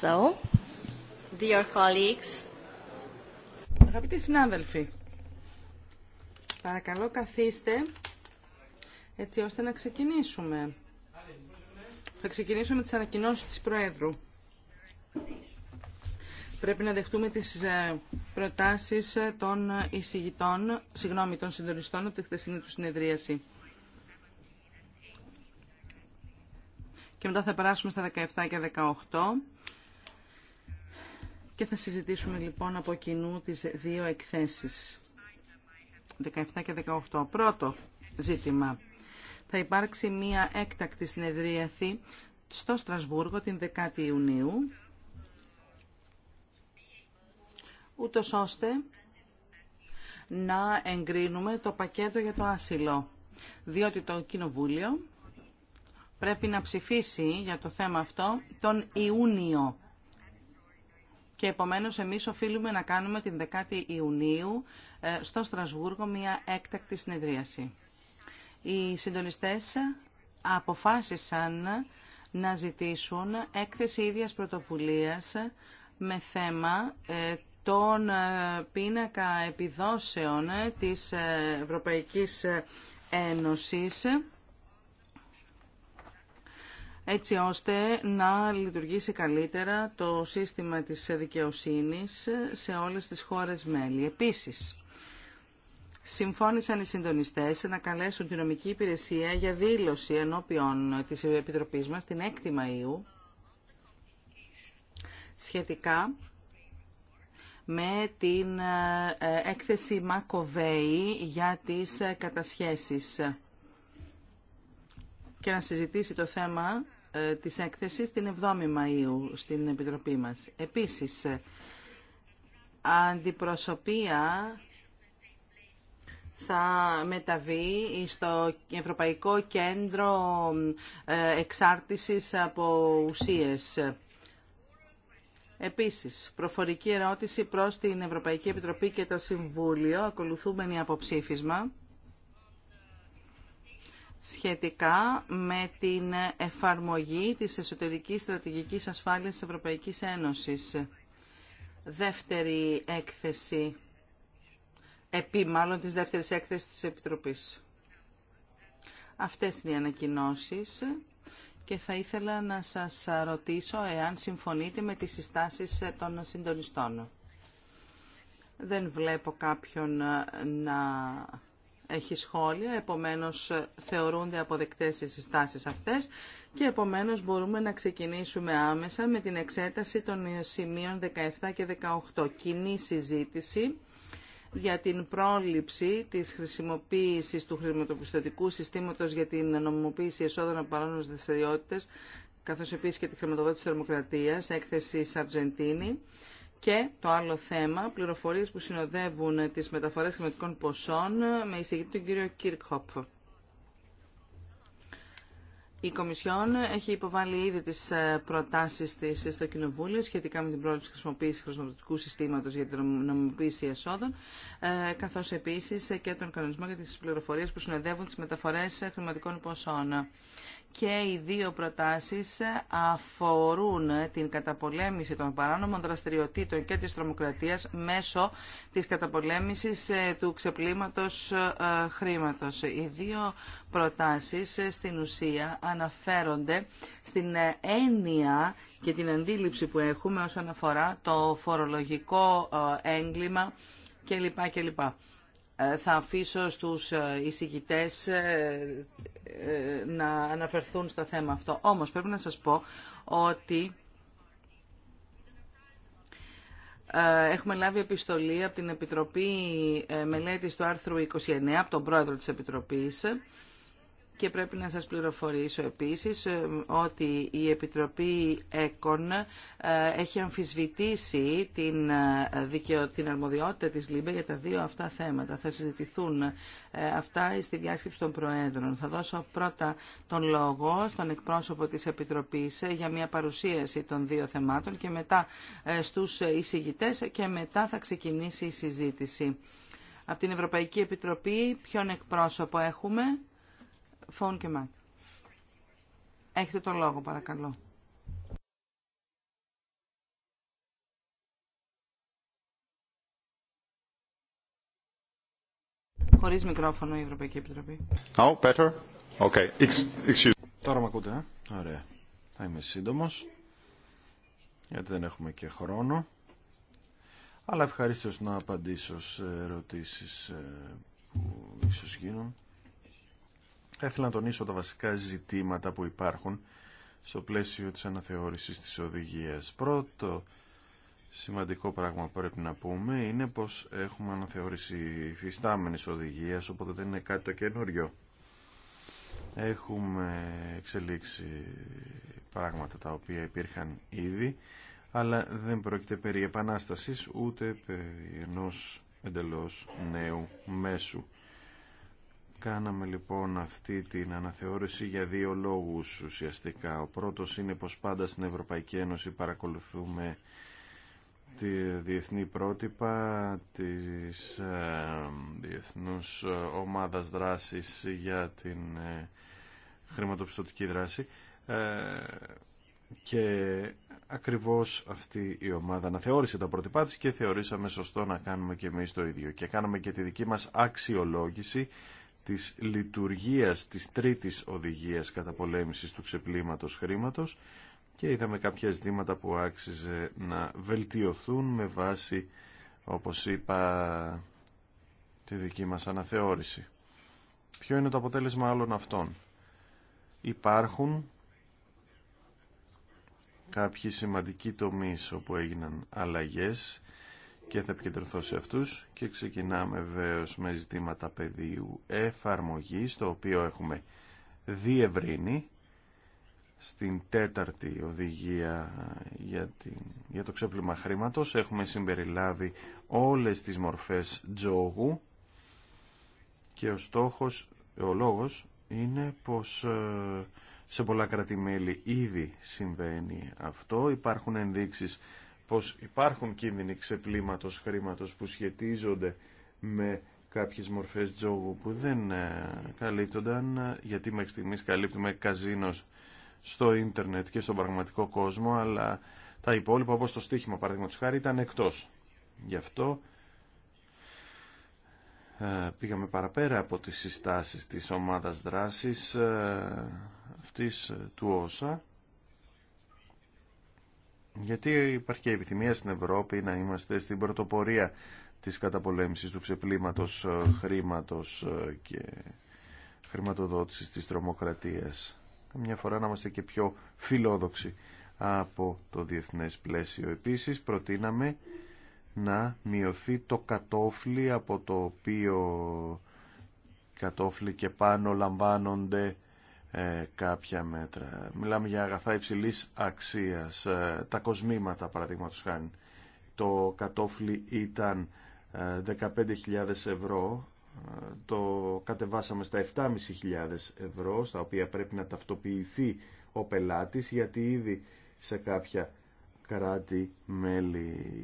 So, dear colleagues. Αγαπητοί συνάδελφοι, παρακαλώ καθίστε έτσι ώστε να ξεκινήσουμε. Θα ξεκινήσουμε τις ανακοινώσεις της Προέδρου. Πρέπει να δεχτούμε τις ε, προτάσεις των εισηγητών, συγγνώμη, των συντονιστών από τη χθεσινή του συνεδρίαση. Και μετά θα περάσουμε στα 17 και 18 και θα συζητήσουμε λοιπόν από κοινού τις δύο εκθέσεις. 17 και 18. Πρώτο ζήτημα. Θα υπάρξει μία έκτακτη συνεδρίαση στο Στρασβούργο την 10η Ιουνίου, ούτως ώστε να εγκρίνουμε το πακέτο για το άσυλο. Διότι το Κοινοβούλιο πρέπει να ψηφίσει για το θέμα αυτό τον Ιούνιο και επομένως εμείς οφείλουμε να κάνουμε την 10η Ιουνίου ε, στο Στρασβούργο μια έκτακτη συνεδρίαση. Οι συντονιστές αποφάσισαν να ζητήσουν έκθεση ίδιας πρωτοβουλίας με θέμα ε, των ε, πίνακα επιδόσεων της Ευρωπαϊκής Ένωσης έτσι ώστε να λειτουργήσει καλύτερα το σύστημα της δικαιοσύνης σε όλες τις χώρες μέλη. Επίσης, συμφώνησαν οι συντονιστές να καλέσουν την νομική υπηρεσία για δήλωση ενώπιον της Επιτροπής μας την 6η Μαΐου σχετικά με την ε, έκθεση Μακοβέη για τις κατασχέσεις και να συζητήσει το θέμα ε, της έκθεσης την 7η Μαΐου στην Επιτροπή μας. Επίσης, ε, αντιπροσωπεία θα μεταβεί στο Ευρωπαϊκό Κέντρο ε, Εξάρτησης από Ουσίες. Επίσης, προφορική ερώτηση προς την Ευρωπαϊκή Επιτροπή και το Συμβούλιο, ακολουθούμενη από ψήφισμα σχετικά με την εφαρμογή της εσωτερικής στρατηγικής ασφάλειας της Ευρωπαϊκής Ένωσης. Δεύτερη έκθεση, επί μάλλον της δεύτερης έκθεσης της Επιτροπής. Αυτές είναι οι ανακοινώσεις και θα ήθελα να σας ρωτήσω εάν συμφωνείτε με τις συστάσεις των συντονιστών. Δεν βλέπω κάποιον να έχει σχόλια, επομένως ε, θεωρούνται αποδεκτές οι συστάσεις αυτές και επομένως μπορούμε να ξεκινήσουμε άμεσα με την εξέταση των σημείων 17 και 18. Κοινή συζήτηση για την πρόληψη της χρησιμοποίησης του χρηματοπιστωτικού συστήματος για την νομιμοποίηση εσόδων από παράνομες δραστηριότητες, καθώς επίσης και τη χρηματοδότηση της θερμοκρατίας, έκθεση Σαρτζεντίνη. Και το άλλο θέμα, πληροφορίες που συνοδεύουν τις μεταφορές χρηματικών ποσών με εισηγητή τον κύριο Κίρκχοπ. Η Κομισιόν έχει υποβάλει ήδη τις ε, προτάσεις της στο Κοινοβούλιο σχετικά με την πρόληψη χρησιμοποίηση χρηματοδοτικού συστήματος για την νομιμοποίηση εσόδων, ε, καθώς επίσης και τον κανονισμό για τις πληροφορίες που συνοδεύουν τι μεταφορέ ε, χρηματικών ποσών και οι δύο προτάσεις αφορούν την καταπολέμηση των παράνομων δραστηριοτήτων και της τρομοκρατίας μέσω της καταπολέμησης ε, του ξεπλήματος ε, χρήματος. Οι δύο προτάσεις ε, στην ουσία αναφέρονται στην έννοια και την αντίληψη που έχουμε όσον αφορά το φορολογικό έγκλημα κλπ. κλπ θα αφήσω στους ε, εισηγητές ε, ε, να αναφερθούν στο θέμα αυτό. Όμως πρέπει να σας πω ότι έχουμε λάβει επιστολή από την Επιτροπή Μελέτης του άρθρου 29, από τον πρόεδρο της Επιτροπής, και πρέπει να σας πληροφορήσω επίσης ε, ότι η Επιτροπή ΕΚΟΝ ε, έχει αμφισβητήσει την, ε, δικαιο... την αρμοδιότητα της ΛΥΜΠΕ για τα δύο αυτά θέματα. Θα συζητηθούν αυτά στη διάσκεψη των Προέδρων. Θα δώσω πρώτα τον λόγο στον εκπρόσωπο της Επιτροπής για μια παρουσίαση των δύο θεμάτων και μετά στους εισηγητές και μετά θα ξεκινήσει η συζήτηση. Από την Ευρωπαϊκή Επιτροπή ποιον εκπρόσωπο έχουμε. Φόν και Μακ. Έχετε το λόγο, παρακαλώ. Χωρίς μικρόφωνο η Ευρωπαϊκή Επιτροπή. Oh, better. Okay. Excuse. Τώρα με ακούτε, ε? Ωραία. Θα είμαι σύντομος, γιατί δεν έχουμε και χρόνο. Αλλά ευχαρίστως να απαντήσω σε ερωτήσεις ε, που ίσως γίνουν. Θα ήθελα να τονίσω τα βασικά ζητήματα που υπάρχουν στο πλαίσιο της αναθεώρησης της οδηγίας. Πρώτο σημαντικό πράγμα που πρέπει να πούμε είναι πως έχουμε αναθεώρηση φυστάμενης οδηγίας, οπότε δεν είναι κάτι το καινούριο. Έχουμε εξελίξει πράγματα τα οποία υπήρχαν ήδη, αλλά δεν πρόκειται περί επανάστασης ούτε περί ενός εντελώς νέου μέσου. Κάναμε λοιπόν αυτή την αναθεώρηση για δύο λόγους ουσιαστικά. Ο πρώτος είναι πως πάντα στην Ευρωπαϊκή Ένωση παρακολουθούμε τη διεθνή πρότυπα της ε, Διεθνούς ε, Ομάδας Δράσης για την ε, χρηματοπιστωτική δράση και ακριβώς αυτή η ομάδα αναθεώρησε τα πρότυπά της και θεωρήσαμε σωστό να κάνουμε και εμείς το ίδιο και κάναμε και τη δική μας αξιολόγηση της λειτουργίας της τρίτης οδηγίας πολέμησης του ξεπλήματος χρήματος και είδαμε κάποια ζητήματα που άξιζε να βελτιωθούν με βάση, όπως είπα, τη δική μας αναθεώρηση. Ποιο είναι το αποτέλεσμα άλλων αυτών. Υπάρχουν κάποιοι σημαντικοί τομείς όπου έγιναν αλλαγές και θα επικεντρωθώ σε αυτούς και ξεκινάμε βεβαίω με ζητήματα πεδίου εφαρμογής το οποίο έχουμε διευρύνει στην τέταρτη οδηγία για, το ξέπλυμα χρήματος έχουμε συμπεριλάβει όλες τις μορφές τζόγου και ο στόχος, ο λόγος είναι πως ε, σε πολλά κρατημέλη ήδη συμβαίνει αυτό υπάρχουν ενδείξεις πως υπάρχουν κίνδυνοι ξεπλήματος χρήματος που σχετίζονται με κάποιες μορφές τζόγου που δεν ε, καλύπτονταν, ε, γιατί μέχρι στιγμής καλύπτουμε καζίνος στο ίντερνετ και στον πραγματικό κόσμο, αλλά τα υπόλοιπα όπως το στοίχημα της χάρη ήταν εκτός. Γι' αυτό ε, πήγαμε παραπέρα από τις συστάσεις της ομάδας δράσης αυτής του ΩΣΑ γιατί υπάρχει και επιθυμία στην Ευρώπη να είμαστε στην πρωτοπορία της καταπολέμησης του ξεπλήματος ε, χρήματος ε, και χρηματοδότησης της τρομοκρατίας. Καμιά φορά να είμαστε και πιο φιλόδοξοι από το διεθνές πλαίσιο. Επίσης προτείναμε να μειωθεί το κατόφλι από το οποίο κατόφλι και πάνω λαμβάνονται ε, κάποια μέτρα. Μιλάμε για αγαθά υψηλής αξίας, ε, τα κοσμήματα παραδείγματο χάνει. Το κατόφλι ήταν 15.000 ε, ευρώ, το κατεβάσαμε στα 7.500 ευρώ, στα οποία πρέπει να ταυτοποιηθεί ο πελάτης, γιατί ήδη σε κάποια κράτη μέλη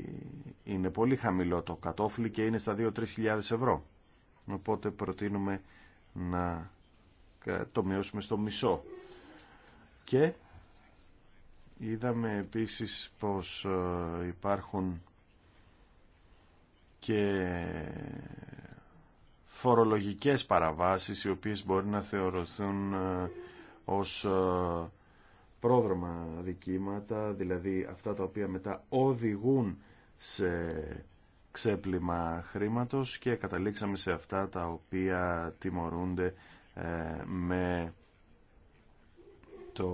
είναι πολύ χαμηλό το κατόφλι και είναι στα 2-3.000 ευρώ. Οπότε προτείνουμε να ε, το μειώσουμε στο μισό. Και είδαμε επίσης πως ε, υπάρχουν και φορολογικές παραβάσεις οι οποίες μπορεί να θεωρηθούν ε, ως πρόδρομα δικήματα, δηλαδή αυτά τα οποία μετά οδηγούν σε ξέπλυμα χρήματος και καταλήξαμε σε αυτά τα οποία τιμωρούνται ε, με το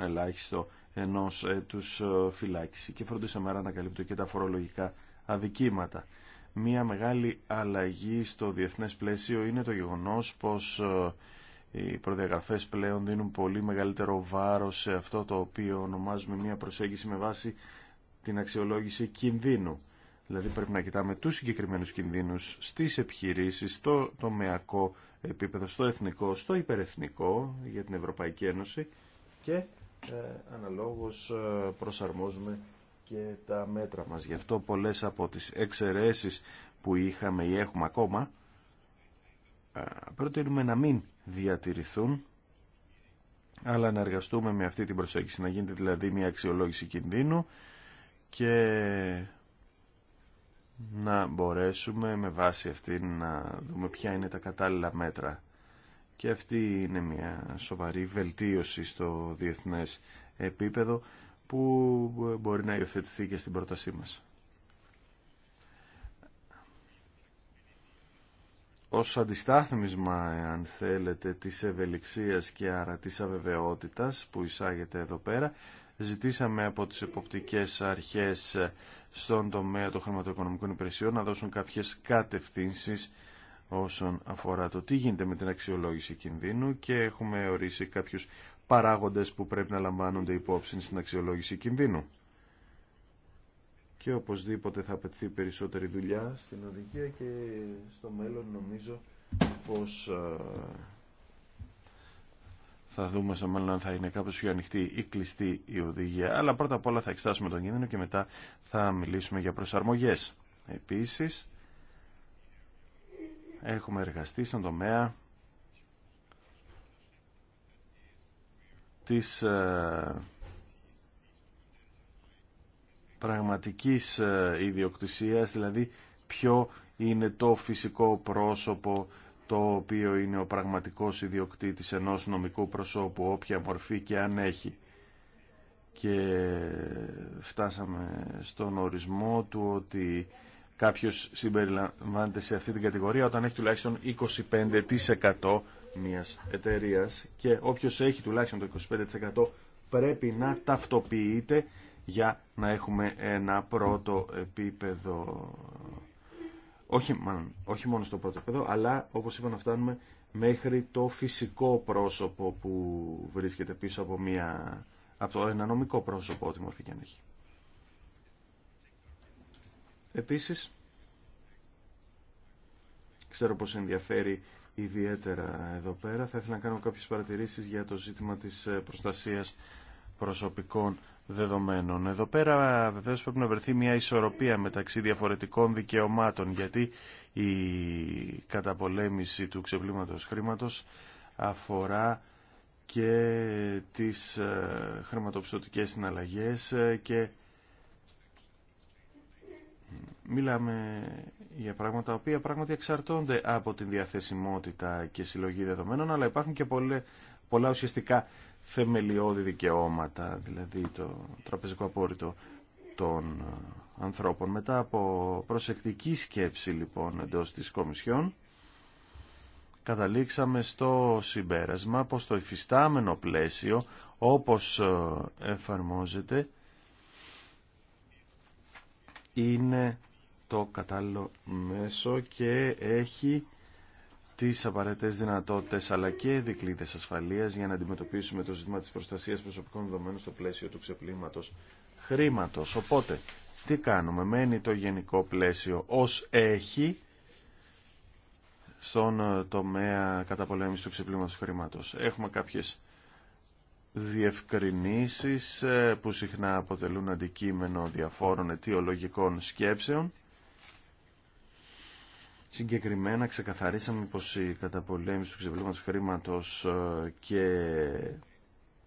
ελάχιστο ενός έτους ε, φυλάκιση και φροντίσαμε μέρα να καλύπτω και τα φορολογικά αδικήματα. Μία μεγάλη αλλαγή στο διεθνές πλαίσιο είναι το γεγονός πως ε, οι προδιαγραφές πλέον δίνουν πολύ μεγαλύτερο βάρος σε αυτό το οποίο ονομάζουμε μία προσέγγιση με βάση την αξιολόγηση κινδύνου. Δηλαδή πρέπει να κοιτάμε τους συγκεκριμένους κινδύνους στις επιχειρήσεις, στο τομεακό επίπεδο, στο εθνικό, στο υπερεθνικό για την Ευρωπαϊκή Ένωση και ε, αναλόγως ε, προσαρμόζουμε και τα μέτρα μας. Γι' αυτό πολλές από τις εξαιρεσει που είχαμε ή έχουμε ακόμα ε, προτείνουμε να μην διατηρηθούν αλλά να εργαστούμε με αυτή την προσέγγιση, να γίνεται δηλαδή μια αξιολόγηση κινδύνου και να μπορέσουμε με βάση αυτή να δούμε ποια είναι τα κατάλληλα μέτρα. Και αυτή είναι μια σοβαρή βελτίωση στο διεθνές επίπεδο που μπορεί να υιοθετηθεί και στην πρότασή μας. ως αντιστάθμισμα, αν θέλετε, της ευελιξίας και άρα της αβεβαιότητας που εισάγεται εδώ πέρα, ζητήσαμε από τις εποπτικές αρχές στον τομέα των χρηματοοικονομικών υπηρεσιών να δώσουν κάποιες κατευθύνσεις όσον αφορά το τι γίνεται με την αξιολόγηση κινδύνου και έχουμε ορίσει κάποιους παράγοντες που πρέπει να λαμβάνονται υπόψη στην αξιολόγηση κινδύνου. Και οπωσδήποτε θα απαιτηθεί περισσότερη δουλειά στην οδηγία και στο μέλλον νομίζω πως ε, θα δούμε στο μέλλον αν θα είναι κάπως πιο ανοιχτή ή κλειστή η οδηγία. Αλλά πρώτα απ' όλα θα εξετάσουμε τον κίνδυνο και μετά θα μιλήσουμε για προσαρμογές. Επίσης, έχουμε εργαστεί στον τομέα της ε, πραγματικής ε, ιδιοκτησίας, δηλαδή ποιο είναι το φυσικό πρόσωπο το οποίο είναι ο πραγματικός ιδιοκτήτης ενός νομικού προσώπου, όποια μορφή και αν έχει. Και φτάσαμε στον ορισμό του ότι κάποιος συμπεριλαμβάνεται σε αυτή την κατηγορία όταν έχει τουλάχιστον 25% μιας εταιρείας και όποιος έχει τουλάχιστον το 25% πρέπει να ταυτοποιείται για να έχουμε ένα πρώτο επίπεδο όχι, μάλλον, όχι μόνο στο πρώτο επίπεδο, αλλά όπως είπα να φτάνουμε μέχρι το φυσικό πρόσωπο που βρίσκεται πίσω από, μια, από το ένα νομικό πρόσωπο, ό,τι μορφή και αν έχει. Επίσης, ξέρω πως ενδιαφέρει ιδιαίτερα εδώ πέρα, θα ήθελα να κάνω κάποιες παρατηρήσεις για το ζήτημα της ε, προστασίας προσωπικών δεδομένων. Εδώ πέρα βεβαίως πρέπει να βρεθεί μια ισορροπία μεταξύ διαφορετικών δικαιωμάτων γιατί η καταπολέμηση του ξεπλήματος χρήματος αφορά και τις ε, χρηματοπιστωτικές συναλλαγές ε, και μιλάμε για πράγματα τα οποία πράγματι εξαρτώνται από την διαθεσιμότητα και συλλογή δεδομένων αλλά υπάρχουν και πολλές πολλά ουσιαστικά θεμελιώδη δικαιώματα, δηλαδή το τραπεζικό απόρριτο των ε, ανθρώπων. Μετά από προσεκτική σκέψη λοιπόν εντός της Κομισιόν, καταλήξαμε στο συμπέρασμα πως το υφιστάμενο πλαίσιο όπως ε, εφαρμόζεται είναι το κατάλληλο μέσο και έχει τις απαραίτητες δυνατότητες αλλά και δικλείδες ασφαλείας για να αντιμετωπίσουμε το ζήτημα της προστασίας προσωπικών δεδομένων στο πλαίσιο του ξεπλήματος χρήματος. Οπότε, τι κάνουμε, μένει το γενικό πλαίσιο ως έχει στον ε, τομέα καταπολέμησης του ξεπλήματος χρήματος. Έχουμε κάποιες διευκρινήσεις ε, που συχνά αποτελούν αντικείμενο διαφόρων αιτιολογικών σκέψεων Συγκεκριμένα ξεκαθαρίσαμε πως η καταπολέμηση του ξεπλήματος χρήματος ε, και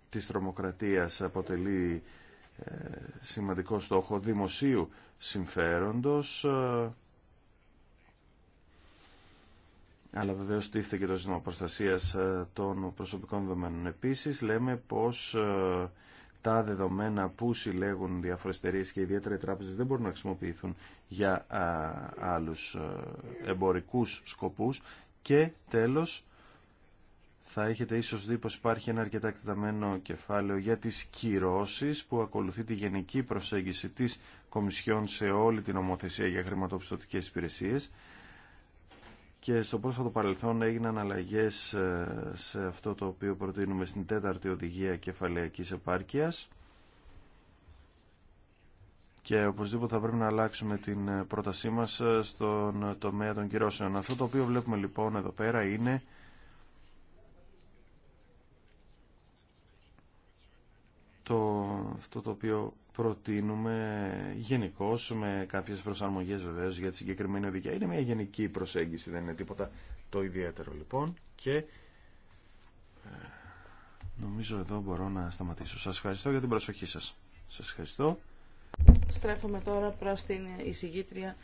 της τρομοκρατίας αποτελεί ε, σημαντικό στόχο δημοσίου συμφέροντος ε, αλλά βεβαίως τίθεται και το ζήτημα προστασίας των προσωπικών δεδομένων. Επίσης λέμε πως τα δεδομένα που συλλέγουν διάφορε εταιρείε και ιδιαίτερα οι τράπεζες δεν μπορούν να χρησιμοποιηθούν για άλλους ε, εμπορικού σκοπούς και τέλος θα έχετε ίσως δει πω υπάρχει ένα αρκετά εκτεταμένο κεφάλαιο για τις κυρώσει που ακολουθεί τη γενική προσέγγιση τη Κομισιόν σε όλη την ομοθεσία για χρηματοπιστωτικέ υπηρεσίε και στο πρόσφατο παρελθόν έγιναν αλλαγές ε, σε αυτό το οποίο προτείνουμε στην τέταρτη οδηγία κεφαλαιακής επάρκειας και οπωσδήποτε θα πρέπει να αλλάξουμε την ε, πρότασή μας ε, στον τομέα των κυρώσεων. Αυτό το οποίο βλέπουμε λοιπόν εδώ πέρα είναι το, αυτό το οποίο προτείνουμε γενικώ με κάποιες προσαρμογές βεβαίω για τη συγκεκριμένη οδηγία. Είναι μια γενική προσέγγιση, δεν είναι τίποτα το ιδιαίτερο λοιπόν και ε, νομίζω εδώ μπορώ να σταματήσω. Σας ευχαριστώ για την προσοχή σας. Σας ευχαριστώ. Στρέφουμε τώρα προς την εισηγήτρια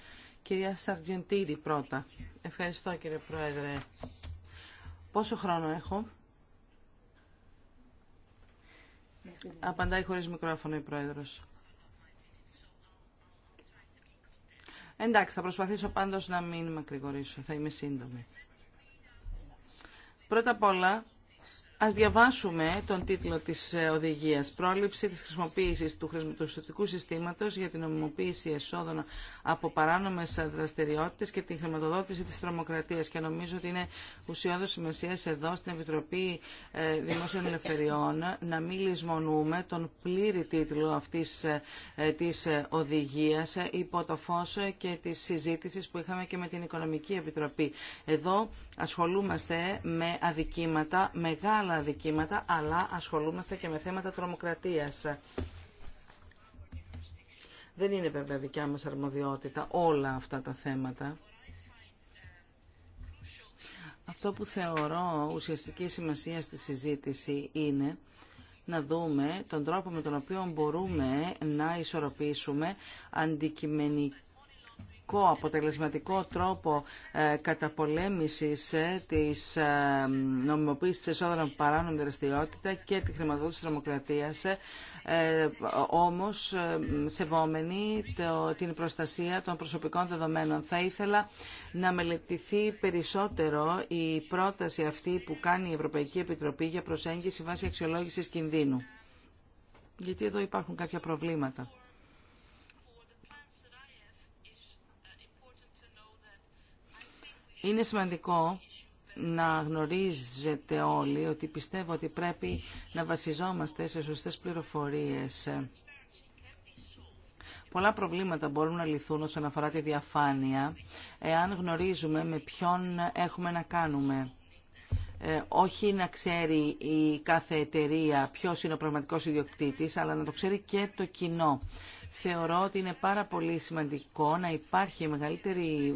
κυρία Σαρτζεντήρη πρώτα. Ευχαριστώ κύριε Πρόεδρε. Πόσο χρόνο έχω. Απαντάει χωρίς μικρόφωνο η Πρόεδρος. Εντάξει, θα προσπαθήσω πάντως να μην μακρηγορήσω. Θα είμαι σύντομη. Πρώτα απ' όλα, Ας διαβάσουμε τον τίτλο της ε, οδηγίας «Πρόληψη της χρησιμοποίησης του χρηματοδοτικού συστήματος για την νομιμοποίηση εσόδων από παράνομες δραστηριότητες και την χρηματοδότηση της τρομοκρατίας». Και νομίζω ότι είναι ουσιώδος σημασία εδώ στην Επιτροπή ε, Δημόσιων Ελευθεριών να μην λησμονούμε τον πλήρη τίτλο αυτής ε, της οδηγίας υπό το φως και τη συζήτηση που είχαμε και με την Οικονομική Επιτροπή. Εδώ ασχολούμαστε με αδικήματα μεγάλα άλλα αδικήματα, αλλά ασχολούμαστε και με θέματα τρομοκρατίας. Δεν είναι βέβαια δικιά μας αρμοδιότητα όλα αυτά τα θέματα. Αυτό που θεωρώ ουσιαστική σημασία στη συζήτηση είναι να δούμε τον τρόπο με τον οποίο μπορούμε να ισορροπήσουμε αντικειμενικά αποτελεσματικό, αποτελεσματικό τρόπο ε, καταπολέμησης ε, της ε, νομιμοποίησης της εσόδων από παράνομη δραστηριότητα και τη χρηματοδότηση της τρομοκρατίας, όμως σεβόμενη την προστασία των προσωπικών δεδομένων. Θα ήθελα να μελετηθεί περισσότερο η πρόταση αυτή που κάνει η Ευρωπαϊκή Επιτροπή για προσέγγιση βάσει αξιολόγησης κινδύνου. Γιατί εδώ υπάρχουν κάποια προβλήματα. Είναι σημαντικό να γνωρίζετε όλοι ότι πιστεύω ότι πρέπει να βασιζόμαστε σε σωστές πληροφορίες. Πολλά προβλήματα μπορούν να λυθούν όσον αφορά τη διαφάνεια, εάν γνωρίζουμε με ποιον έχουμε να κάνουμε. Ε, όχι να ξέρει η κάθε εταιρεία ποιος είναι ο πραγματικός ιδιοκτήτης, αλλά να το ξέρει και το κοινό θεωρώ ότι είναι πάρα πολύ σημαντικό να υπάρχει μεγαλύτερη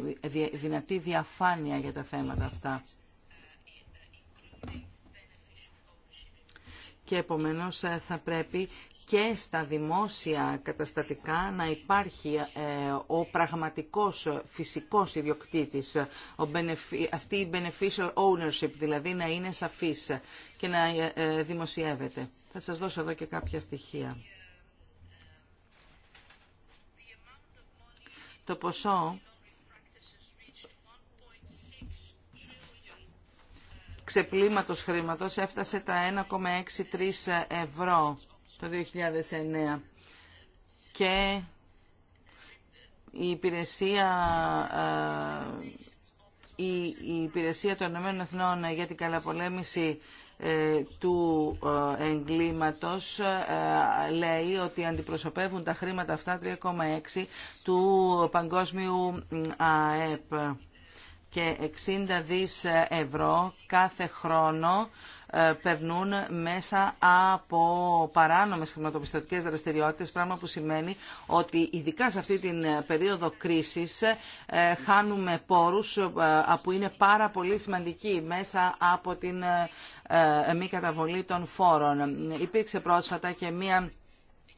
δυνατή διαφάνεια για τα θέματα αυτά. Και επομένως ε, θα πρέπει και στα δημόσια καταστατικά να υπάρχει ε, ο πραγματικός φυσικός ιδιοκτήτης, αυτή η beneficial ownership, δηλαδή να είναι σαφής και να ε, δημοσιεύεται. Θα σας δώσω εδώ και κάποια στοιχεία. το ποσό ξεπλήματος χρήματος έφτασε τα 1,63 ευρώ το 2009 και η υπηρεσία, η, υπηρεσία των Ηνωμένων Εθνών για την καλαπολέμηση ε, του ε, εγκλήματος ε, λέει ότι αντιπροσωπεύουν τα χρήματα αυτά 3,6 του παγκόσμιου ΑΕΠ και 60 δις ευρώ κάθε χρόνο ε, περνούν μέσα από παράνομες χρηματοπιστωτικές δραστηριότητες, πράγμα που σημαίνει ότι ειδικά σε αυτή την ε, περίοδο κρίσης ε, χάνουμε πόρους που είναι πάρα πολύ σημαντικοί μέσα από την μη καταβολή των φόρων. Υπήρξε πρόσφατα και μία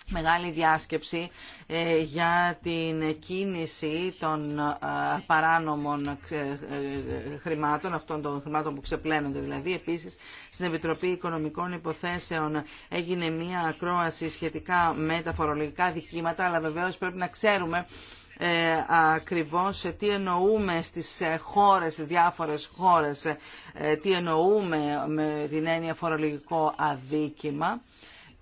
μεγάλη διάσκεψη ε, για την κίνηση των ε, παράνομων ε, χρημάτων, αυτών των χρημάτων που ξεπλένονται δηλαδή. Επίσης, στην Επιτροπή Οικονομικών Υποθέσεων έγινε μία ακρόαση σχετικά με τα φορολογικά δικήματα, αλλά βεβαίως πρέπει να ξέρουμε ε, ακριβώς τι εννοούμε στις χώρες, στις διάφορες χώρες, τι εννοούμε με την έννοια φορολογικό αδίκημα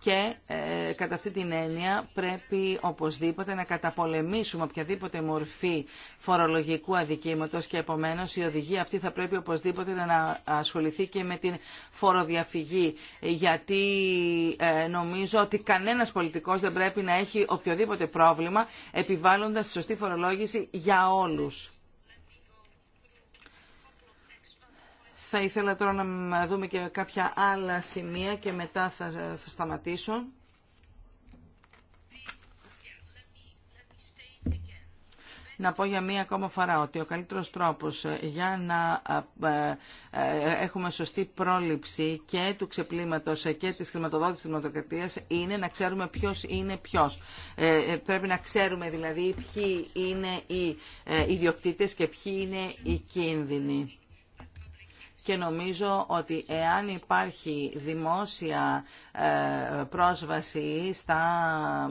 και ε, κατά αυτή την έννοια πρέπει οπωσδήποτε να καταπολεμήσουμε οποιαδήποτε μορφή φορολογικού αδικήματος και επομένως η οδηγία αυτή θα πρέπει οπωσδήποτε να ασχοληθεί και με την φοροδιαφυγή γιατί ε, νομίζω ότι κανένας πολιτικός δεν πρέπει να έχει οποιοδήποτε πρόβλημα επιβάλλοντας τη σωστή φορολόγηση για όλους. Θα ήθελα τώρα να δούμε και κάποια άλλα σημεία και μετά θα σταματήσω. Να πω για μία ακόμα φορά ότι ο καλύτερος τρόπος ε, για να ε, ε, έχουμε σωστή πρόληψη και του ξεπλήματος και της χρηματοδότησης της δημοκρατίας είναι να ξέρουμε ποιος είναι ποιος. Πρέπει να ξέρουμε δηλαδή ποιοι είναι οι ιδιοκτήτες και ποιοι είναι οι κίνδυνοι και νομίζω ότι εάν υπάρχει δημόσια ε, πρόσβαση στα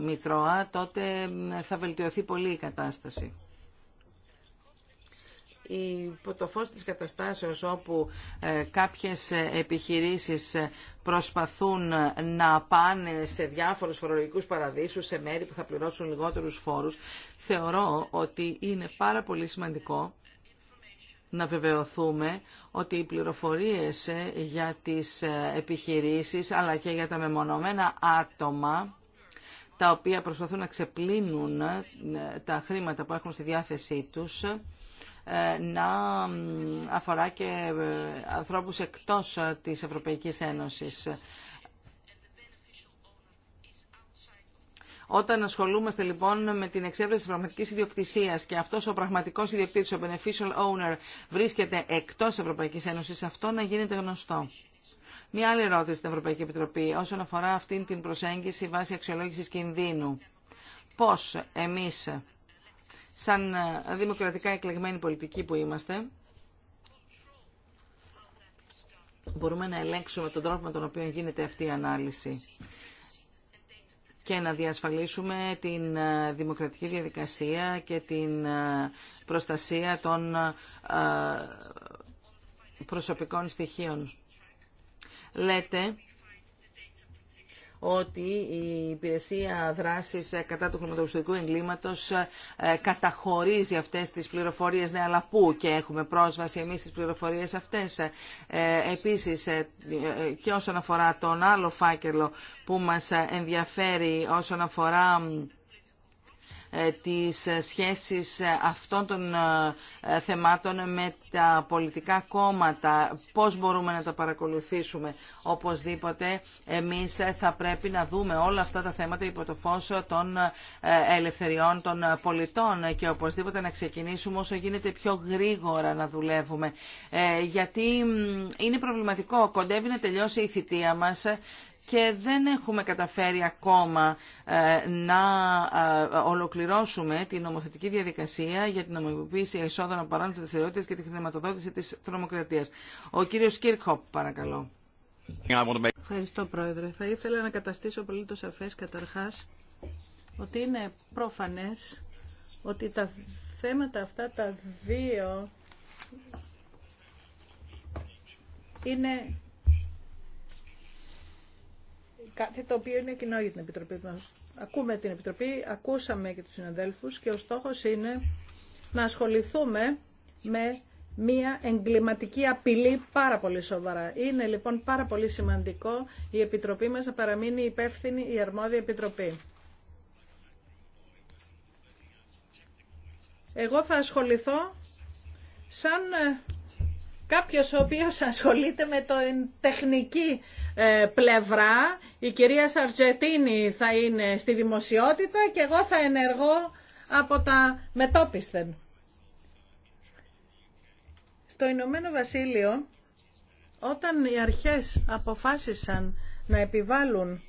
Μητρώα, τότε θα βελτιωθεί πολύ η κατάσταση υπό το φως της καταστάσεως όπου ε, κάποιες επιχειρήσεις προσπαθούν να πάνε σε διάφορους φορολογικούς παραδείσους, σε μέρη που θα πληρώσουν λιγότερους φόρους, θεωρώ ότι είναι πάρα πολύ σημαντικό να βεβαιωθούμε ότι οι πληροφορίες ε, για τις ε, επιχειρήσεις αλλά και για τα μεμονωμένα άτομα τα οποία προσπαθούν να ξεπλύνουν ε, τα χρήματα που έχουν στη διάθεσή τους να αφορά και ανθρώπους εκτός της Ευρωπαϊκής Ένωσης. Όταν ασχολούμαστε λοιπόν με την εξέβρεση τη πραγματική ιδιοκτησία και αυτό ο πραγματικό ιδιοκτήτη, ο beneficial owner, βρίσκεται εκτό Ευρωπαϊκή Ένωση, αυτό να γίνεται γνωστό. Μία άλλη ερώτηση στην Ευρωπαϊκή Επιτροπή όσον αφορά αυτήν την προσέγγιση βάσει αξιολόγηση κινδύνου. Πώ εμεί, σαν δημοκρατικά εκλεγμένοι πολιτικοί που είμαστε, μπορούμε να ελέγξουμε τον τρόπο με τον οποίο γίνεται αυτή η ανάλυση και να διασφαλίσουμε την ε, δημοκρατική διαδικασία και την ε, προστασία των ε, προσωπικών στοιχείων. Λέτε ότι η υπηρεσία δράσης ε, κατά του χρηματοπιστωτικού εγκλήματος ε, ε, καταχωρίζει αυτές τις πληροφορίες, ναι, αλλά πού και έχουμε πρόσβαση εμείς στις πληροφορίες αυτές. Επίσης, και όσον αφορά τον άλλο φάκελο που μας ενδιαφέρει όσον αφορά ε, τις ε, σχέσεις ε, αυτών των θεμάτων με τα πολιτικά κόμματα, πώς μπορούμε να τα παρακολουθήσουμε. Οπωσδήποτε εμείς θα πρέπει να δούμε όλα αυτά τα θέματα υπό το φως των ελευθεριών των πολιτών και οπωσδήποτε να ξεκινήσουμε όσο γίνεται πιο γρήγορα να δουλεύουμε. Γιατί είναι προβληματικό, κοντεύει να τελειώσει η θητεία μας και δεν έχουμε καταφέρει ακόμα ε, να ε, ολοκληρώσουμε την νομοθετική διαδικασία για την νομιμοποίηση εισόδων από παράνομες δραστηριότητες και τη χρηματοδότηση της τρομοκρατίας. Ο κύριος Κίρκοπ, παρακαλώ. Ευχαριστώ, Πρόεδρε. Θα ήθελα να καταστήσω πολύ το σαφέ καταρχά ότι είναι πρόφανες ότι τα θέματα αυτά τα δύο είναι κάτι το οποίο είναι κοινό για την Επιτροπή μα. Ακούμε την Επιτροπή, ακούσαμε και τους συναδέλφους και ο στόχος είναι να ασχοληθούμε με μία εγκληματική απειλή πάρα πολύ σοβαρά. Είναι λοιπόν πάρα πολύ σημαντικό η Επιτροπή μας να παραμείνει υπεύθυνη η αρμόδια Επιτροπή. Εγώ θα ασχοληθώ σαν ε, κάποιος ο οποίος ασχολείται με την τεχνική ε, πλευρά. Η κυρία Σαρτζετίνη θα είναι στη δημοσιότητα και εγώ θα ενεργώ από τα μετόπισθεν. Στο Ηνωμένο Βασίλειο, όταν οι αρχές αποφάσισαν να επιβάλλουν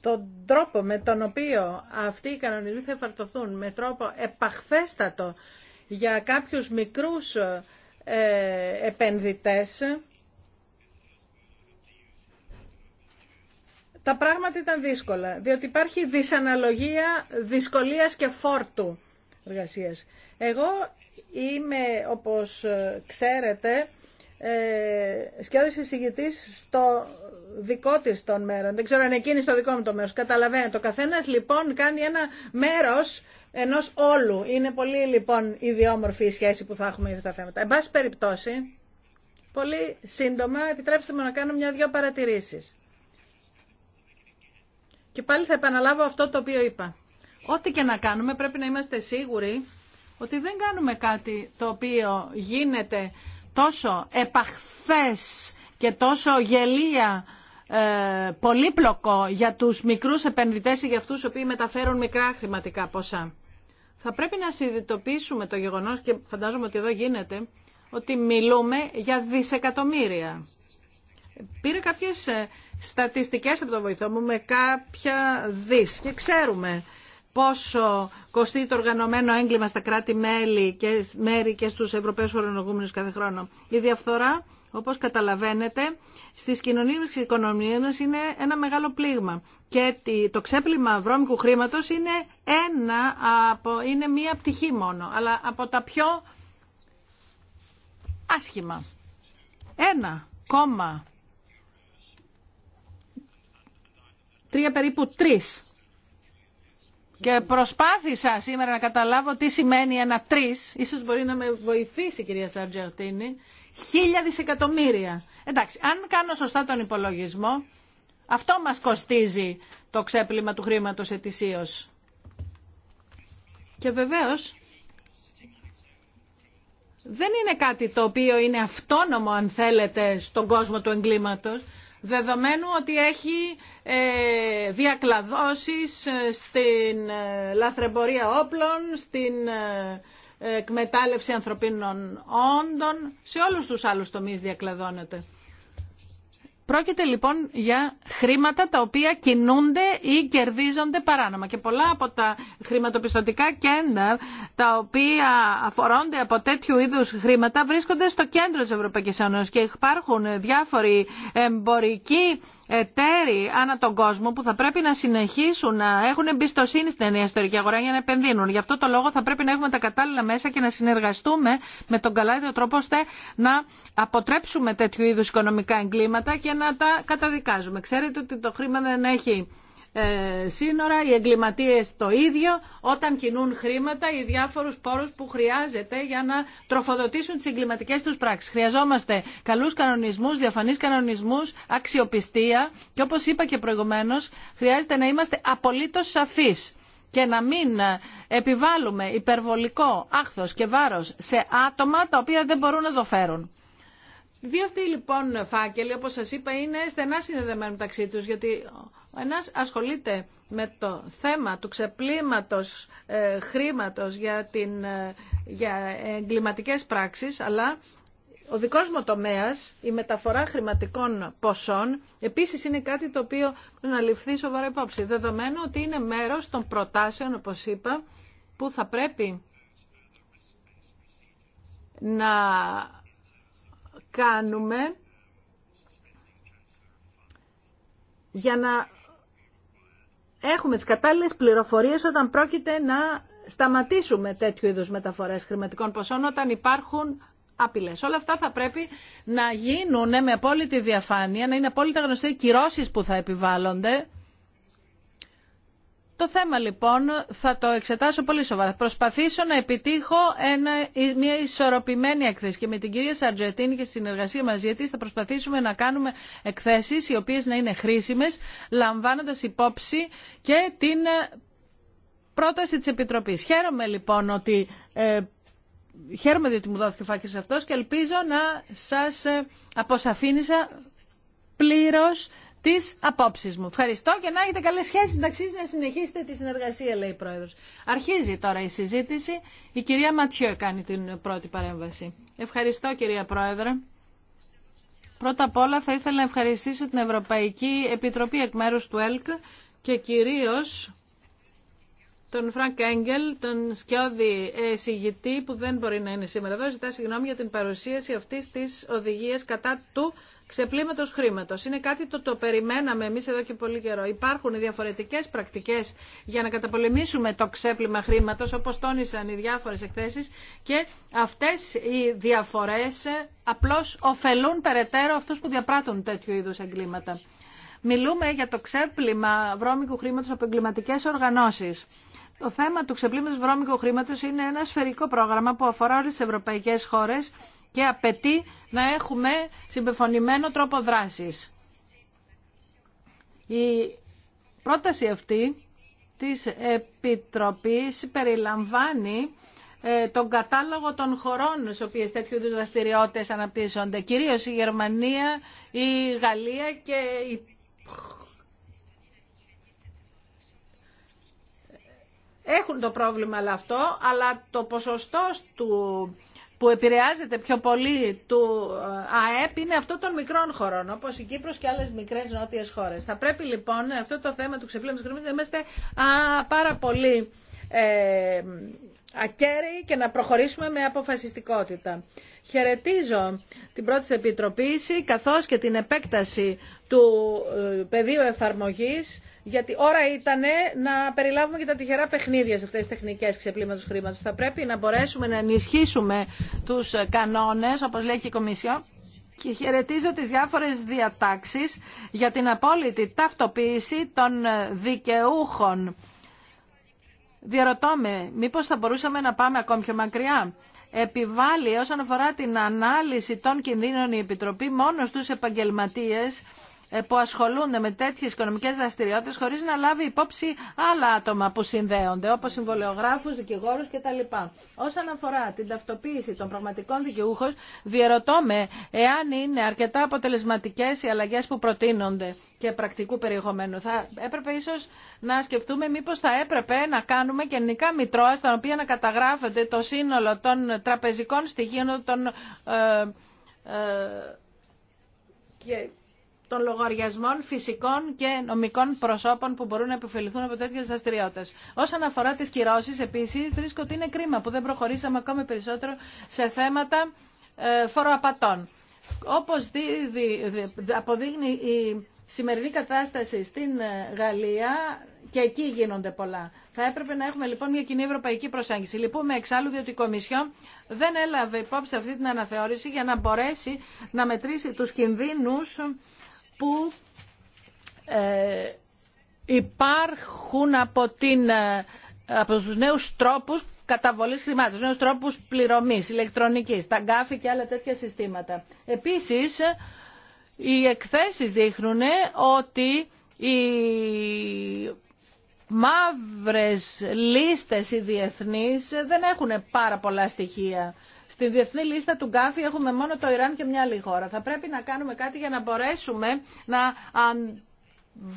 τον τρόπο με τον οποίο αυτοί οι κανονισμοί θα εφαρτωθούν με τρόπο επαχθέστατο για κάποιους μικρούς ε, επενδυτές, τα πράγματα ήταν δύσκολα, διότι υπάρχει δυσαναλογία δυσκολίας και φόρτου εργασίας. Εγώ είμαι, όπως ε, ξέρετε, ε, σκιώδης εισηγητής στο δικό τη των μέρων. Δεν ξέρω αν εκείνη στο δικό μου το μέρο. Καταλαβαίνετε. Ο καθένα λοιπόν κάνει ένα μέρο ενό όλου. Είναι πολύ λοιπόν ιδιόμορφη η σχέση που θα έχουμε για αυτά τα θέματα. Εν πάση περιπτώσει, πολύ σύντομα, επιτρέψτε μου να κάνω μια-δυο παρατηρήσει. Και πάλι θα επαναλάβω αυτό το οποίο είπα. Ό,τι και να κάνουμε πρέπει να είμαστε σίγουροι ότι δεν κάνουμε κάτι το οποίο γίνεται τόσο επαχθές και τόσο γελία ε, πολύπλοκο για τους μικρούς επενδυτές ή για αυτούς οι οποίοι μεταφέρουν μικρά χρηματικά ποσά. Θα πρέπει να συνειδητοποιήσουμε το γεγονός και φαντάζομαι ότι εδώ γίνεται ότι μιλούμε για δισεκατομμύρια. Πήρε κάποιες ε, στατιστικές από το βοηθό μου με κάποια δις και ξέρουμε πόσο κοστίζει το οργανωμένο έγκλημα στα κράτη-μέλη και μέρη και στους Ευρωπαίους φορολογούμενους κάθε χρόνο. Η διαφθορά, όπως καταλαβαίνετε, στις κοινωνίες και οικονομίες μας είναι ένα μεγάλο πλήγμα. Και το ξέπλυμα βρώμικου χρήματος είναι, ένα από, είναι μία πτυχή μόνο, αλλά από τα πιο άσχημα. Ένα κόμμα. Τρία περίπου τρεις και προσπάθησα σήμερα να καταλάβω τι σημαίνει ένα τρει. Ίσως μπορεί να με βοηθήσει η κυρία Σαρτζαρτίνη. Χίλια δισεκατομμύρια. Εντάξει, αν κάνω σωστά τον υπολογισμό, αυτό μας κοστίζει το ξέπλυμα του χρήματο ετησίω. Και βεβαίω, δεν είναι κάτι το οποίο είναι αυτόνομο αν θέλετε στον κόσμο του εγκλήματος δεδομένου ότι έχει ε, διακλαδώσεις ε, στην ε, λαθρεμπορία όπλων, στην ε, εκμετάλλευση ανθρωπίνων όντων, σε όλους τους άλλους τομείς διακλαδώνεται. Πρόκειται λοιπόν για χρήματα τα οποία κινούνται ή κερδίζονται παράνομα και πολλά από τα χρηματοπιστωτικά κέντρα τα οποία αφορώνται από τέτοιου είδους χρήματα βρίσκονται στο κέντρο της Ευρωπαϊκής Ένωσης και υπάρχουν διάφοροι εμπορικοί εταίροι ανά τον κόσμο που θα πρέπει να συνεχίσουν να έχουν εμπιστοσύνη στην ενέργεια αγορά για να επενδύνουν. Γι' αυτό το λόγο θα πρέπει να έχουμε τα κατάλληλα μέσα και να συνεργαστούμε με τον καλά τρόπο ώστε να αποτρέψουμε τέτοιου είδους οικονομικά εγκλήματα και να τα καταδικάζουμε. Ξέρετε ότι το χρήμα δεν έχει ε, σύνορα, οι εγκληματίες το ίδιο, όταν κινούν χρήματα, οι διάφορους πόρους που χρειάζεται για να τροφοδοτήσουν τις εγκληματικές τους πράξεις. Χρειαζόμαστε καλούς κανονισμούς, διαφανείς κανονισμούς, αξιοπιστία και όπως είπα και προηγουμένως, χρειάζεται να είμαστε απολύτως σαφείς και να μην ε, επιβάλλουμε υπερβολικό άχθος και βάρος σε άτομα τα οποία δεν μπορούν να το φέρουν. Δύο αυτοί λοιπόν φάκελοι, όπως σας είπα, είναι στενά συνδεδεμένοι μεταξύ τους, γιατί ο ένας ασχολείται με το θέμα του ξεπλήματος ε, χρήματος για, την, ε, για εγκληματικές πράξεις, αλλά ο δικός μου τομέας, η μεταφορά χρηματικών ποσών, επίσης είναι κάτι το οποίο να ληφθεί σοβαρά υπόψη, δεδομένου ότι είναι μέρος των προτάσεων, όπως είπα, που θα πρέπει να κάνουμε για να έχουμε τις κατάλληλες πληροφορίες όταν πρόκειται να σταματήσουμε τέτοιου είδους μεταφορές χρηματικών ποσών όταν υπάρχουν απειλές. Όλα αυτά θα πρέπει να γίνουν με απόλυτη διαφάνεια, να είναι απόλυτα γνωστοί οι κυρώσεις που θα επιβάλλονται το θέμα λοιπόν θα το εξετάσω πολύ σοβαρά. προσπαθήσω να επιτύχω ένα, μια ισορροπημένη εκθέση και με την κυρία Σαρτζετίνη και στη συνεργασία μαζί της θα προσπαθήσουμε να κάνουμε εκθέσεις οι οποίες να είναι χρήσιμες λαμβάνοντας υπόψη και την ε, πρόταση της Επιτροπής. Χαίρομαι λοιπόν ότι... Ε, χαίρομαι διότι μου δόθηκε ο φάκης αυτός και ελπίζω να σας ε, αποσαφήνισα πλήρως τι απόψή μου. Ευχαριστώ και να έχετε καλές σχέσει να συνεχίσετε τη συνεργασία, λέει η Πρόεδρος. Αρχίζει τώρα η συζήτηση. Η κυρία Ματιό κάνει την πρώτη παρέμβαση. Ευχαριστώ, κυρία Πρόεδρε. Πρώτα απ' όλα θα ήθελα να ευχαριστήσω την Ευρωπαϊκή Επιτροπή εκ μέρου του ΕΛΚ και κυρίως τον Φρανκ Έγγελ, τον σκιώδη συγητή που δεν μπορεί να είναι σήμερα εδώ. Ζητά συγγνώμη για την παρουσίαση αυτή τη οδηγία κατά του ξεπλήματο χρήματο. Είναι κάτι το το περιμέναμε εμεί εδώ και πολύ καιρό. Υπάρχουν διαφορετικέ πρακτικέ για να καταπολεμήσουμε το ξέπλυμα χρήματο, όπω τόνισαν οι διάφορε εκθέσει. και αυτέ οι διαφορέ απλώ ωφελούν περαιτέρω αυτού που διαπράττουν τέτοιου είδου εγκλήματα. Μιλούμε για το ξέπλυμα βρώμικου χρήματο από εγκληματικέ οργανώσει. Το θέμα του ξεπλήματο βρώμικου χρήματο είναι ένα σφαιρικό πρόγραμμα που αφορά όλε τι ευρωπαϊκέ χώρε και απαιτεί να έχουμε συμπεφωνημένο τρόπο δράσης. Η πρόταση αυτή της Επιτροπής περιλαμβάνει ε, τον κατάλογο των χωρών στις οποίες τέτοιου είδους δραστηριότητες αναπτύσσονται. Κυρίως η Γερμανία, η Γαλλία και η... Έχουν το πρόβλημα αλλά αυτό, αλλά το ποσοστό του που επηρεάζεται πιο πολύ του ε, ΑΕΠ είναι αυτό των μικρών χωρών, όπω η Κύπρος και άλλες μικρές νότιες χώρες. Θα πρέπει λοιπόν αυτό το θέμα του ξεπλήματος οικονομίας να είμαστε α, πάρα πολύ ε, ακέραιοι και να προχωρήσουμε με αποφασιστικότητα. Χαιρετίζω την πρώτη επιτροπή, καθώ καθώς και την επέκταση του ε, πεδίου εφαρμογής γιατί ώρα ήταν να περιλάβουμε και τα τυχερά παιχνίδια σε αυτές τις τεχνικές ξεπλήματο χρήματο. Θα πρέπει να μπορέσουμε να ενισχύσουμε τους κανόνες, όπως λέει και η Κομισιό, και χαιρετίζω τις διάφορες διατάξεις για την απόλυτη ταυτοποίηση των δικαιούχων. Διαρωτώ με, μήπως θα μπορούσαμε να πάμε ακόμη πιο μακριά. Επιβάλλει όσον αφορά την ανάλυση των κινδύνων η Επιτροπή μόνο στους επαγγελματίες που ασχολούνται με τέτοιε οικονομικέ δραστηριότητε χωρί να λάβει υπόψη άλλα άτομα που συνδέονται, όπως συμβολεογράφου, δικηγόρου κτλ. Όσον αφορά την ταυτοποίηση των πραγματικών δικαιούχων, διαιρωτώ με εάν είναι αρκετά αποτελεσματικέ οι αλλαγέ που προτείνονται και πρακτικού περιεχομένου. Θα έπρεπε ίσω να σκεφτούμε μήπω θα έπρεπε να κάνουμε κενικά μητρώα στα οποία να καταγράφεται το σύνολο των τραπεζικών στοιχείων των. Ε, ε, των λογαριασμών φυσικών και νομικών προσώπων που μπορούν να επιφεληθούν από τέτοιε δραστηριότητε. Όσον αφορά τι κυρώσει, επίση, βρίσκω ότι είναι κρίμα που δεν προχωρήσαμε ακόμη περισσότερο σε θέματα ε, φοροαπατών. Όπω αποδείχνει η σημερινή κατάσταση στην ε, Γαλλία και εκεί γίνονται πολλά. Θα έπρεπε να έχουμε λοιπόν μια κοινή ευρωπαϊκή προσέγγιση. Λυπούμε εξάλλου διότι η Κομισιό δεν έλαβε υπόψη αυτή την αναθεώρηση για να μπορέσει να μετρήσει τους κινδύνου που ε, υπάρχουν από, την, ε, από τους νέους τρόπους καταβολής χρημάτων, τους νέους τρόπους πληρωμής, ηλεκτρονικής, τα γκάφη και άλλα τέτοια συστήματα. Επίσης, οι εκθέσεις δείχνουν ότι η μαύρες λίστες οι διεθνείς δεν έχουν πάρα πολλά στοιχεία. Στη διεθνή λίστα του Γκάφη έχουμε μόνο το Ιράν και μια άλλη χώρα. Θα πρέπει να κάνουμε κάτι για να μπορέσουμε να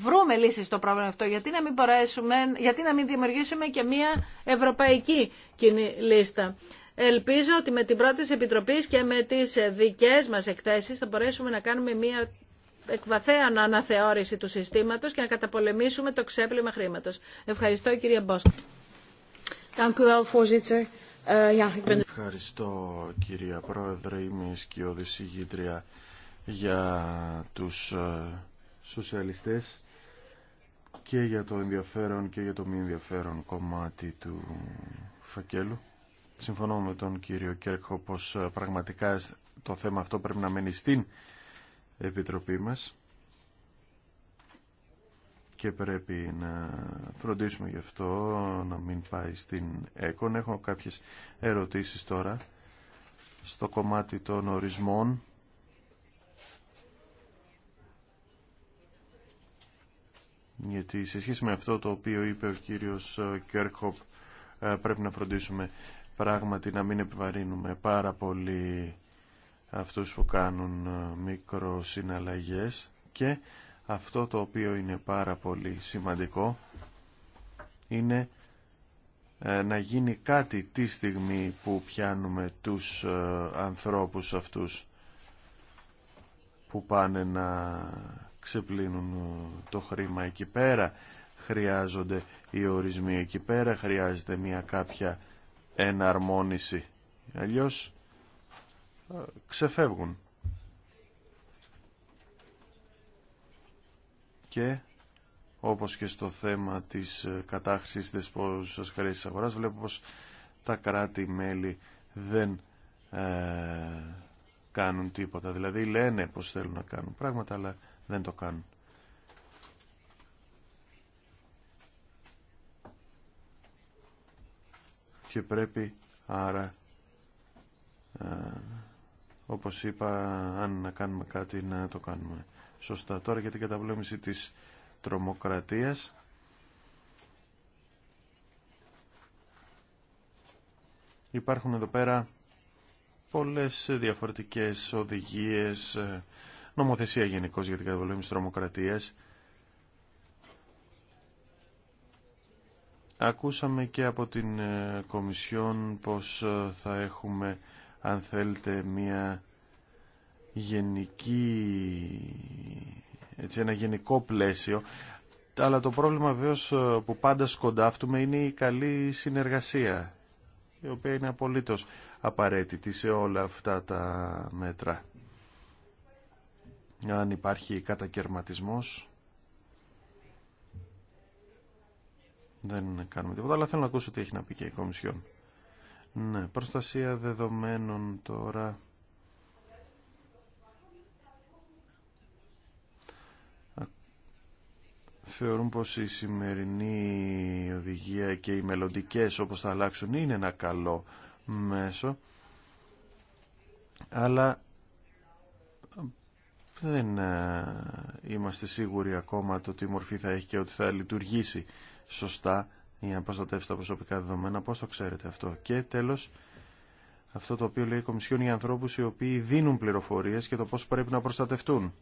βρούμε λύσεις στο πρόβλημα αυτό. Γιατί να μην, μπορέσουμε, γιατί να μην δημιουργήσουμε και μια ευρωπαϊκή κοινή λίστα. Ελπίζω ότι με την πρώτη επιτροπή και με τις δικές μας εκθέσεις θα μπορέσουμε να κάνουμε μια εκβαθέαν αναθεώρηση του συστήματος και να καταπολεμήσουμε το ξέπλυμα χρήματος. Ευχαριστώ κυρία Μπόσκο. Eh, Ευχαριστώ κυρία Πρόεδρε, είμαι σκιώδη συγγήτρια για τους ε, σοσιαλιστές και για το ενδιαφέρον και για το μη ενδιαφέρον κομμάτι του φακέλου. Συμφωνώ με τον κύριο Κέρκο πως ε, πραγματικά το θέμα αυτό πρέπει να μένει στην Επιτροπή μας και πρέπει να φροντίσουμε γι' αυτό να μην πάει στην ΕΚΟΝ. Έχω κάποιες ερωτήσεις τώρα στο κομμάτι των ορισμών. Γιατί σε σχέση με αυτό το οποίο είπε ο κύριος Κέρκοπ ε, πρέπει να φροντίσουμε πράγματι να μην επιβαρύνουμε πάρα πολύ αυτούς που κάνουν ε, μικροσυναλλαγές και αυτό το οποίο είναι πάρα πολύ σημαντικό είναι ε, να γίνει κάτι τη στιγμή που πιάνουμε τους ε, ανθρώπους αυτούς που πάνε να ξεπλύνουν το χρήμα εκεί πέρα. Χρειάζονται οι ορισμοί εκεί πέρα, χρειάζεται μια κάποια εναρμόνιση. Αλλιώς ξεφεύγουν. Και όπως και στο θέμα της ε, κατάχρησης δεσπόζουσας χρήσης αγοράς βλέπω πως τα κράτη-μέλη δεν ε, κάνουν τίποτα. Δηλαδή λένε πως θέλουν να κάνουν πράγματα αλλά δεν το κάνουν. Και πρέπει άρα ε, όπως είπα, αν να κάνουμε κάτι να το κάνουμε σωστά. Τώρα για την καταβλέμηση της τρομοκρατίας. Υπάρχουν εδώ πέρα πολλές διαφορετικές οδηγίες, νομοθεσία γενικώ για την καταπολέμηση τρομοκρατίας. Ακούσαμε και από την ε, Κομισιόν πως ε, θα έχουμε αν θέλετε, μια γενική, έτσι, ένα γενικό πλαίσιο. Αλλά το πρόβλημα βέβαιως ε, που πάντα σκοντάφτουμε είναι η καλή συνεργασία, η οποία είναι απολύτως απαραίτητη σε όλα αυτά τα μέτρα. Αν υπάρχει κατακαιρματισμός, δεν κάνουμε τίποτα, αλλά θέλω να ακούσω τι έχει να πει και η Κομισιόν. Ναι, προστασία δεδομένων τώρα. Θεωρούν πως η σημερινή οδηγία και οι μελλοντικέ όπως θα αλλάξουν είναι ένα καλό μέσο, αλλά δεν είμαστε σίγουροι ακόμα το τι μορφή θα έχει και ότι θα λειτουργήσει σωστά ή να προστατεύσει τα προσωπικά δεδομένα. Πώς το ξέρετε αυτό. Και τέλος, αυτό το οποίο λέει η Κομισιόν για ανθρώπου οι οποίοι δίνουν πληροφορίες και το πώς πρέπει να προστατευτούν.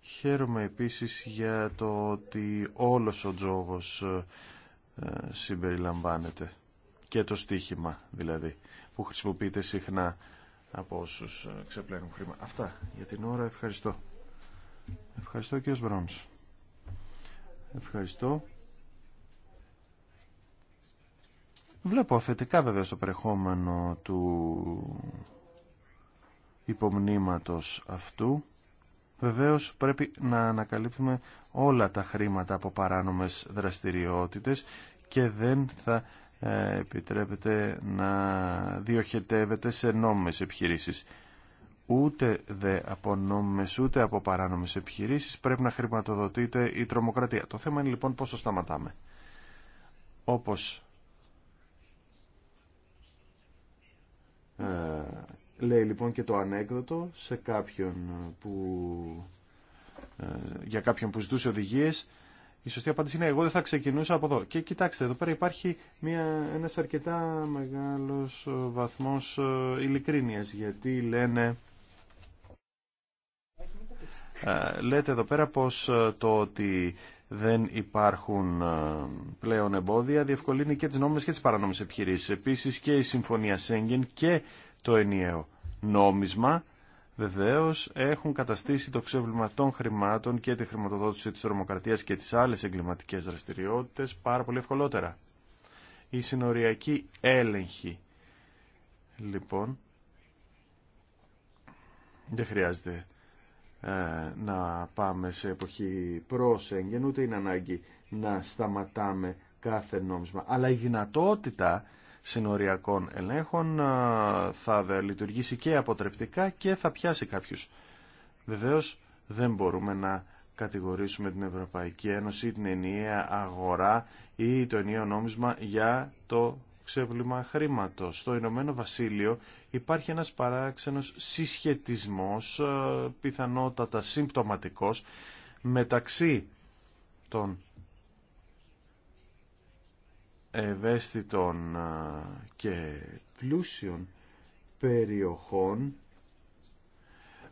Χαίρομαι επίση για το ότι όλος ο ε, συμπεριλαμβάνεται και το στοίχημα δηλαδή που χρησιμοποιείται συχνά από όσου ε, ξεπλένουν χρήμα. Αυτά για την ώρα ευχαριστώ. Ευχαριστώ κύριος Μπρόνς. Ευχαριστώ. Βλέπω θετικά βέβαια στο περιεχόμενο του υπομνήματος αυτού. Βεβαίως πρέπει να ανακαλύπτουμε όλα τα χρήματα από παράνομες δραστηριότητες και δεν θα ε, επιτρέπεται να διοχετεύεται σε νόμιμες επιχειρήσεις. Ούτε δε από νόμιμες ούτε από παράνομες επιχειρήσεις πρέπει να χρηματοδοτείται η τρομοκρατία. Το θέμα είναι λοιπόν πόσο σταματάμε. Όπως Ε, λέει λοιπόν και το ανέκδοτο σε κάποιον που, ε, για κάποιον που ζητούσε οδηγίες η σωστή απάντηση είναι εγώ δεν θα ξεκινούσα από εδώ. Και κοιτάξτε, εδώ πέρα υπάρχει μια, ένας αρκετά μεγάλος ε, βαθμός ειλικρίνειας, γιατί λένε... Λέτε εδώ πέρα πως το ότι δεν υπάρχουν ε, πλέον εμπόδια, διευκολύνει και τις νόμιμες και τις παρανόμες επιχειρήσεις. Επίσης και η Συμφωνία Σέγγεν και το ενιαίο νόμισμα βεβαίως έχουν καταστήσει το ξέβλημα των χρημάτων και τη χρηματοδότηση της τρομοκρατίας και τις άλλες εγκληματικές δραστηριότητες πάρα πολύ ευκολότερα. Η συνοριακή έλεγχη λοιπόν δεν χρειάζεται ε, να πάμε σε εποχή πρόσεγγεν, ούτε είναι ανάγκη να σταματάμε κάθε νόμισμα. Αλλά η δυνατότητα συνοριακών ελέγχων ε, θα λειτουργήσει και αποτρεπτικά και θα πιάσει κάποιους. Βεβαίως δεν μπορούμε να κατηγορήσουμε την Ευρωπαϊκή Ένωση, την ενιαία αγορά ή το ενιαίο νόμισμα για το ξέπλυμα χρήματος. Στο Ηνωμένο Βασίλειο υπάρχει ένα παράξενο συσχετισμό ε, πιθανότατα συμπτωματικός, μεταξύ των ευαίσθητων ε, και πλούσιων περιοχών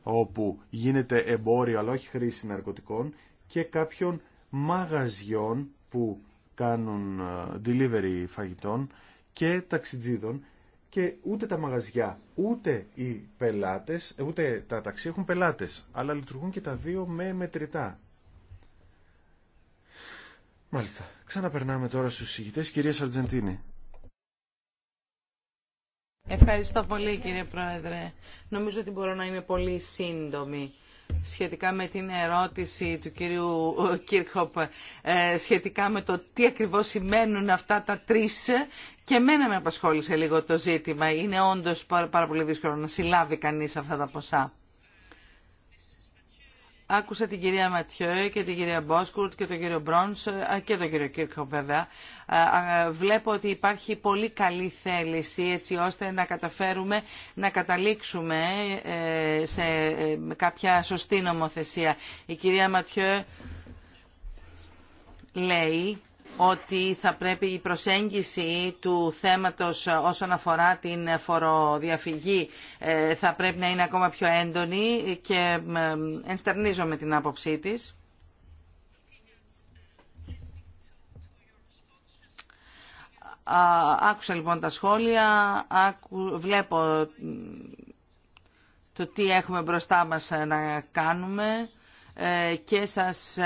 όπου γίνεται εμπόριο αλλά όχι χρήση ναρκωτικών και κάποιων μαγαζιών που κάνουν ε, delivery φαγητών και ταξιτζίδων και ούτε τα μαγαζιά, ούτε οι πελάτες, ε, ούτε τα ταξί έχουν πελάτες, αλλά λειτουργούν και τα δύο με μετρητά. Μάλιστα. Ξαναπερνάμε τώρα στους ηγητές. Κυρία Σαρτζεντίνη. Ευχαριστώ πολύ κύριε Πρόεδρε. Νομίζω ότι μπορώ να είμαι πολύ σύντομη σχετικά με την ερώτηση του κύριου ε, Κίρχοπ ε, σχετικά με το τι ακριβώς σημαίνουν αυτά τα τρεις και εμένα με απασχόλησε λίγο το ζήτημα. Είναι όντως πάρα πολύ δύσκολο να συλλάβει κανείς αυτά τα ποσά. Άκουσα την κυρία Ματιέ και την κυρία Μπόσκουρτ και τον κύριο Μπρόνς ε, και τον κύριο Κίρκο βέβαια. Ε, βλέπω ότι υπάρχει πολύ καλή θέληση έτσι ώστε να καταφέρουμε να καταλήξουμε ε, σε κάποια σωστή νομοθεσία. Η κυρία Ματιέ λέει ότι θα πρέπει η προσέγγιση του θέματος όσον αφορά την φοροδιαφυγή ε, θα πρέπει να είναι ακόμα πιο έντονη και ε, ενστερνίζομαι την άποψή της. Άκουσα λοιπόν τα σχόλια, βλέπω το τι έχουμε μπροστά μας να κάνουμε ε, και σας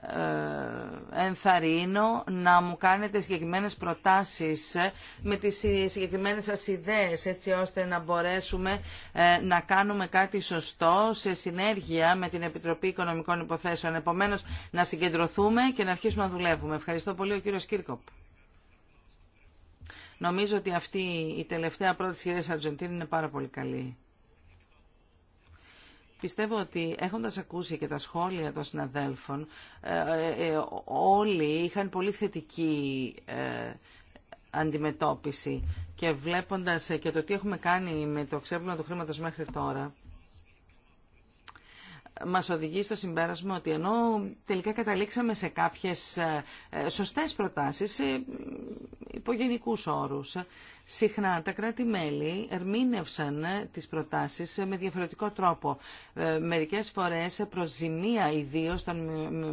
ε, ενθαρρύνω να μου κάνετε συγκεκριμένες προτάσεις ε, με τις συγκεκριμένες σας ιδέες έτσι ώστε να μπορέσουμε ε, να κάνουμε κάτι σωστό σε συνέργεια με την Επιτροπή Οικονομικών Υποθέσεων. Επομένως να συγκεντρωθούμε και να αρχίσουμε να δουλεύουμε. Ευχαριστώ πολύ ο κύριος Κύρκοπ. Νομίζω ότι αυτή η τελευταία πρόταση της κυρίας Αργεντίνη είναι πάρα πολύ καλή. Πιστεύω ότι έχοντας ακούσει και τα σχόλια των συναδέλφων, ε, ε, ε, όλοι είχαν πολύ θετική αντιμετώπιση και βλέποντας και το τι έχουμε κάνει με το ξέπλυμα του χρήματος μέχρι τώρα, μας οδηγεί στο συμπέρασμα ότι ενώ τελικά καταλήξαμε σε κάποιες ε, ε, σωστές προτάσεις σε υπογενικούς όρους, συχνά τα κράτη-μέλη ερμήνευσαν ε, τις προτάσεις με διαφορετικό τρόπο. Μερικές φορές προς ζημία ιδίως των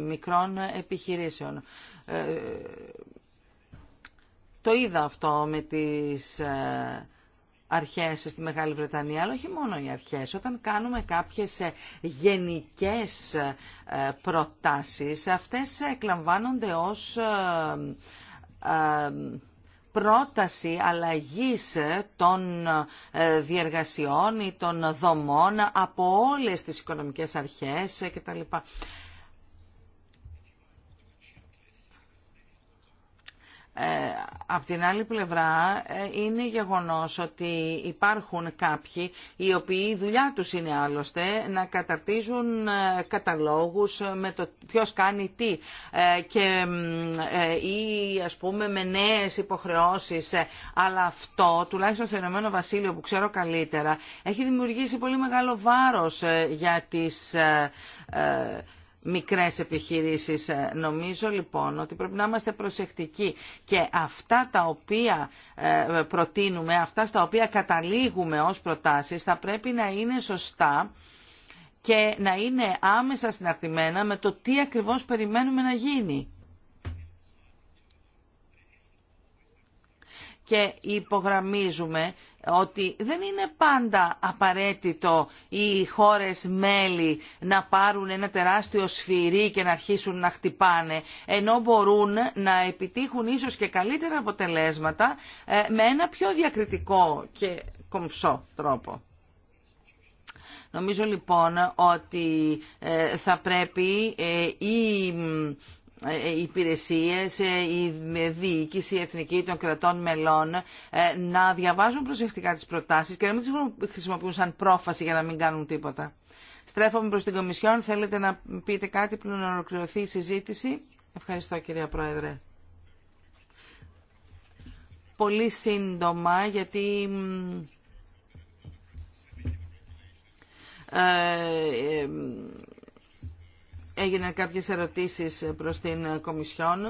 μικρών επιχειρήσεων. Το είδα αυτό με τις αρχές στη Μεγάλη Βρετανία, αλλά όχι μόνο οι αρχές. Όταν κάνουμε κάποιες ε, γενικές ε, προτάσεις, αυτές εκλαμβάνονται ως ε, πρόταση αλλαγής των διεργασιών ή των δομών από όλες τις οικονομικές αρχές κτλ. Ε, απ' την άλλη πλευρά ε, είναι γεγονός ότι υπάρχουν κάποιοι οι οποίοι η δουλειά τους είναι άλλωστε να καταρτίζουν ε, καταλόγους με το ποιος κάνει τι και, ή ας πούμε με νέες υποχρεώσεις αλλά αυτό τουλάχιστον στο Ηνωμένο Βασίλειο που ξέρω καλύτερα έχει δημιουργήσει πολύ μεγάλο βάρος για τις μικρές επιχειρήσεις. Ε, νομίζω λοιπόν ότι πρέπει να είμαστε προσεκτικοί και αυτά τα οποία ε, προτείνουμε, αυτά στα οποία καταλήγουμε ως προτάσεις θα πρέπει να είναι σωστά και να είναι άμεσα συναρτημένα με το τι ακριβώς περιμένουμε να γίνει. Και υπογραμμίζουμε ότι δεν είναι πάντα απαραίτητο οι χώρες μέλη να πάρουν ένα τεράστιο σφυρί και να αρχίσουν να χτυπάνε, ενώ μπορούν να επιτύχουν ίσως και καλύτερα αποτελέσματα ε, με ένα πιο διακριτικό και κομψό τρόπο. Νομίζω λοιπόν ότι ε, θα πρέπει η ε, ε, ε, υπηρεσίες, ε, η διοίκηση εθνική των κρατών μελών να διαβάζουν προσεκτικά τις προτάσεις και να μην τις χρησιμοποιούν σαν πρόφαση για να μην κάνουν τίποτα. Στρέφομαι προς την Κομισιόν. Θέλετε να πείτε κάτι πριν να ολοκληρωθεί η συζήτηση. Ευχαριστώ κυρία Πρόεδρε. Πολύ σύντομα γιατί... ε, Έγιναν κάποιες ερωτήσεις προς την Κομισιόν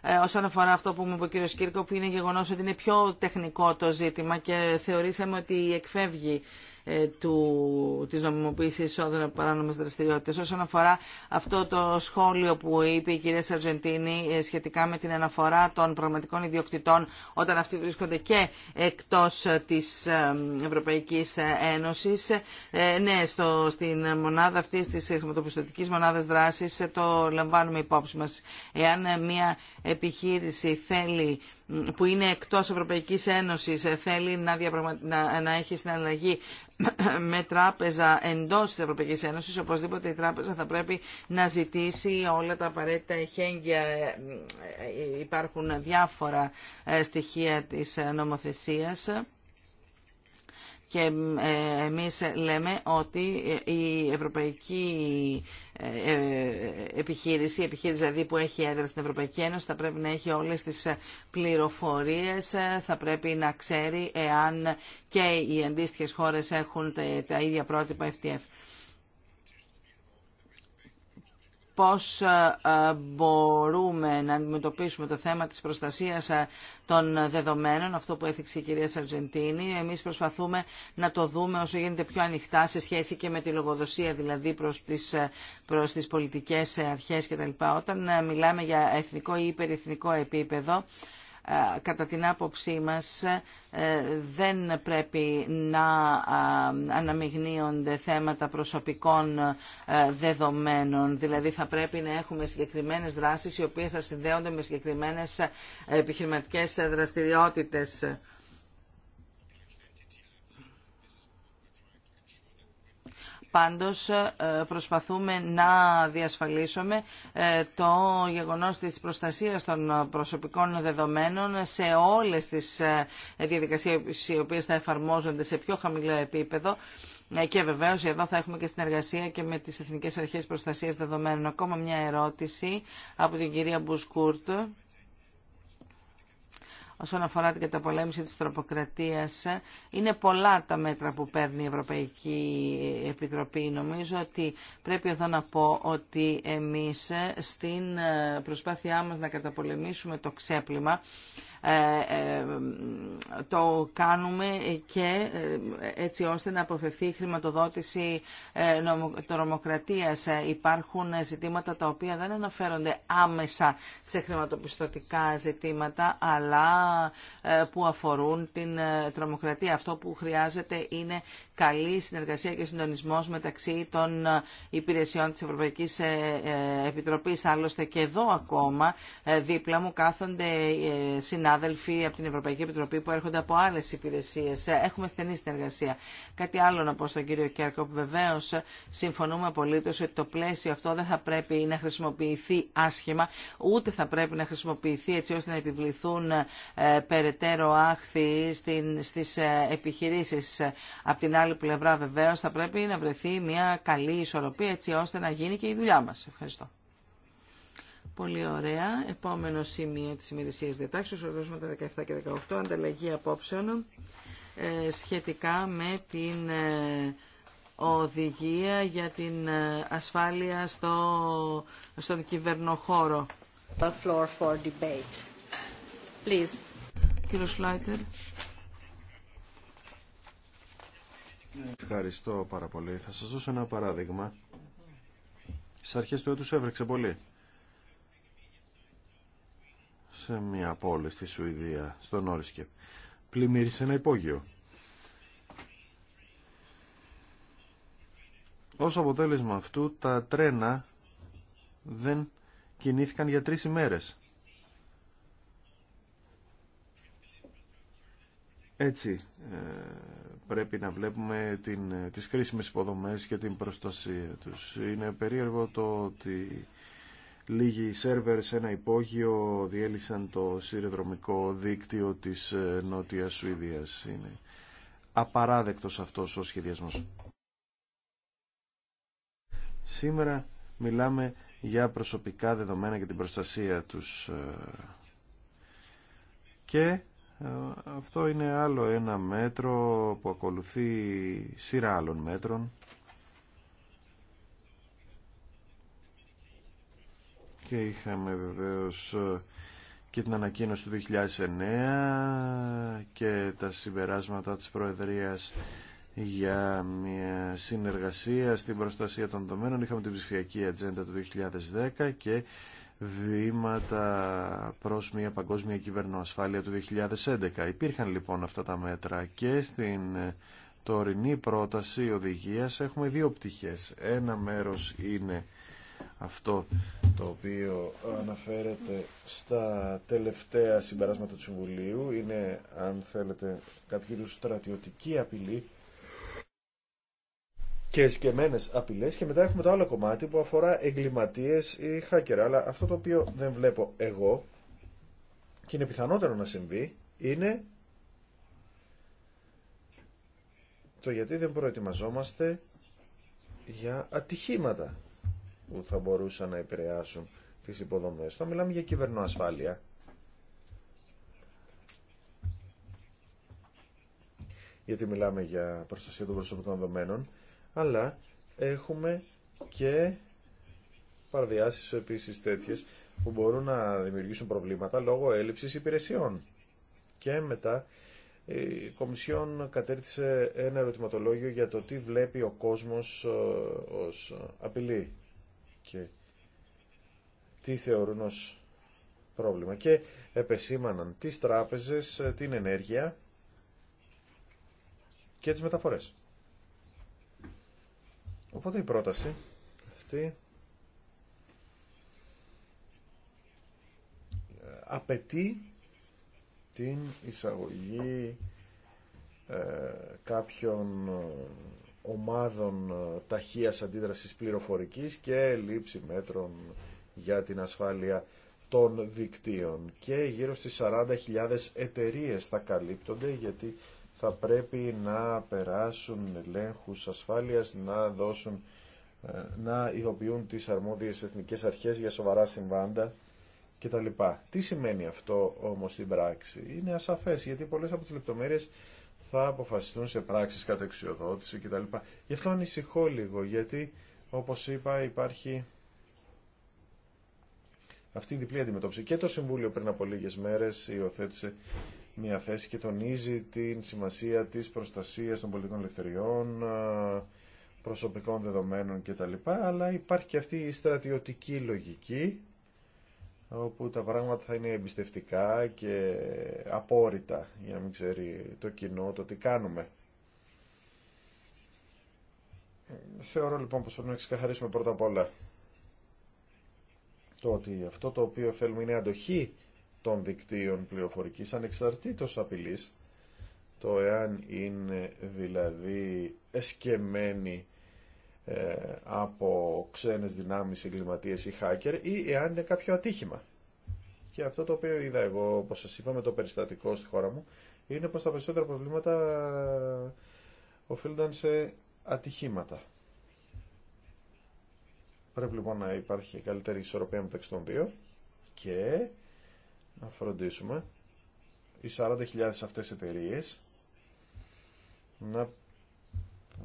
ε, όσον αφορά αυτό που μου είπε ο κύριος Κύρκο που είναι γεγονός ότι είναι πιο τεχνικό το ζήτημα και θεωρήσαμε ότι εκφεύγει ε, του, της νομιμοποίησης εισόδων από παράνομες δραστηριότητες. Όσον αφορά αυτό το σχόλιο που είπε η κυρία Σαρτζεντίνη ε, σχετικά με την αναφορά των πραγματικών ιδιοκτητών όταν αυτοί βρίσκονται και εκτός ε, της Ευρωπαϊκής Ένωσης, ναι, στο, στην μονάδα αυτή της χρηματοπιστωτικής μονάδας δράσης το λαμβάνουμε υπόψη μας. Εάν μια επιχείρηση θέλει που είναι εκτός Ευρωπαϊκής Ένωσης ε, θέλει να, να, να έχει συναλλαγή με τράπεζα εντός της Ευρωπαϊκής Ένωσης, οπωσδήποτε η τράπεζα θα πρέπει να ζητήσει όλα τα απαραίτητα εχέγγυα. Ε, ε, υπάρχουν διάφορα στοιχεία της νομοθεσίας και εμείς λέμε ότι η Ευρωπαϊκή ε, ε, επιχείρηση, επιχείρηση δηλαδή που έχει έδρα στην Ευρωπαϊκή Ένωση θα πρέπει να έχει όλες τις ε, πληροφορίες, θα πρέπει να ξέρει εάν και οι αντίστοιχε χώρες έχουν τα ίδια πρότυπα FTF. πώς ε, ε, μπορούμε να αντιμετωπίσουμε το θέμα της προστασίας ε, των δεδομένων, αυτό που έθιξε η κυρία Σαρτζεντίνη. Εμείς προσπαθούμε να το δούμε όσο γίνεται πιο ανοιχτά σε σχέση και με τη λογοδοσία, δηλαδή προς τις, προς τις πολιτικές αρχές κτλ. Όταν μιλάμε για εθνικό ή υπερεθνικό επίπεδο, ε, κατά την άποψή μας ε, δεν πρέπει να ε, αναμειγνύονται θέματα προσωπικών δεδομένων. Δηλαδή θα πρέπει να έχουμε συγκεκριμένες δράσεις οι οποίες θα συνδέονται με συγκεκριμένες επιχειρηματικές δραστηριότητες. Πάντως ε, προσπαθούμε να διασφαλίσουμε ε, το γεγονός της προστασίας των προσωπικών δεδομένων σε όλες τις ε, διαδικασίες οι οποίες θα εφαρμόζονται σε πιο χαμηλό επίπεδο και βεβαίω εδώ θα έχουμε και συνεργασία και με τις Εθνικές Αρχές Προστασίας Δεδομένων. Ακόμα μια ερώτηση από την κυρία Μπουσκούρτ όσον αφορά την καταπολέμηση της τροποκρατίας. Είναι πολλά τα μέτρα που παίρνει η Ευρωπαϊκή Επιτροπή. Νομίζω ότι πρέπει εδώ να πω ότι εμείς ε, στην ε, προσπάθειά μας να καταπολεμήσουμε το ξέπλυμα ε, ε, το κάνουμε και ε, έτσι ώστε να αποφευθεί η χρηματοδότηση τρομοκρατίας. Υπάρχουν ζητήματα τα οποία δεν αναφέρονται άμεσα σε χρηματοπιστωτικά ζητήματα, αλλά που αφορούν την τρομοκρατία. Αυτό που χρειάζεται είναι καλή συνεργασία και συντονισμός μεταξύ των υπηρεσιών της Ευρωπαϊκής Επιτροπής. Άλλωστε και εδώ ακόμα δίπλα μου κάθονται συνάδελφοι συνάδελφοι από την Ευρωπαϊκή Επιτροπή που έρχονται από άλλε υπηρεσίε. Έχουμε στενή συνεργασία. Κάτι άλλο να πω στον κύριο Κέρκοπ. Βεβαίω συμφωνούμε απολύτω ότι το πλαίσιο αυτό δεν θα πρέπει να χρησιμοποιηθεί άσχημα, ούτε θα πρέπει να χρησιμοποιηθεί έτσι ώστε να επιβληθούν ε, περαιτέρω άχθη στις ε, επιχειρήσει. Απ' την άλλη πλευρά βεβαίω, θα πρέπει να βρεθεί μια καλή ισορροπία έτσι ώστε να γίνει και η δουλειά μα. Ευχαριστώ. Πολύ ωραία. Επόμενο σημείο της ημερησίας διατάξεως, με τα 17 και 18, ανταλλαγή απόψεων ε, σχετικά με την ε, οδηγία για την ε, ασφάλεια στο, στον κυβερνοχώρο. floor for debate. Please. Κύριο Σλάιτερ. Ευχαριστώ πάρα πολύ. Θα σας δώσω ένα παράδειγμα. Στις αρχές του έτους έβρεξε πολύ σε μια πόλη στη Σουηδία, στον Νόρισκεπ. Πλημμύρισε ένα υπόγειο. Ως αποτέλεσμα αυτού τα τρένα δεν κινήθηκαν για τρεις ημέρες. Έτσι ε, πρέπει να βλέπουμε την, τις κρίσιμες υποδομές και την προστασία τους. Είναι περίεργο το ότι Λίγοι σερβερ σε ένα υπόγειο διέλυσαν το σύρεδρομικό δίκτυο της ε, Νότιας Σουηδίας. Είναι απαράδεκτος αυτός ο σχεδιασμός. Σήμερα μιλάμε για προσωπικά δεδομένα και την προστασία τους. Ε. Και ε, αυτό είναι άλλο ένα μέτρο που ακολουθεί σειρά άλλων μέτρων και είχαμε βεβαίως ε, και την ανακοίνωση του 2009 και τα συμπεράσματα της Προεδρίας για μια συνεργασία στην προστασία των δεδομένων. Είχαμε την ψηφιακή ατζέντα του 2010 και βήματα προς μια παγκόσμια κυβερνοασφάλεια του 2011. Υπήρχαν λοιπόν αυτά τα μέτρα και στην ε, τωρινή πρόταση οδηγίας έχουμε δύο πτυχές. Ένα μέρος είναι αυτό το οποίο αναφέρεται στα τελευταία συμπεράσματα του Συμβουλίου είναι, αν θέλετε, κάποιο είδου στρατιωτική απειλή και σκεμμένες απειλές και μετά έχουμε το άλλο κομμάτι που αφορά εγκληματίες ή χάκερα. Αλλά αυτό το οποίο δεν βλέπω εγώ και είναι πιθανότερο να συμβεί είναι το γιατί δεν προετοιμαζόμαστε για ατυχήματα που θα μπορούσαν να επηρεάσουν τις υποδομές. Θα μιλάμε για κυβερνοασφάλεια. Γιατί μιλάμε για προστασία των προσωπικών δεδομένων, αλλά έχουμε και παραδιάσεις επίσης τέτοιες που μπορούν να δημιουργήσουν προβλήματα λόγω έλλειψης υπηρεσιών. Και μετά η Κομισιόν κατέρτισε ένα ερωτηματολόγιο για το τι βλέπει ο κόσμος ε, ως απειλή και τι θεωρούν ως πρόβλημα. Και επεσήμαναν τις τράπεζες, ε, την ενέργεια και τις μεταφορές. Οπότε η πρόταση αυτή ε, απαιτεί την εισαγωγή ε, κάποιων ομάδων ε, ταχείας αντίδρασης πληροφορικής και λήψη μέτρων για την ασφάλεια των δικτύων. Και γύρω στις 40.000 εταιρείες θα καλύπτονται γιατί θα πρέπει να περάσουν ελέγχους ασφάλειας, να δώσουν ε, να ειδοποιούν τις αρμόδιες εθνικές αρχές για σοβαρά συμβάντα κτλ. Τι σημαίνει αυτό όμως στην πράξη. Είναι ασαφές γιατί πολλές από τις λεπτομέρειες θα αποφασιστούν σε πράξεις κατεξιοδότηση κτλ. Γι' αυτό ανησυχώ λίγο, γιατί όπως είπα υπάρχει αυτή η διπλή αντιμετώπιση. Και το Συμβούλιο πριν από λίγες μέρες υιοθέτησε μια θέση και τονίζει την σημασία της προστασίας των πολιτικών ελευθεριών, προσωπικών δεδομένων κτλ. Αλλά υπάρχει και αυτή η στρατιωτική λογική όπου τα πράγματα θα είναι εμπιστευτικά και απόρριτα για να μην ξέρει το κοινό το τι κάνουμε. Θεωρώ λοιπόν πως πρέπει να ξεκαθαρίσουμε πρώτα απ' όλα το ότι αυτό το οποίο θέλουμε είναι αντοχή των δικτύων πληροφορικής ανεξαρτήτως απειλής το εάν είναι δηλαδή εσκεμμένη ε, από ξένες δυνάμεις, εγκληματίες ή hacker ή εάν είναι κάποιο ατύχημα. Και αυτό το οποίο είδα εγώ, όπως σας είπα, με το περιστατικό στη χώρα μου, είναι πως τα περισσότερα προβλήματα οφείλονταν σε ατυχήματα. Πρέπει λοιπόν να υπάρχει καλύτερη ισορροπία μεταξύ των δύο και να φροντίσουμε οι 40.000 αυτές εταιρείε να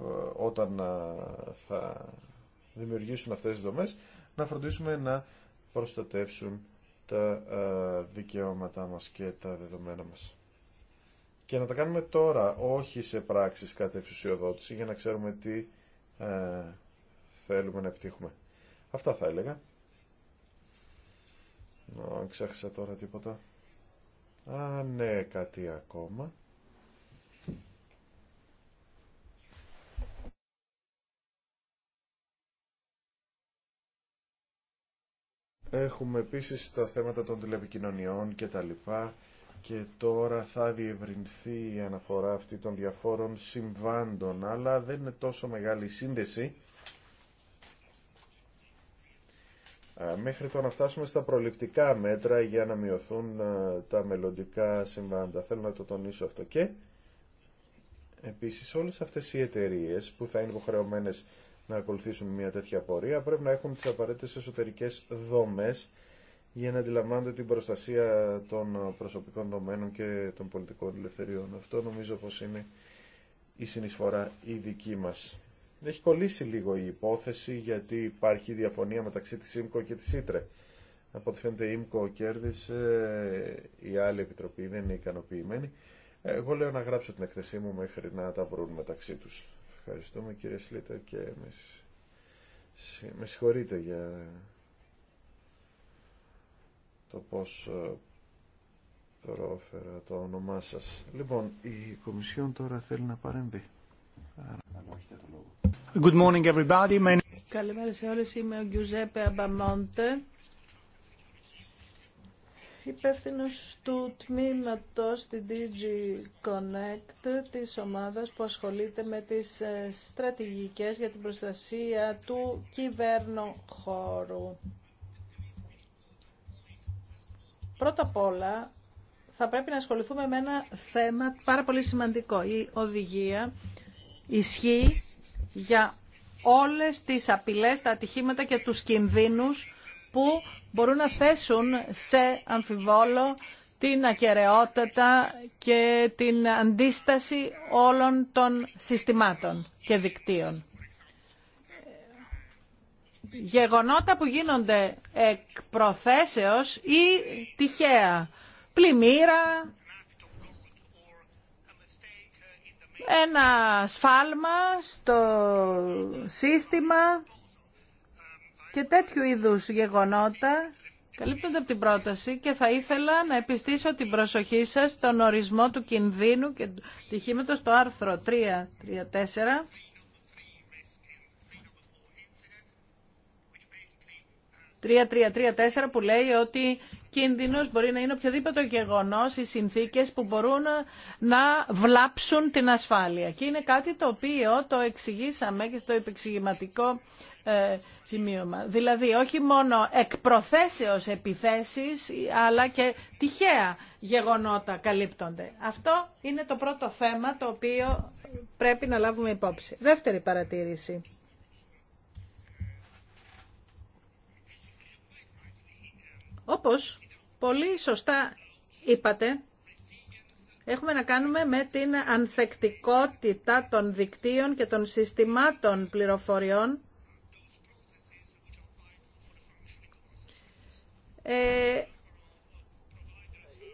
ε, όταν ε, θα δημιουργήσουν αυτές τις δομές να φροντίσουμε να προστατεύσουν τα ε, δικαιώματά μας και τα δεδομένα μας. Και να τα κάνουμε τώρα, όχι σε πράξεις κατά για να ξέρουμε τι θέλουμε να επιτύχουμε. Αυτά θα έλεγα. ξέχασα τώρα τίποτα. Α, ναι, κάτι ακόμα. Έχουμε επίσης τα θέματα των τηλεπικοινωνιών και τα λοιπά και τώρα θα διευρυνθεί η αναφορά αυτή των διαφόρων συμβάντων, αλλά δεν είναι τόσο μεγάλη η σύνδεση. Μέχρι το να φτάσουμε στα προληπτικά μέτρα για να μειωθούν τα μελλοντικά συμβάντα. Θέλω να το τονίσω αυτό και επίσης όλες αυτές οι εταιρείες που θα είναι υποχρεωμένες να ακολουθήσουν μια τέτοια πορεία πρέπει να έχουν τις απαραίτητες εσωτερικές δομές για να αντιλαμβάνονται την προστασία των προσωπικών δομένων και των πολιτικών ελευθεριών. Αυτό νομίζω πως είναι η συνεισφορά η δική μας. Έχει κολλήσει λίγο η υπόθεση γιατί υπάρχει διαφωνία μεταξύ της ΙΜΚΟ και της ΙΤΡΕ. Από ό,τι φαίνεται η ΙΜΚΟ κέρδισε, η άλλη επιτροπή δεν είναι ικανοποιημένη. Εγώ λέω να γράψω την εκθεσή μου μέχρι να τα βρουν μεταξύ τους. Ευχαριστούμε κύριε Σλίτερ και Με συγχωρείτε για το πώς πρόφερα το όνομά σας. Λοιπόν, η Κομισιόν τώρα θέλει να παρέμβει. Good morning everybody. Καλημέρα σε όλες. Είμαι ο Γιουζέπε Αμπαμόντε υπεύθυνο του τμήματος τη DG Connect της ομάδας που ασχολείται με τις ε, στρατηγικές για την προστασία του κυβέρνου χώρου. Πρώτα απ' όλα θα πρέπει να ασχοληθούμε με ένα θέμα πάρα πολύ σημαντικό. Η οδηγία ισχύει για όλες τις απειλές, τα ατυχήματα και τους κινδύνους που μπορούν να θέσουν σε αμφιβόλο την ακαιρεότητα και την αντίσταση όλων των συστημάτων και δικτύων. Γεγονότα που γίνονται εκ προθέσεως ή τυχαία. Πλημμύρα, ένα σφάλμα στο σύστημα και τέτοιου είδους γεγονότα καλύπτονται από την πρόταση και θα ήθελα να επιστήσω την προσοχή σας στον ορισμό του κινδύνου και του τυχήματος στο άρθρο 3.3.4 3334 που λέει ότι κίνδυνος μπορεί να είναι οποιοδήποτε γεγονός ή συνθήκες που μπορούν να βλάψουν την ασφάλεια. Και είναι κάτι το οποίο το εξηγήσαμε και στο επεξηγηματικό ε, σημείωμα. Δηλαδή όχι μόνο εκ προθέσεως επιθέσεις αλλά και τυχαία γεγονότα καλύπτονται. Αυτό είναι το πρώτο θέμα το οποίο πρέπει να λάβουμε υπόψη. Δεύτερη παρατήρηση. Όπως πολύ σωστά είπατε, έχουμε να κάνουμε με την ανθεκτικότητα των δικτύων και των συστημάτων πληροφοριών ε,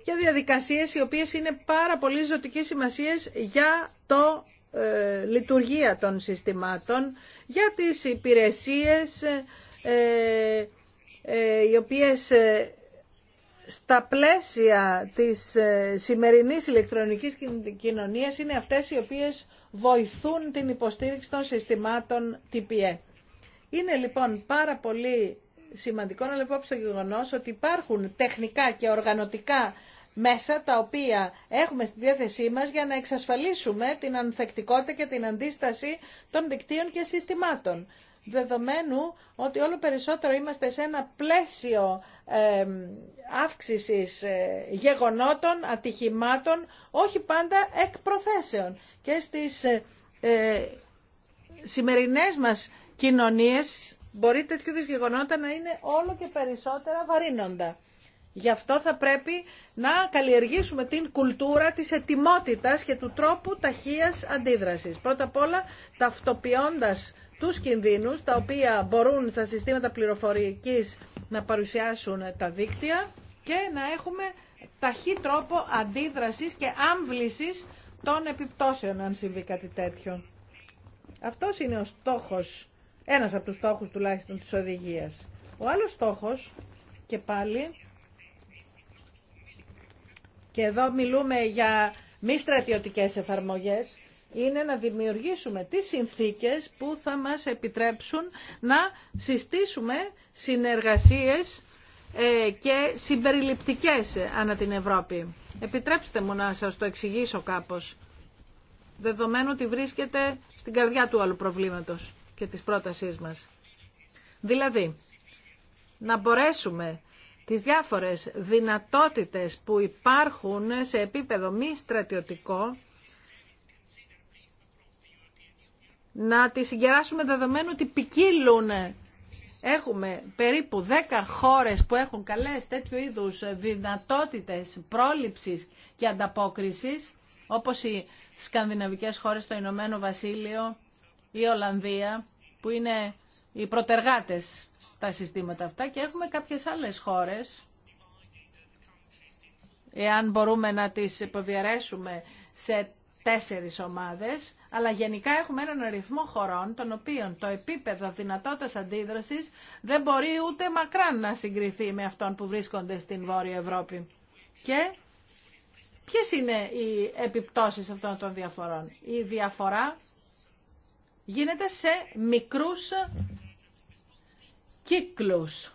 και διαδικασίες οι οποίες είναι πάρα πολύ ζωτική σημασίες για το ε, λειτουργία των συστημάτων, για τις υπηρεσίες ε, ε, οι οποίες ε, στα πλαίσια της ε, σημερινής ηλεκτρονικής κοινωνίας είναι αυτές οι οποίες βοηθούν την υποστήριξη των συστημάτων TPE. Είναι λοιπόν πάρα πολύ σημαντικό να λεβόψει το γεγονός ότι υπάρχουν τεχνικά και οργανωτικά μέσα τα οποία έχουμε στη διάθεσή μας για να εξασφαλίσουμε την ανθεκτικότητα και την αντίσταση των δικτύων και συστημάτων δεδομένου ότι όλο περισσότερο είμαστε σε ένα πλαίσιο αύξησης ε, γεγονότων, ατυχημάτων, όχι πάντα εκ προθέσεων. Και στις ε, ε, σημερινές μας κοινωνίες μπορεί τέτοιου είδους γεγονότα να είναι όλο και περισσότερα βαρύνοντα. Γι' αυτό θα πρέπει να καλλιεργήσουμε την κουλτούρα της ετοιμότητας και του τρόπου ταχείας αντίδρασης. Πρώτα απ' όλα ταυτοποιώντας τους κινδύνους τα οποία μπορούν στα συστήματα πληροφορικής να παρουσιάσουν τα δίκτυα και να έχουμε ταχύ τρόπο αντίδρασης και άμβλησης των επιπτώσεων αν συμβεί κάτι τέτοιο. Αυτός είναι ο στόχος, ένας από τους στόχους τουλάχιστον της οδηγίας. Ο άλλος στόχος και πάλι, και εδώ μιλούμε για μη στρατιωτικές εφαρμογές, είναι να δημιουργήσουμε τις συνθήκες που θα μας επιτρέψουν να συστήσουμε συνεργασίες ε, και συμπεριληπτικές ανά την Ευρώπη. Επιτρέψτε μου να σας το εξηγήσω κάπως, δεδομένου ότι βρίσκεται στην καρδιά του άλλου προβλήματος και της πρότασής μας. Δηλαδή, να μπορέσουμε τις διάφορες δυνατότητες που υπάρχουν σε επίπεδο μη στρατιωτικό να τη συγκεράσουμε δεδομένου ότι ποικίλουν. Έχουμε περίπου 10 χώρες που έχουν καλές τέτοιου είδους δυνατότητες πρόληψης και ανταπόκρισης, όπως οι σκανδιναβικές χώρες, το Ηνωμένο Βασίλειο, η Ολλανδία, που είναι οι προτεργάτες στα συστήματα αυτά και έχουμε κάποιες άλλες χώρες, εάν μπορούμε να τις υποδιαρέσουμε σε τέσσερις ομάδες, αλλά γενικά έχουμε έναν αριθμό χωρών, των οποίων το επίπεδο δυνατότητας αντίδρασης δεν μπορεί ούτε μακράν να συγκριθεί με αυτόν που βρίσκονται στην Βόρεια Ευρώπη. Και ποιες είναι οι επιπτώσεις αυτών των διαφορών. Η διαφορά γίνεται σε μικρούς κύκλους.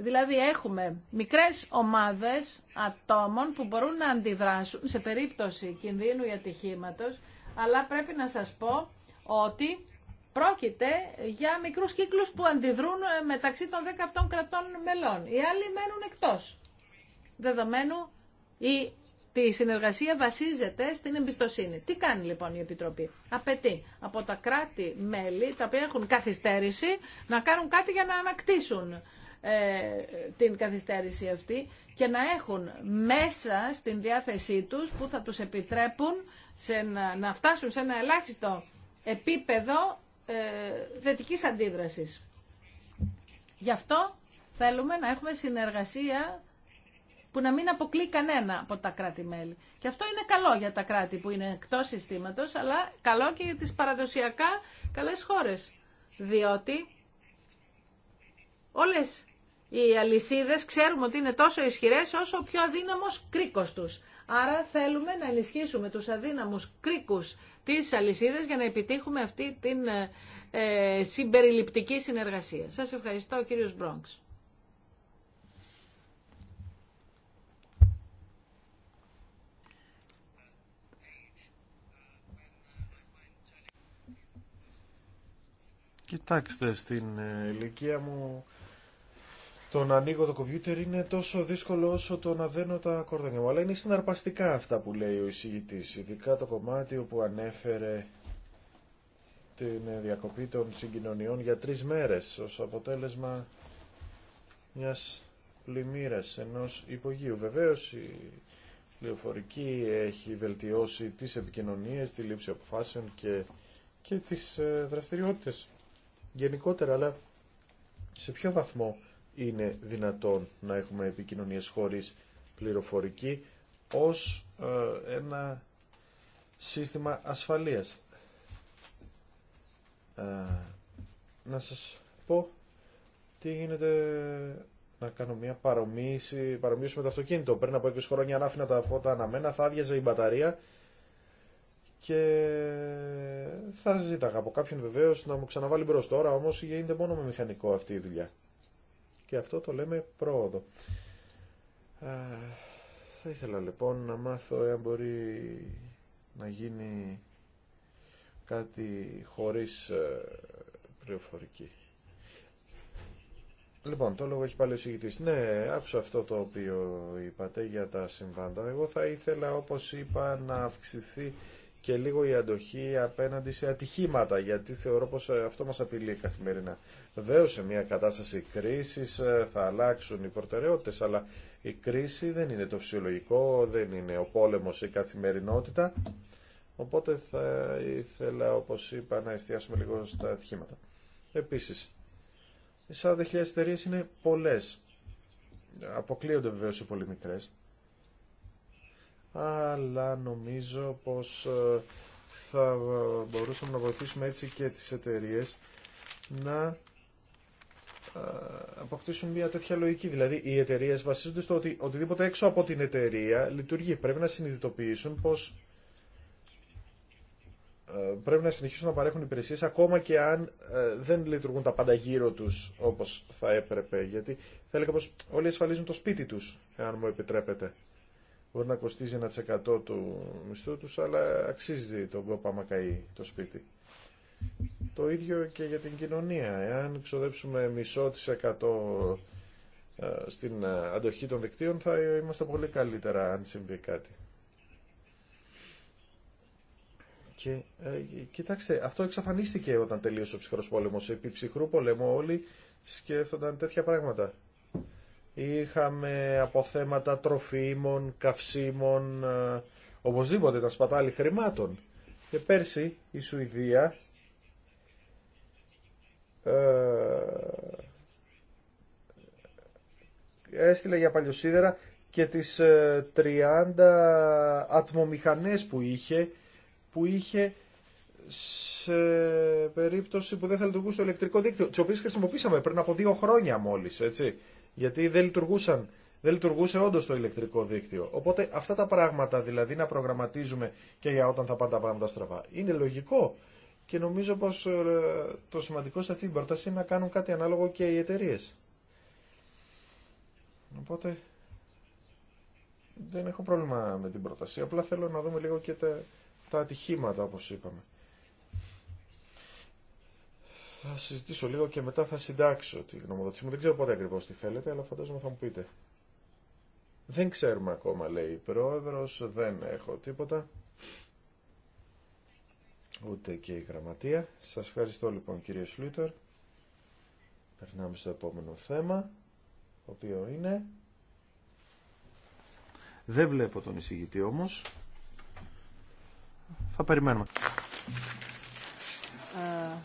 Δηλαδή έχουμε μικρές ομάδες ατόμων που μπορούν να αντιδράσουν σε περίπτωση κινδύνου ή ατυχήματος, αλλά πρέπει να σας πω ότι πρόκειται για μικρούς κύκλους που αντιδρούν ε, μεταξύ των 17 κρατών μελών. Οι άλλοι μένουν εκτός. Δεδομένου η η συνεργασία βασίζεται στην εμπιστοσύνη. Τι κάνει λοιπόν η Επιτροπή. Απαιτεί από τα κράτη-μέλη, τα οποία έχουν καθυστέρηση, να κάνουν κάτι για να ανακτήσουν ε, την καθυστέρηση αυτή και να έχουν μέσα στην διάθεσή τους που θα τους επιτρέπουν σε να, φτάσουν σε ένα ελάχιστο επίπεδο ε, θετικής αντίδρασης. Γι' αυτό θέλουμε να έχουμε συνεργασία που να μην αποκλεί κανένα από τα κράτη-μέλη. Και αυτό είναι καλό για τα κράτη που είναι εκτός συστήματος, αλλά καλό και για τις παραδοσιακά καλές χώρες. Διότι όλες οι αλυσίδες ξέρουμε ότι είναι τόσο ισχυρές όσο ο πιο αδύναμος κρίκος τους. Άρα θέλουμε να ενισχύσουμε τους αδύναμους κρίκους της αλυσίδας για να επιτύχουμε αυτή την ε, ε συμπεριληπτική συνεργασία. Σας ευχαριστώ κύριος Μπρόγκ. Κοιτάξτε, στην ε, ηλικία μου το να ανοίγω το κομπιούτερ είναι τόσο δύσκολο όσο το να δένω τα κορδόνια μου. Αλλά είναι συναρπαστικά αυτά που λέει ο εισηγητή, ειδικά το κομμάτι όπου ανέφερε την διακοπή των συγκοινωνιών για τρει μέρε ω αποτέλεσμα μιας πλημμύρα ενός υπογείου. Βεβαίω η πληροφορική έχει βελτιώσει τις επικοινωνίε, τη λήψη αποφάσεων και, και τις ε, δραστηριότητες γενικότερα, αλλά σε ποιο βαθμό είναι δυνατόν να έχουμε επικοινωνίες χωρίς πληροφορική ως ε, ένα σύστημα ασφαλείας. Ε, να σας πω τι γίνεται να κάνω μια παρομοίηση, παρομοίωση με το αυτοκίνητο. Πριν από 20 χρόνια αν άφηνα τα φώτα αναμένα θα άδειαζε η μπαταρία και θα ζήταγα από κάποιον βεβαίω να μου ξαναβάλει μπρος. Τώρα όμως γίνεται μόνο με μηχανικό αυτή η δουλειά και αυτό το λέμε πρόοδο. Ε, θα ήθελα λοιπόν να μάθω εάν μπορεί να γίνει κάτι χωρίς ε, πληροφορική. Λοιπόν, το λόγο έχει πάλι ο συγητής. Ναι, άψω αυτό το οποίο είπατε για τα συμβάντα. Εγώ θα ήθελα, όπως είπα, να αυξηθεί και λίγο η αντοχή απέναντι σε ατυχήματα, γιατί θεωρώ πως ε, αυτό μας απειλεί καθημερινά. Βεβαίω σε μια κατάσταση κρίσης ε, θα αλλάξουν οι προτεραιότητες, αλλά η κρίση δεν είναι το φυσιολογικό, δεν είναι ο πόλεμος η καθημερινότητα, οπότε θα ήθελα, όπως είπα, να εστιάσουμε λίγο στα ατυχήματα. Επίσης, οι 40.000 εταιρείε είναι πολλές. Αποκλείονται βεβαίω οι πολύ μικρές αλλά νομίζω πως ε, θα μπορούσαμε να βοηθήσουμε έτσι και τις εταιρείες να ε, αποκτήσουν μια τέτοια λογική. Δηλαδή, οι εταιρείε βασίζονται στο ότι οτιδήποτε έξω από την εταιρεία λειτουργεί. Πρέπει να συνειδητοποιήσουν πως ε, πρέπει να συνεχίσουν να παρέχουν υπηρεσίες ακόμα και αν δεν λειτουργούν τα πάντα γύρω του όπω θα έπρεπε. Γιατί θα έλεγα πω όλοι ασφαλίζουν το σπίτι τους, αν μου επιτρέπετε μπορεί να κοστίζει 1% του μισθού τους, αλλά αξίζει τον άμα καεί το σπίτι. Το ίδιο και για την κοινωνία. Εάν ξοδέψουμε μισό της εκατό ε, στην ε, αντοχή των δικτύων θα είμαστε πολύ καλύτερα αν συμβεί κάτι. Και ε, κοιτάξτε, αυτό εξαφανίστηκε όταν τελείωσε ο ψυχρός πόλεμος. Επί ψυχρού πολέμου όλοι σκέφτονταν τέτοια πράγματα είχαμε αποθέματα τροφίμων, καυσίμων, ε, οπωσδήποτε τα σπατάλη χρημάτων. Και πέρσι η Σουηδία ε, έστειλε για παλιοσίδερα και τις 30 ε, ατμομηχανές που είχε, που είχε σε περίπτωση που δεν θα λειτουργούσε το ηλεκτρικό δίκτυο, τι οποίε χρησιμοποίησαμε πριν από δύο χρόνια μόλις, έτσι γιατί δεν λειτουργούσαν. Δεν λειτουργούσε όντω το ηλεκτρικό δίκτυο. Οπότε αυτά τα πράγματα δηλαδή να προγραμματίζουμε και για όταν θα πάνε τα πράγματα στραβά. Είναι λογικό και νομίζω πω ε, το σημαντικό σε αυτή την πρόταση είναι να κάνουν κάτι ανάλογο και οι εταιρείε. Οπότε δεν έχω πρόβλημα με την πρόταση. Απλά θέλω να δούμε λίγο και τα, τα ατυχήματα όπω είπαμε. Θα συζητήσω λίγο και μετά θα συντάξω τη γνωμοδότηση μου. Δεν ξέρω πότε ακριβώς τι θέλετε, αλλά φαντάζομαι θα μου πείτε. Δεν ξέρουμε ακόμα, λέει η πρόεδρο, δεν έχω τίποτα. Ούτε και η γραμματεία. Σας ευχαριστώ λοιπόν κύριε Σλούτερ. Περνάμε στο επόμενο θέμα, το οποίο είναι... Δεν βλέπω τον εισηγητή όμως. Θα περιμένουμε. Ε,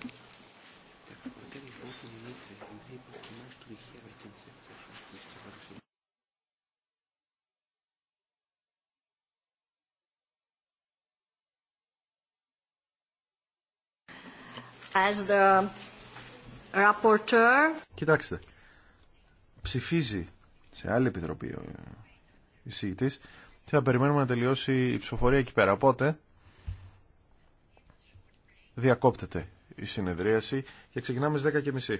Δηλαδή υπάρχει του Τουρκία με την Τσεφτέσον που έχει παρουσία. As the rapporteur... Κοιτάξτε, ψηφίζει σε άλλη επιτροπή ο εισηγητής θα περιμένουμε να τελειώσει η ψηφοφορία εκεί πέρα. Οπότε διακόπτεται η συνεδρίαση και ξεκινάμε στις 10.30.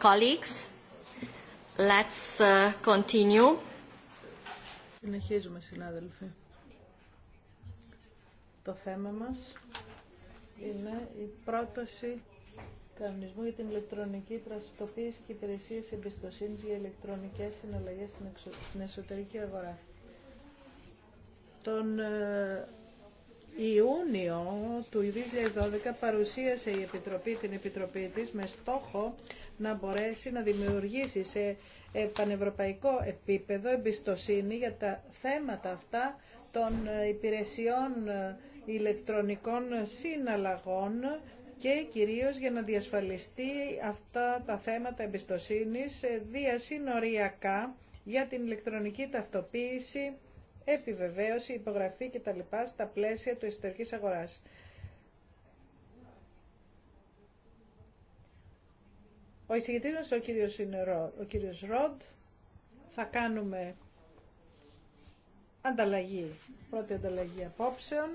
Colleagues, let's uh, continue. Συνεχίζουμε, συνάδελφοι. Το θέμα μας είναι η πρόταση κανονισμού για την ηλεκτρονική τραστοποίηση και υπηρεσία εμπιστοσύνη για ηλεκτρονικές συναλλαγές στην, εσωτερική αγορά. Τον ε, Ιούνιο του 2012 παρουσίασε η Επιτροπή την Επιτροπή της με στόχο να μπορέσει να δημιουργήσει σε ε, πανευρωπαϊκό επίπεδο εμπιστοσύνη για τα θέματα αυτά των ε, υπηρεσιών ε, ηλεκτρονικών συναλλαγών και κυρίως για να διασφαλιστεί αυτά τα θέματα εμπιστοσύνης διασυνοριακά για την ηλεκτρονική ταυτοποίηση επιβεβαίωση, υπογραφή κτλ. στα πλαίσια του εσωτερική αγοράς. Ο εισηγητήριος ο κύριος, ο κύριος Ροντ θα κάνουμε ανταλλαγή, πρώτη ανταλλαγή απόψεων.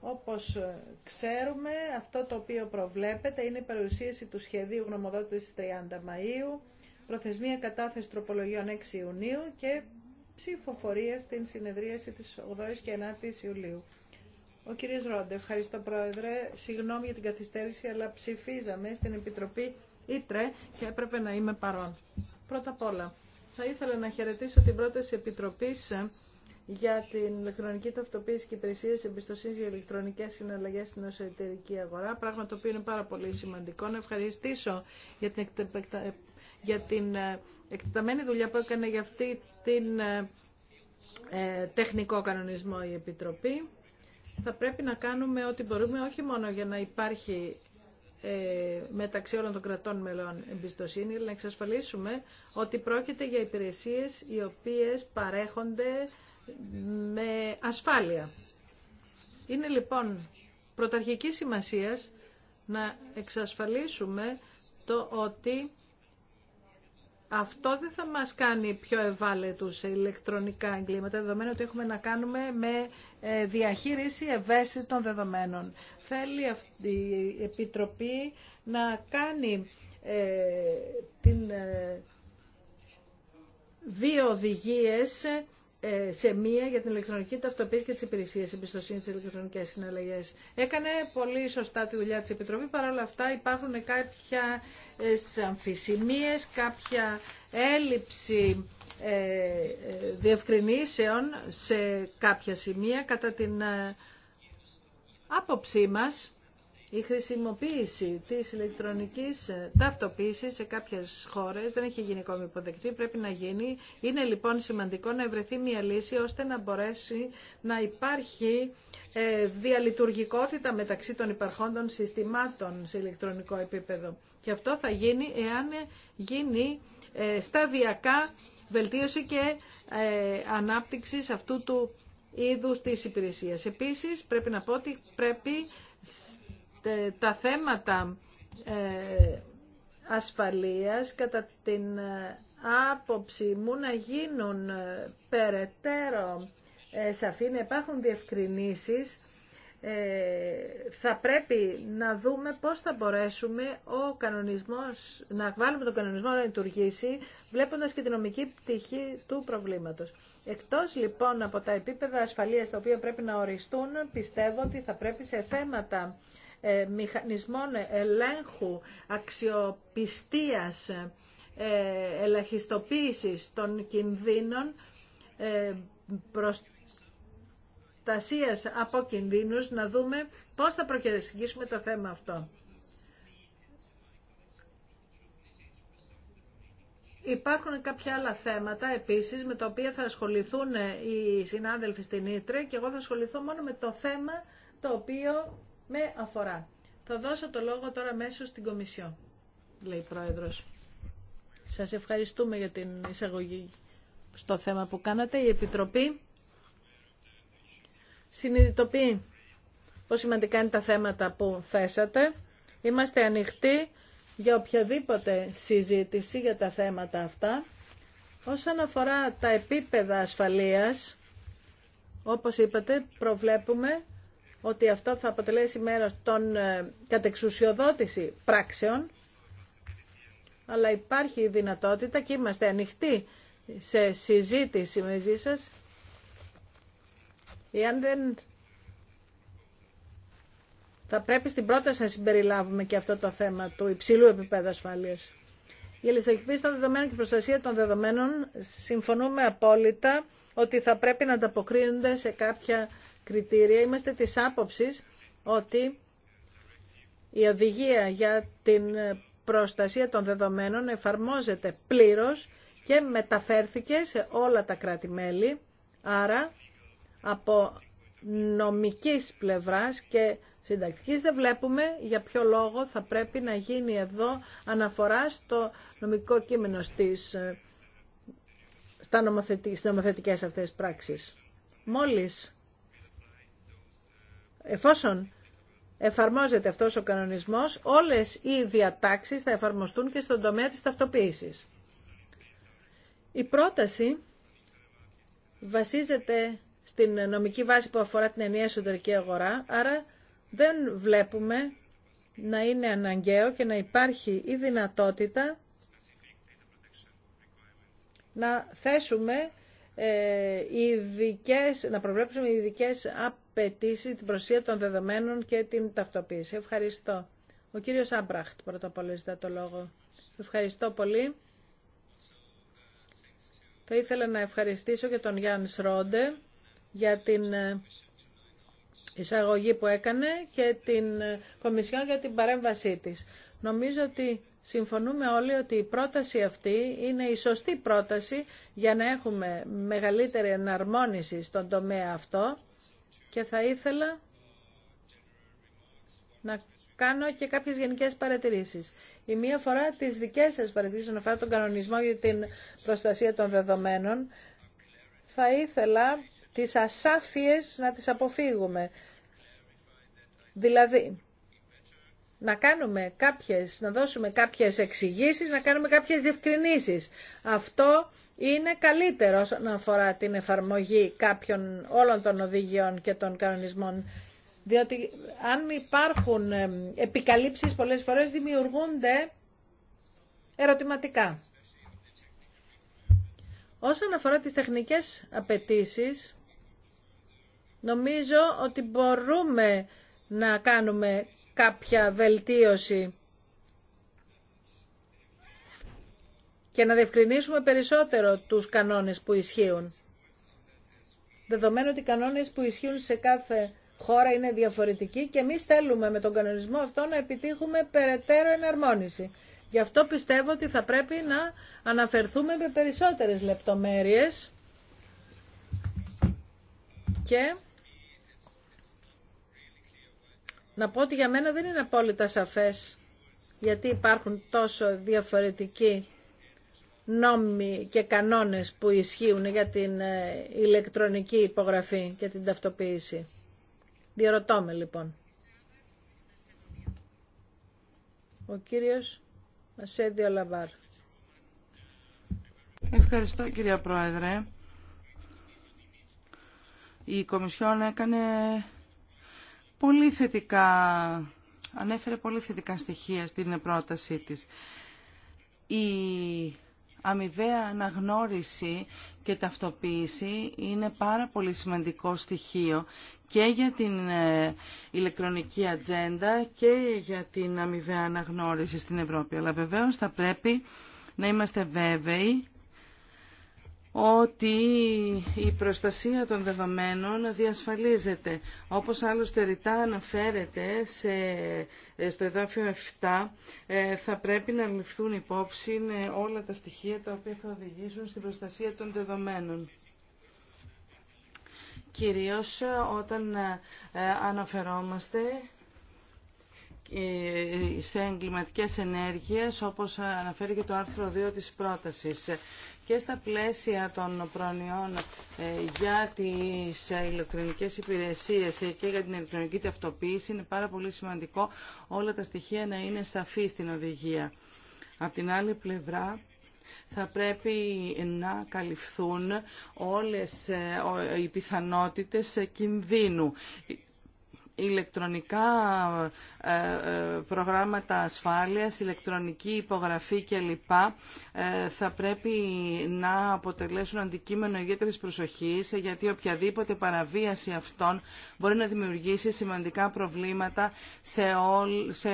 Όπως ε, ξέρουμε, αυτό το οποίο προβλέπεται είναι η παρουσίαση του σχεδίου γνωμοδότησης 30 Μαΐου, προθεσμία κατάθεση τροπολογιών 6 Ιουνίου και ψηφοφορία στην συνεδρίαση της 8ης και 9ης Ιουλίου. Ο κύριος Ρόντε, ευχαριστώ πρόεδρε. Συγγνώμη για την καθυστέρηση, αλλά ψηφίζαμε στην Επιτροπή Ήτρε και έπρεπε να είμαι παρόν. Πρώτα απ' όλα, θα ήθελα να χαιρετήσω την πρόταση Επιτροπής για την ηλεκτρονική ταυτοποίηση και υπηρεσίε εμπιστοσύνη για ηλεκτρονικέ συναλλαγέ στην εσωτερική αγορά. Πράγμα το οποίο είναι πάρα πολύ σημαντικό. Να ευχαριστήσω για την για την ε, εκτεταμένη δουλειά που έκανε για αυτή την ε, ε, τεχνικό κανονισμό η Επιτροπή. Θα πρέπει να κάνουμε ό,τι μπορούμε, όχι μόνο για να υπάρχει ε, μεταξύ όλων των κρατών μελών εμπιστοσύνη, αλλά να εξασφαλίσουμε ότι πρόκειται για υπηρεσίες οι οποίες παρέχονται με ασφάλεια. Είναι λοιπόν πρωταρχική σημασίας να εξασφαλίσουμε το ότι αυτό δεν θα μας κάνει πιο ευάλωτους σε ηλεκτρονικά εγκλήματα, δεδομένου ότι έχουμε να κάνουμε με ε, διαχείριση ευαίσθητων δεδομένων. Θέλει αυτή η Επιτροπή να κάνει ε, την, ε, δύο οδηγίες ε, σε μία για την ηλεκτρονική ταυτοποίηση και τις υπηρεσίες εμπιστοσύνη στις ηλεκτρονικές συναλλαγές. Έκανε πολύ σωστά τη δουλειά της Επιτροπή, παρόλα αυτά υπάρχουν κάποια αμφισημίες, κάποια έλλειψη ε, ε, διευκρινήσεων σε κάποια σημεία κατά την ε, άποψή μας η χρησιμοποίηση της ηλεκτρονικής ταυτοποίησης σε κάποιες χώρες δεν έχει γίνει ακόμη υποδεκτή, πρέπει να γίνει. Είναι λοιπόν σημαντικό να ευρεθεί μια λύση ώστε να μπορέσει να υπάρχει ε, διαλειτουργικότητα μεταξύ των υπαρχόντων συστημάτων σε ηλεκτρονικό επίπεδο. Και αυτό θα γίνει εάν γίνει ε, σταδιακά βελτίωση και ε, ανάπτυξη αυτού του είδους της υπηρεσίας. Επίσης πρέπει να πω ότι πρέπει ε, τα θέματα ε, ασφαλείας κατά την ε, άποψη μου να γίνουν περαιτέρω σαφή, να υπάρχουν διευκρινήσεις θα πρέπει να δούμε πώς θα μπορέσουμε ο κανονισμός, να βάλουμε τον κανονισμό να λειτουργήσει, βλέποντας και την νομική πτυχή του προβλήματος. Εκτός λοιπόν από τα επίπεδα ασφαλείας τα οποία πρέπει να οριστούν, πιστεύω ότι θα πρέπει σε θέματα ε, μηχανισμών ελέγχου αξιοπιστίας ε, ελαχιστοποίησης των κινδύνων ε, προστασίας από κινδύνους να δούμε πώς θα προκαιρεσικήσουμε το θέμα αυτό. Υπάρχουν κάποια άλλα θέματα επίσης με τα οποία θα ασχοληθούν οι συνάδελφοι στην Ήτρε και εγώ θα ασχοληθώ μόνο με το θέμα το οποίο με αφορά. Θα δώσω το λόγο τώρα μέσω στην Κομισιό, λέει η Πρόεδρος. Σας ευχαριστούμε για την εισαγωγή στο θέμα που κάνατε. Η Επιτροπή συνειδητοποιεί πως σημαντικά είναι τα θέματα που θέσατε. Είμαστε ανοιχτοί για οποιαδήποτε συζήτηση για τα θέματα αυτά. Όσον αφορά τα επίπεδα ασφαλείας, όπως είπατε, προβλέπουμε ότι αυτό θα αποτελέσει μέρος των ε, κατεξουσιοδότηση πράξεων, αλλά υπάρχει η δυνατότητα και είμαστε ανοιχτοί σε συζήτηση μαζί σας. Εάν δεν θα πρέπει στην πρόταση να συμπεριλάβουμε και αυτό το θέμα του υψηλού επίπεδου ασφαλείας. Για ληστοχυπή των δεδομένων και προστασία των δεδομένων συμφωνούμε απόλυτα ότι θα πρέπει να ανταποκρίνονται σε κάποια κριτήρια είμαστε της άποψης ότι η οδηγία για την προστασία των δεδομένων εφαρμόζεται πλήρως και μεταφέρθηκε σε όλα τα κράτη-μέλη, άρα από νομικής πλευράς και συντακτικής δεν βλέπουμε για ποιο λόγο θα πρέπει να γίνει εδώ αναφορά στο νομικό κείμενο στις, στα νομοθετικές, αυτές πράξεις. Μόλις εφόσον εφαρμόζεται αυτός ο κανονισμός, όλες οι διατάξεις θα εφαρμοστούν και στον τομέα της ταυτοποίησης. Η πρόταση βασίζεται στην νομική βάση που αφορά την ενιαία εσωτερική αγορά, άρα δεν βλέπουμε να είναι αναγκαίο και να υπάρχει η δυνατότητα να θέσουμε ε, ειδικές, να προβλέψουμε ειδικέ απαιτήσει την προσία των δεδομένων και την ταυτοποίηση. Ευχαριστώ. Ο κύριος Άμπραχτ πρώτα απ' όλα το λόγο. Ευχαριστώ πολύ. Θα ήθελα να ευχαριστήσω και τον Γιάννη Σρόντε για την ε, εισαγωγή που έκανε και την ε, Κομισιόν για την παρέμβασή της. Νομίζω ότι Συμφωνούμε όλοι ότι η πρόταση αυτή είναι η σωστή πρόταση για να έχουμε μεγαλύτερη εναρμόνιση στον τομέα αυτό και θα ήθελα να κάνω και κάποιες γενικές παρατηρήσεις. Η μία φορά τις δικές σας παρατηρήσεις να αφορά τον κανονισμό για την προστασία των δεδομένων. Θα ήθελα τις ασάφειες να τις αποφύγουμε. Δηλαδή, να κάνουμε κάποιες, να δώσουμε κάποιες εξηγήσεις, να κάνουμε κάποιες διευκρινήσεις. Αυτό είναι καλύτερο όσον αφορά την εφαρμογή κάποιων όλων των οδηγιών και των κανονισμών. Διότι αν υπάρχουν επικαλύψεις πολλές φορές δημιουργούνται ερωτηματικά. Όσον αφορά τις τεχνικές απαιτήσει, νομίζω ότι μπορούμε να κάνουμε κάποια βελτίωση και να διευκρινίσουμε περισσότερο τους κανόνες που ισχύουν. Δεδομένου ότι οι κανόνες που ισχύουν σε κάθε χώρα είναι διαφορετικοί και εμείς θέλουμε με τον κανονισμό αυτό να επιτύχουμε περαιτέρω εναρμόνιση. Γι' αυτό πιστεύω ότι θα πρέπει να αναφερθούμε με περισσότερες λεπτομέρειες και να πω ότι για μένα δεν είναι απόλυτα σαφές γιατί υπάρχουν τόσο διαφορετικοί νόμοι και κανόνες που ισχύουν για την ε, ηλεκτρονική υπογραφή και την ταυτοποίηση. Διερωτώ με λοιπόν. Ο κύριος Μασέντιο Λαβάρ. Ευχαριστώ κυρία Πρόεδρε. Η Κομισιόν έκανε πολύ θετικά, ανέφερε πολύ θετικά στοιχεία στην πρότασή της. Η αμοιβαία αναγνώριση και ταυτοποίηση είναι πάρα πολύ σημαντικό στοιχείο και για την ε, ηλεκτρονική ατζέντα και για την αμοιβαία αναγνώριση στην Ευρώπη. Αλλά βεβαίως θα πρέπει να είμαστε βέβαιοι ότι η προστασία των δεδομένων διασφαλίζεται. Όπως άλλωστε ρητά αναφέρεται σε, ε, στο εδάφιο 7, ε, θα πρέπει να ληφθούν υπόψη ε, όλα τα στοιχεία τα οποία θα οδηγήσουν στην προστασία των δεδομένων. Κυρίως όταν αναφερόμαστε σε εγκληματικές ενέργειες, όπως αναφέρει και το άρθρο 2 της πρότασης και στα πλαίσια των προνοιών ε, για τις ε, ηλεκτρονικές υπηρεσίες ε, και για την ηλεκτρονική ταυτοποίηση είναι πάρα πολύ σημαντικό όλα τα στοιχεία να είναι σαφή στην οδηγία. Από την άλλη πλευρά, θα πρέπει να καλυφθούν όλες οι πιθανότητες κινδύνου ηλεκτρονικά ε, ε, προγράμματα ασφάλειας, ηλεκτρονική υπογραφή κλπ. Ε, θα πρέπει να αποτελέσουν αντικείμενο ιδιαίτερης προσοχής γιατί οποιαδήποτε παραβίαση αυτών μπορεί να δημιουργήσει σημαντικά προβλήματα σε, ό σε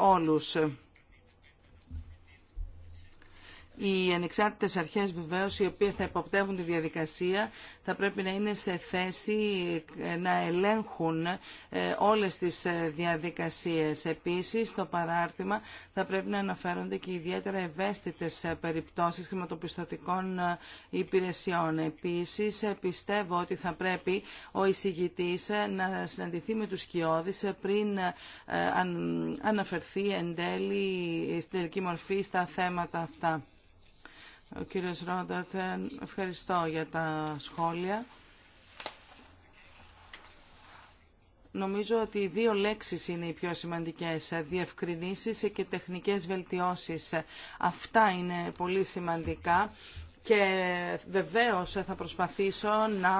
όλους. Οι ανεξάρτητες αρχές βεβαίως οι οποίες θα υποπτεύουν τη διαδικασία θα πρέπει να είναι σε θέση ε, να ελέγχουν ε, όλες τις ε, διαδικασίες. Επίσης, στο παράρτημα θα πρέπει να αναφέρονται και ιδιαίτερα ευαίσθητες περιπτώσεις χρηματοπιστωτικών υπηρεσιών. Επίσης, πιστεύω ότι θα πρέπει ο εισηγητής να συναντηθεί με τους σκιώδεις πριν αναφερθεί εν τέλει στην τελική μορφή στα θέματα αυτά. Ο κύριος Ρόνταρτ, ευχαριστώ για τα σχόλια. Νομίζω ότι οι δύο λέξεις είναι οι πιο σημαντικές, διευκρινήσεις και τεχνικές βελτιώσεις. Αυτά είναι πολύ σημαντικά και βεβαίως θα προσπαθήσω να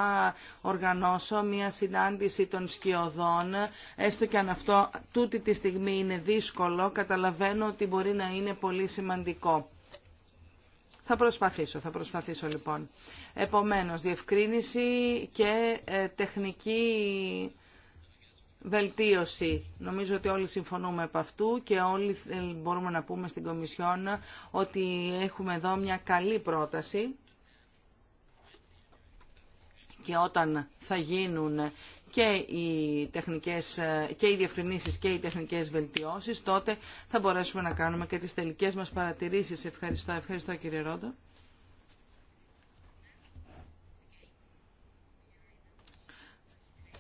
οργανώσω μια συνάντηση των σκιωδών, έστω και αν αυτό τούτη τη στιγμή είναι δύσκολο, καταλαβαίνω ότι μπορεί να είναι πολύ σημαντικό. Θα προσπαθήσω, θα προσπαθήσω λοιπόν. Επομένως, διευκρίνηση και ε, τεχνική βελτίωση. Νομίζω ότι όλοι συμφωνούμε από αυτού και όλοι ε, μπορούμε να πούμε στην Κομισιόν ότι έχουμε εδώ μια καλή πρόταση και όταν θα γίνουν και οι, τεχνικές, και οι διευκρινήσεις και οι τεχνικές βελτιώσεις, τότε θα μπορέσουμε να κάνουμε και τις τελικές μας παρατηρήσεις. Ευχαριστώ, ευχαριστώ κύριε Ρόντο.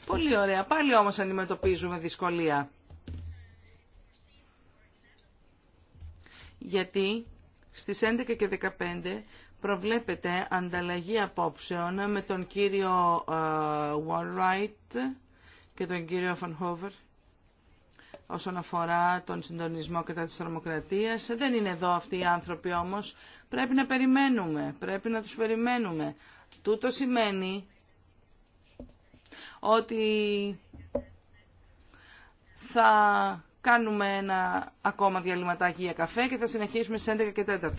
Πολύ ωραία. Πάλι όμως αντιμετωπίζουμε δυσκολία. Γιατί στις 11 και 15 προβλέπεται ανταλλαγή απόψεων με τον κύριο ε, Warright και τον κύριο Φανχόβερ όσον αφορά τον συντονισμό κατά της θερμοκρατίας. Δεν είναι εδώ αυτοί οι άνθρωποι όμως. Πρέπει να περιμένουμε, πρέπει να τους περιμένουμε. Τούτο σημαίνει ότι θα κάνουμε ένα ακόμα διαλυματάκι για καφέ και θα συνεχίσουμε στις 11 και 4.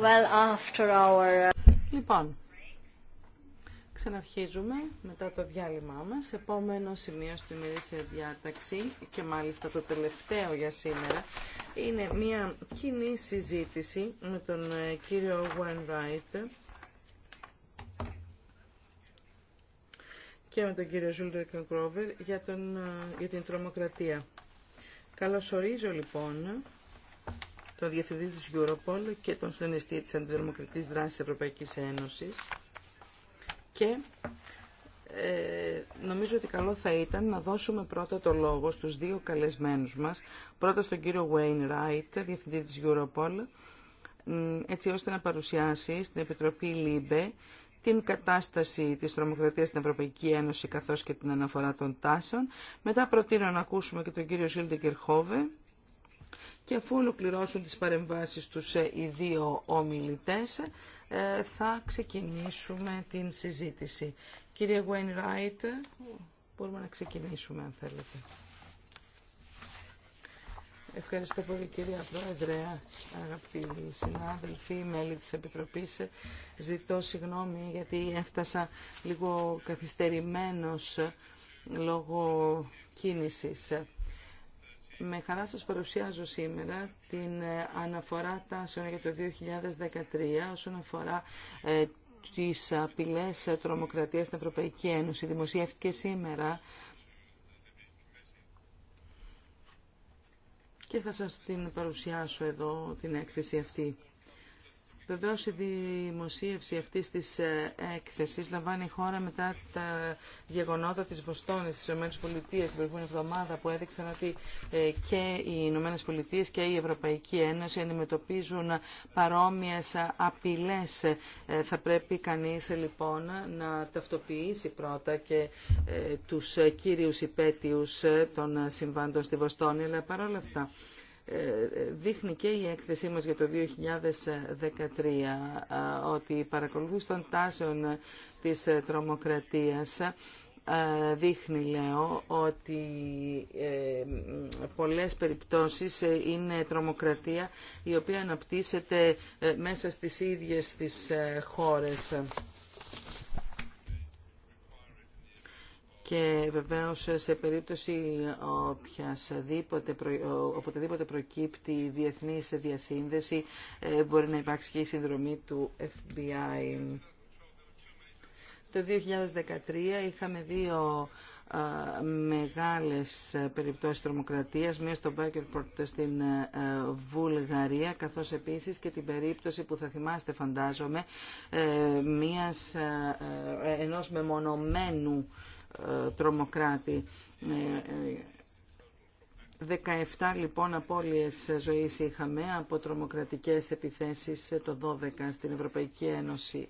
Uh, λοιπόν, ξαναρχίζουμε μετά το διάλειμμά μας. Επόμενο σημείο στην ημερήσια διάταξη και μάλιστα το τελευταίο για σήμερα είναι μια κοινή συζήτηση με τον ε, κύριο Wainwright και με τον κύριο Ζούλτερ Κρόβερ για, ε, για την τρομοκρατία. Καλωσορίζω λοιπόν τον Διευθυντή της Europol και τον Συντονιστή της Αντιδρομοκρατικής Δράσης Ευρωπαϊκής Ένωσης και ε, νομίζω ότι καλό θα ήταν να δώσουμε πρώτα το λόγο στους δύο καλεσμένους μας, πρώτα στον κύριο Wayne Wright, Διευθυντή της Europol, έτσι ώστε να παρουσιάσει στην Επιτροπή ΛΥΜΠΕ την κατάσταση της τρομοκρατίας στην Ευρωπαϊκή Ένωση καθώς και την αναφορά των τάσεων. Μετά προτείνω να ακούσουμε και τον κύριο Σιλντε Κερχόβε, και αφού ολοκληρώσουν τις παρεμβάσεις τους ε, οι δύο ομιλητές ε, θα ξεκινήσουμε την συζήτηση. Κύριε Γουέιν Ράιτ, μπορούμε να ξεκινήσουμε αν θέλετε. Ευχαριστώ πολύ κυρία Πρόεδρε, αγαπητοί συνάδελφοι, μέλη της Επιτροπής. Ζητώ συγγνώμη γιατί έφτασα λίγο καθυστερημένος λόγω κίνησης. Με χαρά σας παρουσιάζω σήμερα την ε, αναφορά τάσεων για το 2013 όσον αφορά ε, τις απειλές ε, τρομοκρατίας στην Ευρωπαϊκή Ένωση. Δημοσιεύτηκε σήμερα και θα σας την παρουσιάσω εδώ την έκθεση αυτή. Βεβαίω η δημοσίευση αυτή της ε, έκθεση λαμβάνει η χώρα μετά τα γεγονότα της Βοστόνης στι ΗΠΑ την προηγούμενη εβδομάδα που έδειξαν ότι ε, και οι ΗΠΑ και η Ευρωπαϊκή Ένωση αντιμετωπίζουν παρόμοιε απειλέ. Ε, θα πρέπει κανείς λοιπόν να ταυτοποιήσει πρώτα και τους κύριους υπέτειου των συμβάντων στη Βοστόνη, αλλά παρόλα αυτά δείχνει και η έκθεσή μας για το 2013 ότι η παρακολούθηση των τάσεων της τρομοκρατίας ε, δείχνει, λέω, ότι ε, πολλές περιπτώσεις είναι τρομοκρατία η οποία αναπτύσσεται ε, μέσα στις ίδιες τις χώρες. και βεβαίως σε περίπτωση οποιασδήποτε, οποτεδήποτε προκύπτει διεθνή διασύνδεση ε, μπορεί να υπάρξει και η συνδρομή του FBI. Το 2013 είχαμε δύο ε, μεγάλες περιπτώσεις τρομοκρατίας, μία στο Μπέκερπορτ στην ε, Βουλγαρία, καθώς επίσης και την περίπτωση που θα θυμάστε φαντάζομαι, μίας, ενός μεμονωμένου τρομοκράτη. 17 ε, ε, λοιπόν απώλειες ζωής είχαμε από τρομοκρατικές επιθέσεις ε, το 12 στην Ευρωπαϊκή Ένωση.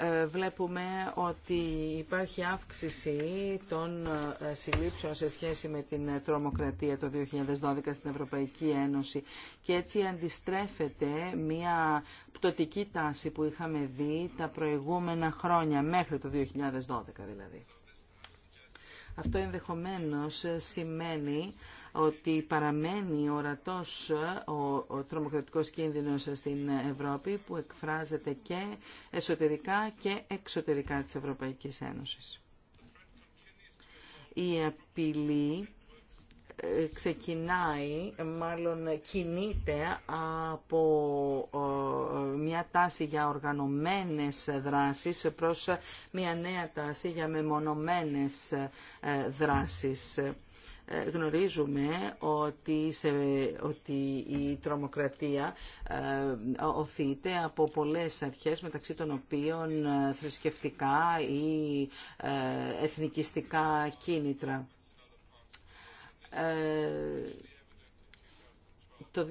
Ε, βλέπουμε ότι υπάρχει αύξηση των ε, συλλήψεων σε σχέση με την ε, τρομοκρατία το 2012 στην Ευρωπαϊκή Ένωση και έτσι αντιστρέφεται μια πτωτική τάση που είχαμε δει τα προηγούμενα χρόνια, μέχρι το 2012 δηλαδή. Αυτό ενδεχομένως σημαίνει ότι παραμένει ορατός ο, ο τρομοκρατικός κίνδυνος στην Ευρώπη που εκφράζεται και εσωτερικά και εξωτερικά της Ευρωπαϊκής Ένωσης. Η απειλή ε, ξεκινάει, μάλλον κινείται από μια τάση για οργανωμένες δράσεις προς μια νέα τάση για μεμονωμένες ε, δράσεις. Ε, γνωρίζουμε ότι, η τρομοκρατία ε, οθείται από πολλές αρχές μεταξύ των οποίων ε, θρησκευτικά ή ε, εθνικιστικά κίνητρα. Το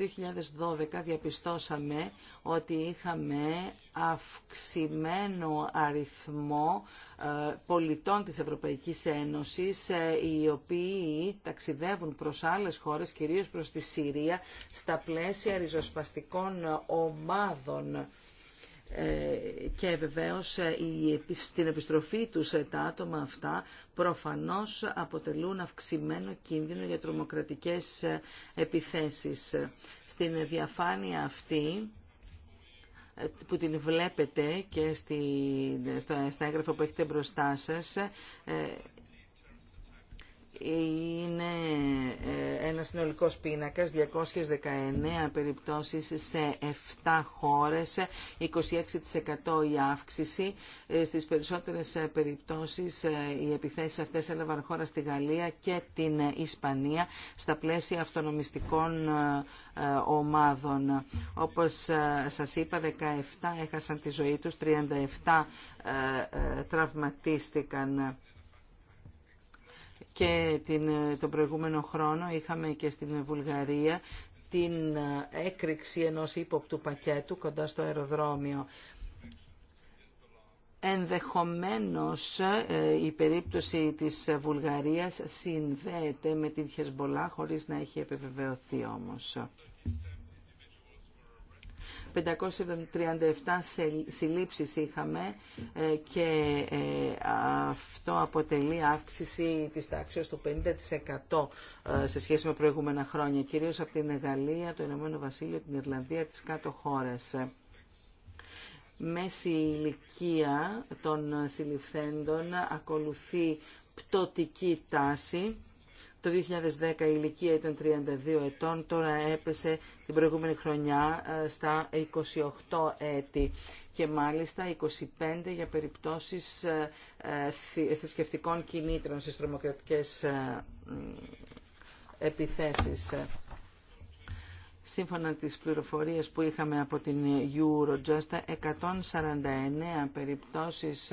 2012 διαπιστώσαμε ότι είχαμε αυξημένο αριθμό ε, πολιτών της Ευρωπαϊκής Ένωσης ε, οι οποίοι ταξιδεύουν προς άλλες χώρες, κυρίως προς τη Συρία, στα πλαίσια ριζοσπαστικών ομάδων. Ε, και βεβαίως ε, στην επιστροφή τους ε, τα άτομα αυτά προφανώς αποτελούν αυξημένο κίνδυνο για τρομοκρατικές επιθέσεις. Στην διαφάνεια αυτή που την βλέπετε και στη, στα έγγραφα που έχετε μπροστά σας είναι ε, ένα συνολικό πίνακας, 219 περιπτώσεις σε 7 χώρες, 26% η αύξηση. Ε, στις περισσότερες ε, περιπτώσεις οι επιθέσεις αυτές έλαβαν χώρα στη Γαλλία και την Ισπανία στα πλαίσια αυτονομιστικών ομάδων. Όπως σας είπα, 17 έχασαν τη ζωή τους, 37 τραυματίστηκαν και την, τον προηγούμενο χρόνο είχαμε και στην Βουλγαρία την ε, έκρηξη ενός ύποπτου πακέτου κοντά στο αεροδρόμιο. Ενδεχομένως ε, η περίπτωση της Βουλγαρίας συνδέεται με την Χεσμολά χωρίς να έχει επιβεβαιωθεί όμως. 537 συλλήψεις είχαμε ε, και ε, αυτό αποτελεί αύξηση της τάξης του 50% ε, σε σχέση με προηγούμενα χρόνια, κυρίως από την Γαλλία, το Ηνωμένο Βασίλειο, την Ιρλανδία, τις κάτω χώρες μέση ηλικία των συλληφθέντων ακολουθεί πτωτική τάση το 2010 η ηλικία ήταν 32 ετών, τώρα έπεσε την προηγούμενη χρονιά ε, στα 28 έτη και μάλιστα 25 για περιπτώσεις ε, ε, θρησκευτικών κινήτρων στις τρομοκρατικές επιθέσεις. Σύμφωνα τις πληροφορίες που είχαμε από την Eurojust, 149 περιπτώσεις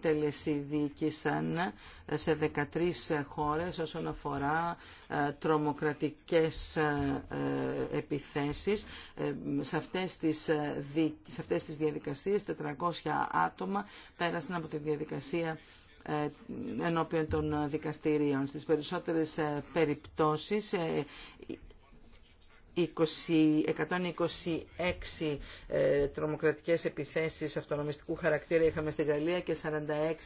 τελεσίδικησαν σε 13 χώρες όσον αφορά ε, τρομοκρατικές ε, ε, επιθέσεις. Σε αυτές τις, σε αυτές τις διαδικασίες 400 άτομα πέρασαν από τη διαδικασία ενώπιον των δικαστηρίων. Στις περισσότερες περιπτώσεις 126 ε, τρομοκρατικές επιθέσεις αυτονομιστικού χαρακτήρα είχαμε στην Γαλλία και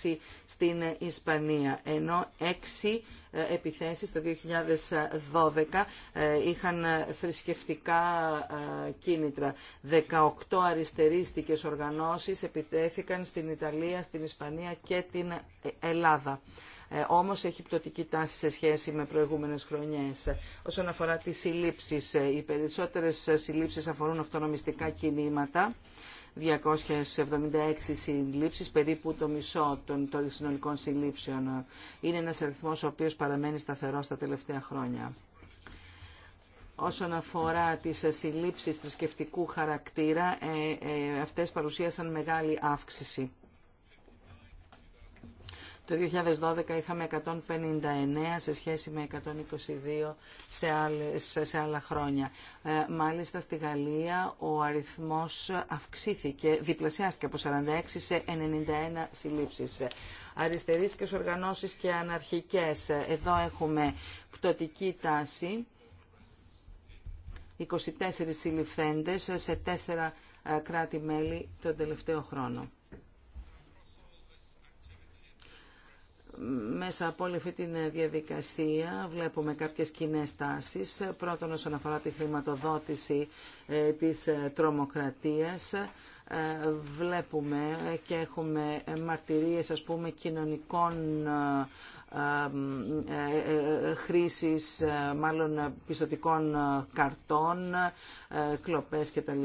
46 στην Ισπανία, ενώ 6 ε, επιθέσεις το 2012 ε, είχαν θρησκευτικά κίνητρα. 18 αριστερίστικες οργανώσεις επιτέθηκαν στην Ιταλία, στην Ισπανία και την Ελλάδα. Ε, όμως έχει πτωτική τάση σε σχέση με προηγούμενες χρονιές. Όσον αφορά τις συλλήψεις, ε, οι περισσότερες συλλήψεις αφορούν αυτονομιστικά κινήματα. 276 συλλήψεις, περίπου το μισό των, συνολικών συλλήψεων. Είναι ένας αριθμός ο οποίος παραμένει σταθερό στα τελευταία χρόνια. Όσον αφορά τις συλλήψεις θρησκευτικού χαρακτήρα, ε, αυτές παρουσίασαν μεγάλη αύξηση. Το 2012 είχαμε 159 σε σχέση με 122 σε, σε άλλα χρόνια. Ε, μάλιστα στη Γαλλία ο αριθμός αυξήθηκε, διπλασιάστηκε από 46 σε 91 συλλήψεις. Αριστερίστικες οργανώσεις και αναρχικές. Εδώ έχουμε πτωτική τάση. 24 συλληφθέντες σε 4 ε, κράτη-μέλη τον τελευταίο χρόνο. μέσα από όλη αυτή τη διαδικασία βλέπουμε κάποιες κοινέ τάσεις. Πρώτον όσον αφορά τη χρηματοδότηση ε, της ε, τρομοκρατίας ε, βλέπουμε και έχουμε μαρτυρίες ας πούμε κοινωνικών χρήσης μάλλον πιστοτικών καρτών, κλοπές κτλ.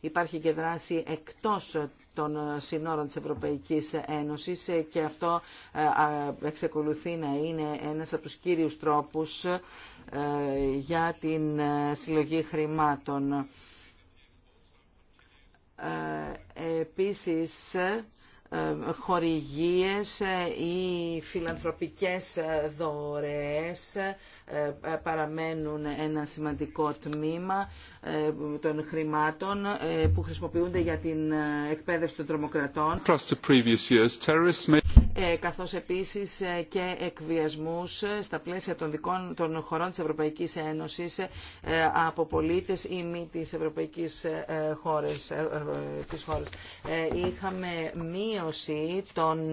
Υπάρχει και δράση εκτός των ε, συνόρων της Ευρωπαϊκής Ένωσης ε, και αυτό ε, εξεκολουθεί να είναι ένας από τους κύριους τρόπους για την συλλογή χρημάτων. Επίσης, χορηγίες ή φιλανθρωπικές δωρεές παραμένουν ένα σημαντικό τμήμα ε, των χρημάτων ε, που χρησιμοποιούνται για την ε, εκπαίδευση των τρομοκρατών καθώς επίσης και εκβιασμούς στα πλαίσια των, δικών, των χωρών της Ευρωπαϊκής Ένωσης από πολίτες ή μη της Ευρωπαϊκής χώρες, της χώρας. Είχαμε μείωση των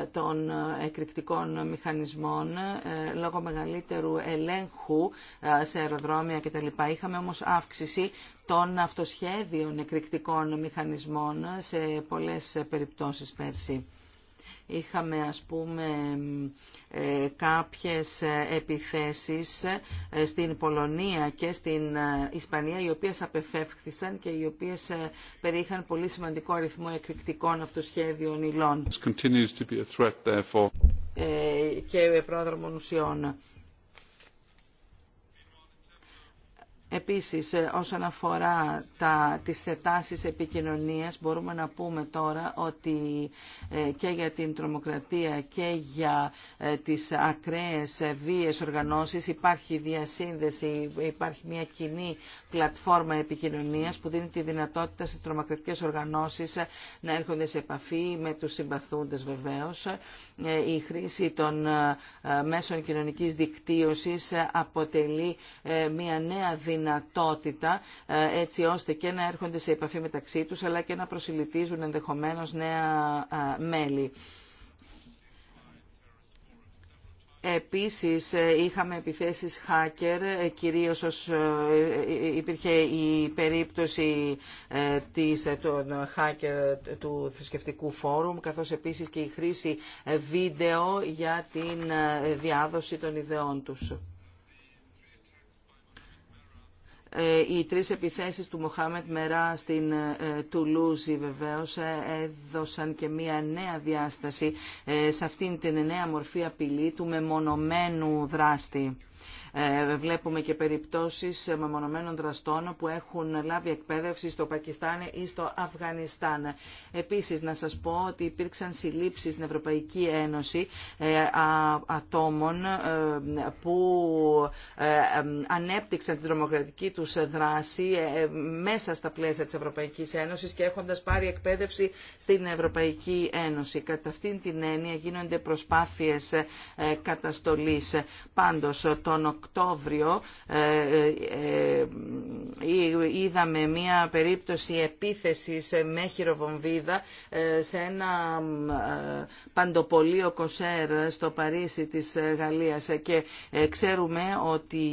ε, των ε, εκρηκτικών μηχανισμών ε, λόγω μεγαλύτερου ελέγχου σε αεροδρόμια κτλ. Είχαμε όμως αύξηση των αυτοσχέδιων εκρηκτικών μηχανισμών σε πολλές περιπτώσεις πέρσι είχαμε ας πούμε ε, κάποιες επιθέσεις ε, στην Πολωνία και στην ε, Ισπανία οι οποίες απεφεύχθησαν και οι οποίες περιείχαν πολύ σημαντικό αριθμό εκρηκτικών αυτοσχέδιων υλών και πρόδρομων ουσιών. Επίσης, ε, όσον αφορά τα, τις ετάσεις επικοινωνίας, μπορούμε να πούμε τώρα ότι ε, και για την τρομοκρατία και για ε, τις ακραίες βίες οργανώσεις υπάρχει διασύνδεση, υπάρχει μια κοινή πλατφόρμα επικοινωνίας που δίνει τη δυνατότητα σε τρομοκρατικές οργανώσεις να έρχονται σε επαφή με τους συμπαθούντες βεβαίως. Η χρήση των μέσων κοινωνικής δικτύωσης αποτελεί μια νέα δυνατότητα δυνατότητα ε, έτσι ώστε και να έρχονται σε επαφή μεταξύ τους αλλά και να προσιλητίζουν ενδεχομένως νέα ε, μέλη. Επίσης ε, είχαμε επιθέσεις hacker, κυρίως ως υπήρχε η περίπτωση της, των hacker του θρησκευτικού φόρουμ, καθώς επίσης και η χρήση βίντεο για την διάδοση των ιδεών τους. Ε, οι τρεις επιθέσεις του Μοχάμετ Μερά στην ε, Τουλούζη βεβαίως ε, έδωσαν και μία νέα διάσταση σε αυτήν την νέα μορφή απειλή του μεμονωμένου δράστη. Ε, βλέπουμε και περιπτώσεις μεμονωμένων δραστών που έχουν λάβει εκπαίδευση στο Πακιστάν ή στο Αφγανιστάν. Επίσης, να σας πω ότι υπήρξαν συλλήψεις στην Ευρωπαϊκή Ένωση ε, ατόμων ε, που ανέπτυξαν την τρομοκρατική τους δράση μέσα στα πλαίσια της Ευρωπαϊκής Ένωσης και έχοντας πάρει εκπαίδευση στην Ευρωπαϊκή Ένωση. Κατά αυτήν την έννοια γίνονται προσπάθειες καταστολής. Πάντως, τον Οκτώβριο ε, ε, ε, είδαμε μία περίπτωση επίθεσης με χειροβομβίδα σε ένα παντοπολείο κοσέρ στο Παρίσι της Γαλλίας και ξέρουμε ότι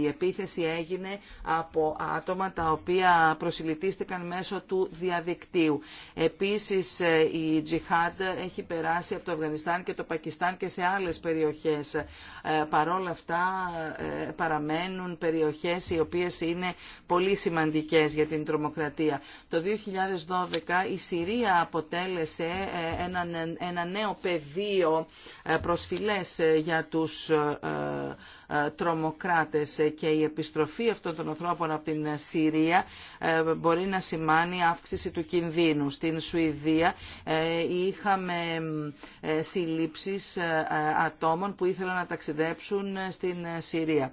η επίθεση έγινε από άτομα τα οποία προσιλητίστηκαν μέσω του διαδικτύου. Επίσης η Τζιχάντ έχει περάσει από το Αφγανιστάν και το Πακιστάν και σε άλλες περιοχές. Παρόλα αυτά ε, παραμένουν περιοχές οι οποίες είναι πολύ σημαντικές για την τρομοκρατία. Το 2012 η Συρία αποτέλεσε ε, ένα νέο πεδίο ε, προσφυλές για τους τρομοκράτες και η επιστροφή αυτών των ανθρώπων από την Συρία ε, μπορεί να σημάνει αύξηση του κινδύνου. Στην Σουηδία ε, είχαμε ε, συλλήψεις ατόμων που ήθελαν να ταξιδέψουν στην Συρία.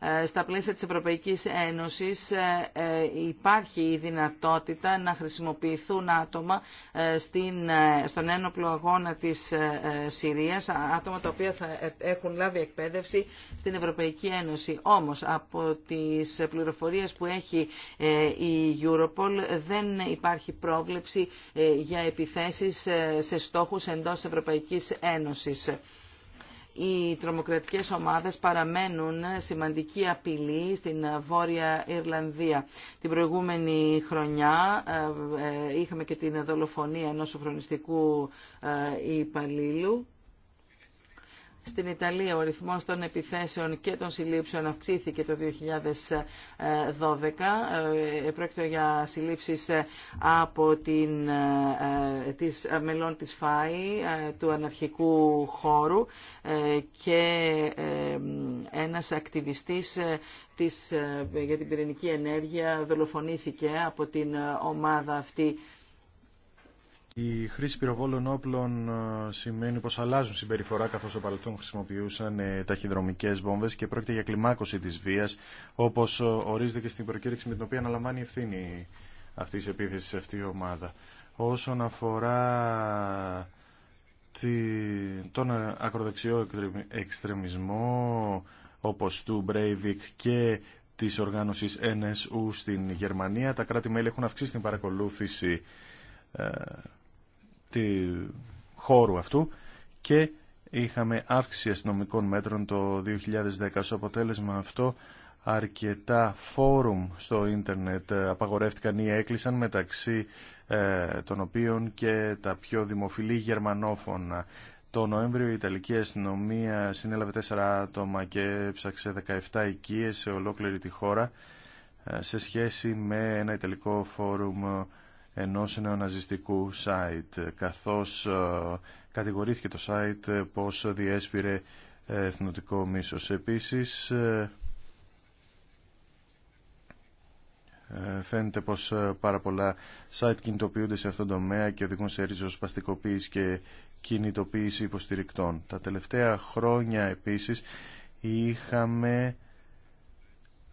Ε, στα πλαίσια της Ευρωπαϊκής Ένωσης ε, ε, υπάρχει η δυνατότητα να χρησιμοποιηθούν άτομα στην, στον ένοπλο αγώνα της Συρίας, άτομα τα οποία θα έχουν λάβει εκπαίδευση στην Ευρωπαϊκή Ένωση. Όμως από τις πληροφορίες που έχει η Europol δεν υπάρχει πρόβλεψη για επιθέσεις σε στόχους εντός Ευρωπαϊκής Ένωσης οι τρομοκρατικές ομάδες παραμένουν σημαντική απειλή στην Βόρεια Ιρλανδία. Την προηγούμενη χρονιά ε, ε, είχαμε και την δολοφονία ενός σοφρονιστικού ε, υπαλλήλου στην Ιταλία ο ρυθμός των επιθέσεων και των συλλήψεων αυξήθηκε το 2012. Ε, ε, πρόκειται για συλλήψεις ε, από την, τις μελών της ΦΑΗ, του αναρχικού χώρου και ένας ακτιβιστής της, για την πυρηνική ενέργεια δολοφονήθηκε από την ομάδα αυτή η χρήση πυροβόλων όπλων ε, σημαίνει πως αλλάζουν συμπεριφορά καθώς στο παρελθόν χρησιμοποιούσαν ε, ταχυδρομικές βόμβες και πρόκειται για κλιμάκωση της βίας όπως ε, ορίζεται και στην προκήρυξη με την οποία αναλαμβάνει ευθύνη αυτής της επίθεσης αυτή η ομάδα. Όσον αφορά τον ακροδεξιό εξτρεμισμό όπως του Μπρέιβικ και της οργάνωσης NSU στην Γερμανία, τα κράτη-μέλη έχουν αυξήσει την παρακολούθηση τη χώρου αυτού και είχαμε αύξηση αστυνομικών μέτρων το 2010. Στο αποτέλεσμα αυτό αρκετά φόρουμ στο ίντερνετ ε, απαγορεύτηκαν ή έκλεισαν μεταξύ ε, των οποίων και τα πιο δημοφιλή γερμανόφωνα. Το Νοέμβριο η Ιταλική αστυνομία συνέλαβε 4 άτομα και έψαξε 17 οικίες σε ολόκληρη τη χώρα ε, σε σχέση με ένα Ιταλικό φόρουμ ενός νεοναζιστικού site, καθώς ε, κατηγορήθηκε το site πως διέσπηρε ε, εθνοτικό μίσος. Επίσης, ε, φαίνεται πως πάρα πολλά site κινητοποιούνται σε αυτόν τον τομέα και οδηγούν σε ριζοσπαστικοποίηση και κινητοποίηση υποστηρικτών. Τα τελευταία χρόνια, επίσης, είχαμε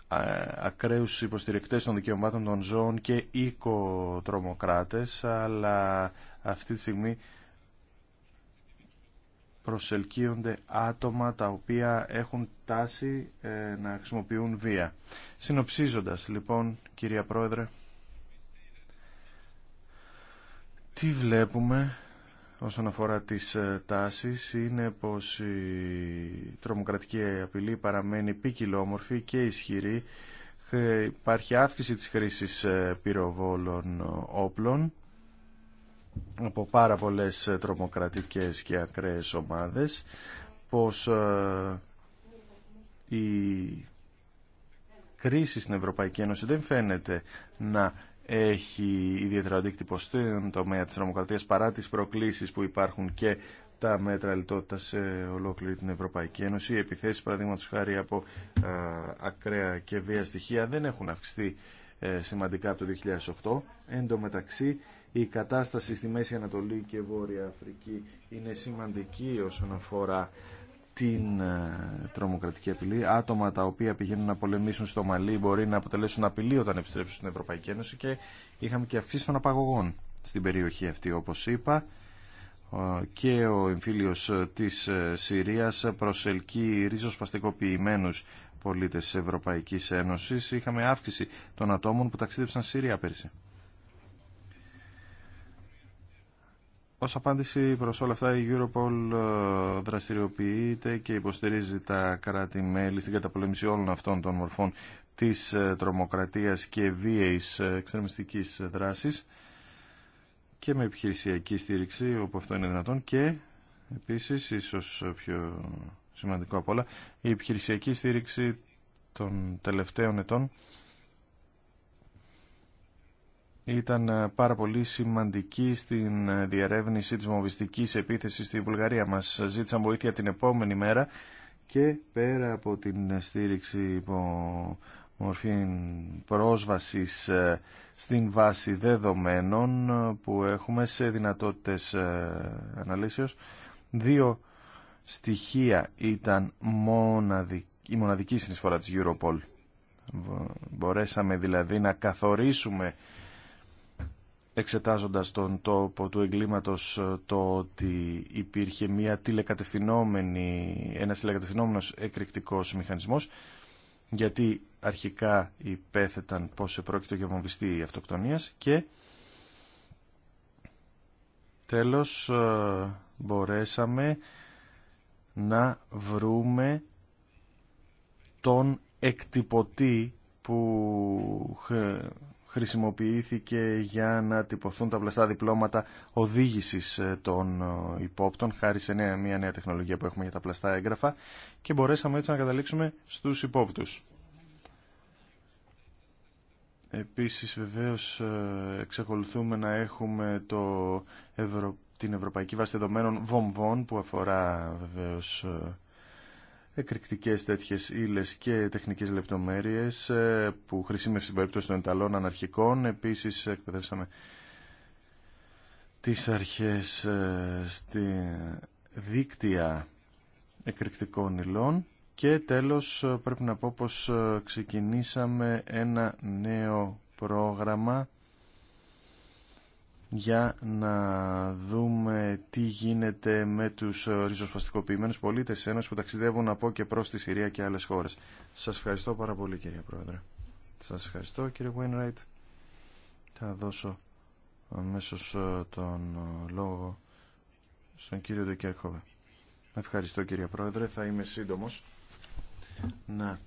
ε, ακραίους υποστηρικτές των δικαιωμάτων των ζώων και οικοτρομοκράτες, αλλά αυτή τη στιγμή προσελκύονται άτομα τα οποία έχουν τάση ε, να χρησιμοποιούν βία. Συνοψίζοντας, λοιπόν, κυρία Πρόεδρε, τι βλέπουμε όσον αφορά τις ε, τάσεις είναι πως η τρομοκρατική απειλή παραμένει ποικιλόμορφη και ισχυρή. Υπάρχει αύξηση της χρήσης ε, πυροβόλων ε, όπλων από πάρα πολλές τρομοκρατικές και ακραίες ομάδες πως η κρίση στην Ευρωπαϊκή Ένωση δεν φαίνεται να έχει ιδιαίτερα αντίκτυπο στον τομέα τη νομοκρατίας παρά τις προκλήσεις που υπάρχουν και τα μέτρα λιτότητα σε ολόκληρη την Ευρωπαϊκή Ένωση. Οι επιθέσεις, παραδείγματο χάρη από ακραία και βία στοιχεία, δεν έχουν αυξηθεί ε, σημαντικά από το 2008. Εν τω μεταξύ, η κατάσταση στη Μέση Ανατολή και Βόρεια Αφρική είναι σημαντική όσον αφορά την ε, τρομοκρατική απειλή. Άτομα τα οποία πηγαίνουν να πολεμήσουν στο Μαλί μπορεί να αποτελέσουν απειλή όταν επιστρέψουν στην Ευρωπαϊκή Ένωση και είχαμε και αυξήσει των απαγωγών στην περιοχή αυτή όπως είπα και ο εμφύλιος της ε, Συρίας προσελκύει ριζοσπαστικοποιημένους πολίτες της Ευρωπαϊκής Ένωσης. Είχαμε αύξηση των ατόμων που ταξίδεψαν στη Συρία πέρσι. Ως απάντηση προς όλα αυτά η Europol ε, δραστηριοποιείται και υποστηρίζει τα κράτη-μέλη στην καταπολέμηση όλων αυτών των μορφών της ε, τρομοκρατίας και βίαιης ε, εξτρεμιστικής δράσης και με επιχειρησιακή στήριξη όπου αυτό είναι δυνατόν και επίσης ίσως πιο σημαντικό απ' όλα η επιχειρησιακή στήριξη των τελευταίων ετών ήταν ε, πάρα πολύ σημαντική στην ε, διερεύνηση της μοβιστικής επίθεσης στη Βουλγαρία. Μας ζήτησαν βοήθεια την επόμενη μέρα και πέρα από την στήριξη υπό μορφή πρόσβασης ε, στην βάση δεδομένων που έχουμε σε δυνατότητες αναλύσεως, δύο στοιχεία ήταν μοναδική, η μοναδική συνεισφορά της Europol. Μπορέσαμε δηλαδή να καθορίσουμε εξετάζοντας τον τόπο του εγκλήματος ε, το ότι υπήρχε μια τηλεκατευθυνόμενη, ένας τηλεκατευθυνόμενος εκρηκτικός μηχανισμός γιατί αρχικά υπέθεταν πως επρόκειτο για βομβιστή αυτοκτονίας και τέλος ε, μπορέσαμε να βρούμε τον εκτυπωτή που χρησιμοποιήθηκε για να τυπωθούν τα πλαστά διπλώματα οδήγησης ε, των ε, υπόπτων χάρη σε μια νέα τεχνολογία που έχουμε για τα πλαστά έγγραφα και μπορέσαμε έτσι να καταλήξουμε στους υπόπτους. Επίσης βεβαίως ε, εξακολουθούμε να έχουμε το την Ευρωπαϊκή Βάση Δεδομένων Βομβών που αφορά βεβαίως εκρηκτικές τέτοιες ύλες και τεχνικές λεπτομέρειες ε, που χρησιμεύσε στην περίπτωση των Ιταλών αναρχικών. Επίσης εκπαιδεύσαμε τις αρχές ε, στη δίκτυα εκρηκτικών υλών και τέλος ε, πρέπει να πω πως ξεκινήσαμε ένα νέο πρόγραμμα για να δούμε τι γίνεται με τους ριζοσπαστικοποιημένους πολίτες σε που ταξιδεύουν από και προς τη Συρία και άλλες χώρες. Σας ευχαριστώ πάρα πολύ κύριε Πρόεδρε. Σας ευχαριστώ κύριε Wainwright. Θα δώσω αμέσω ε, τον ε, λόγο στον κύριο Ντοκέρχοβε. Ευχαριστώ κύριε Πρόεδρε. Θα είμαι σύντομος. Να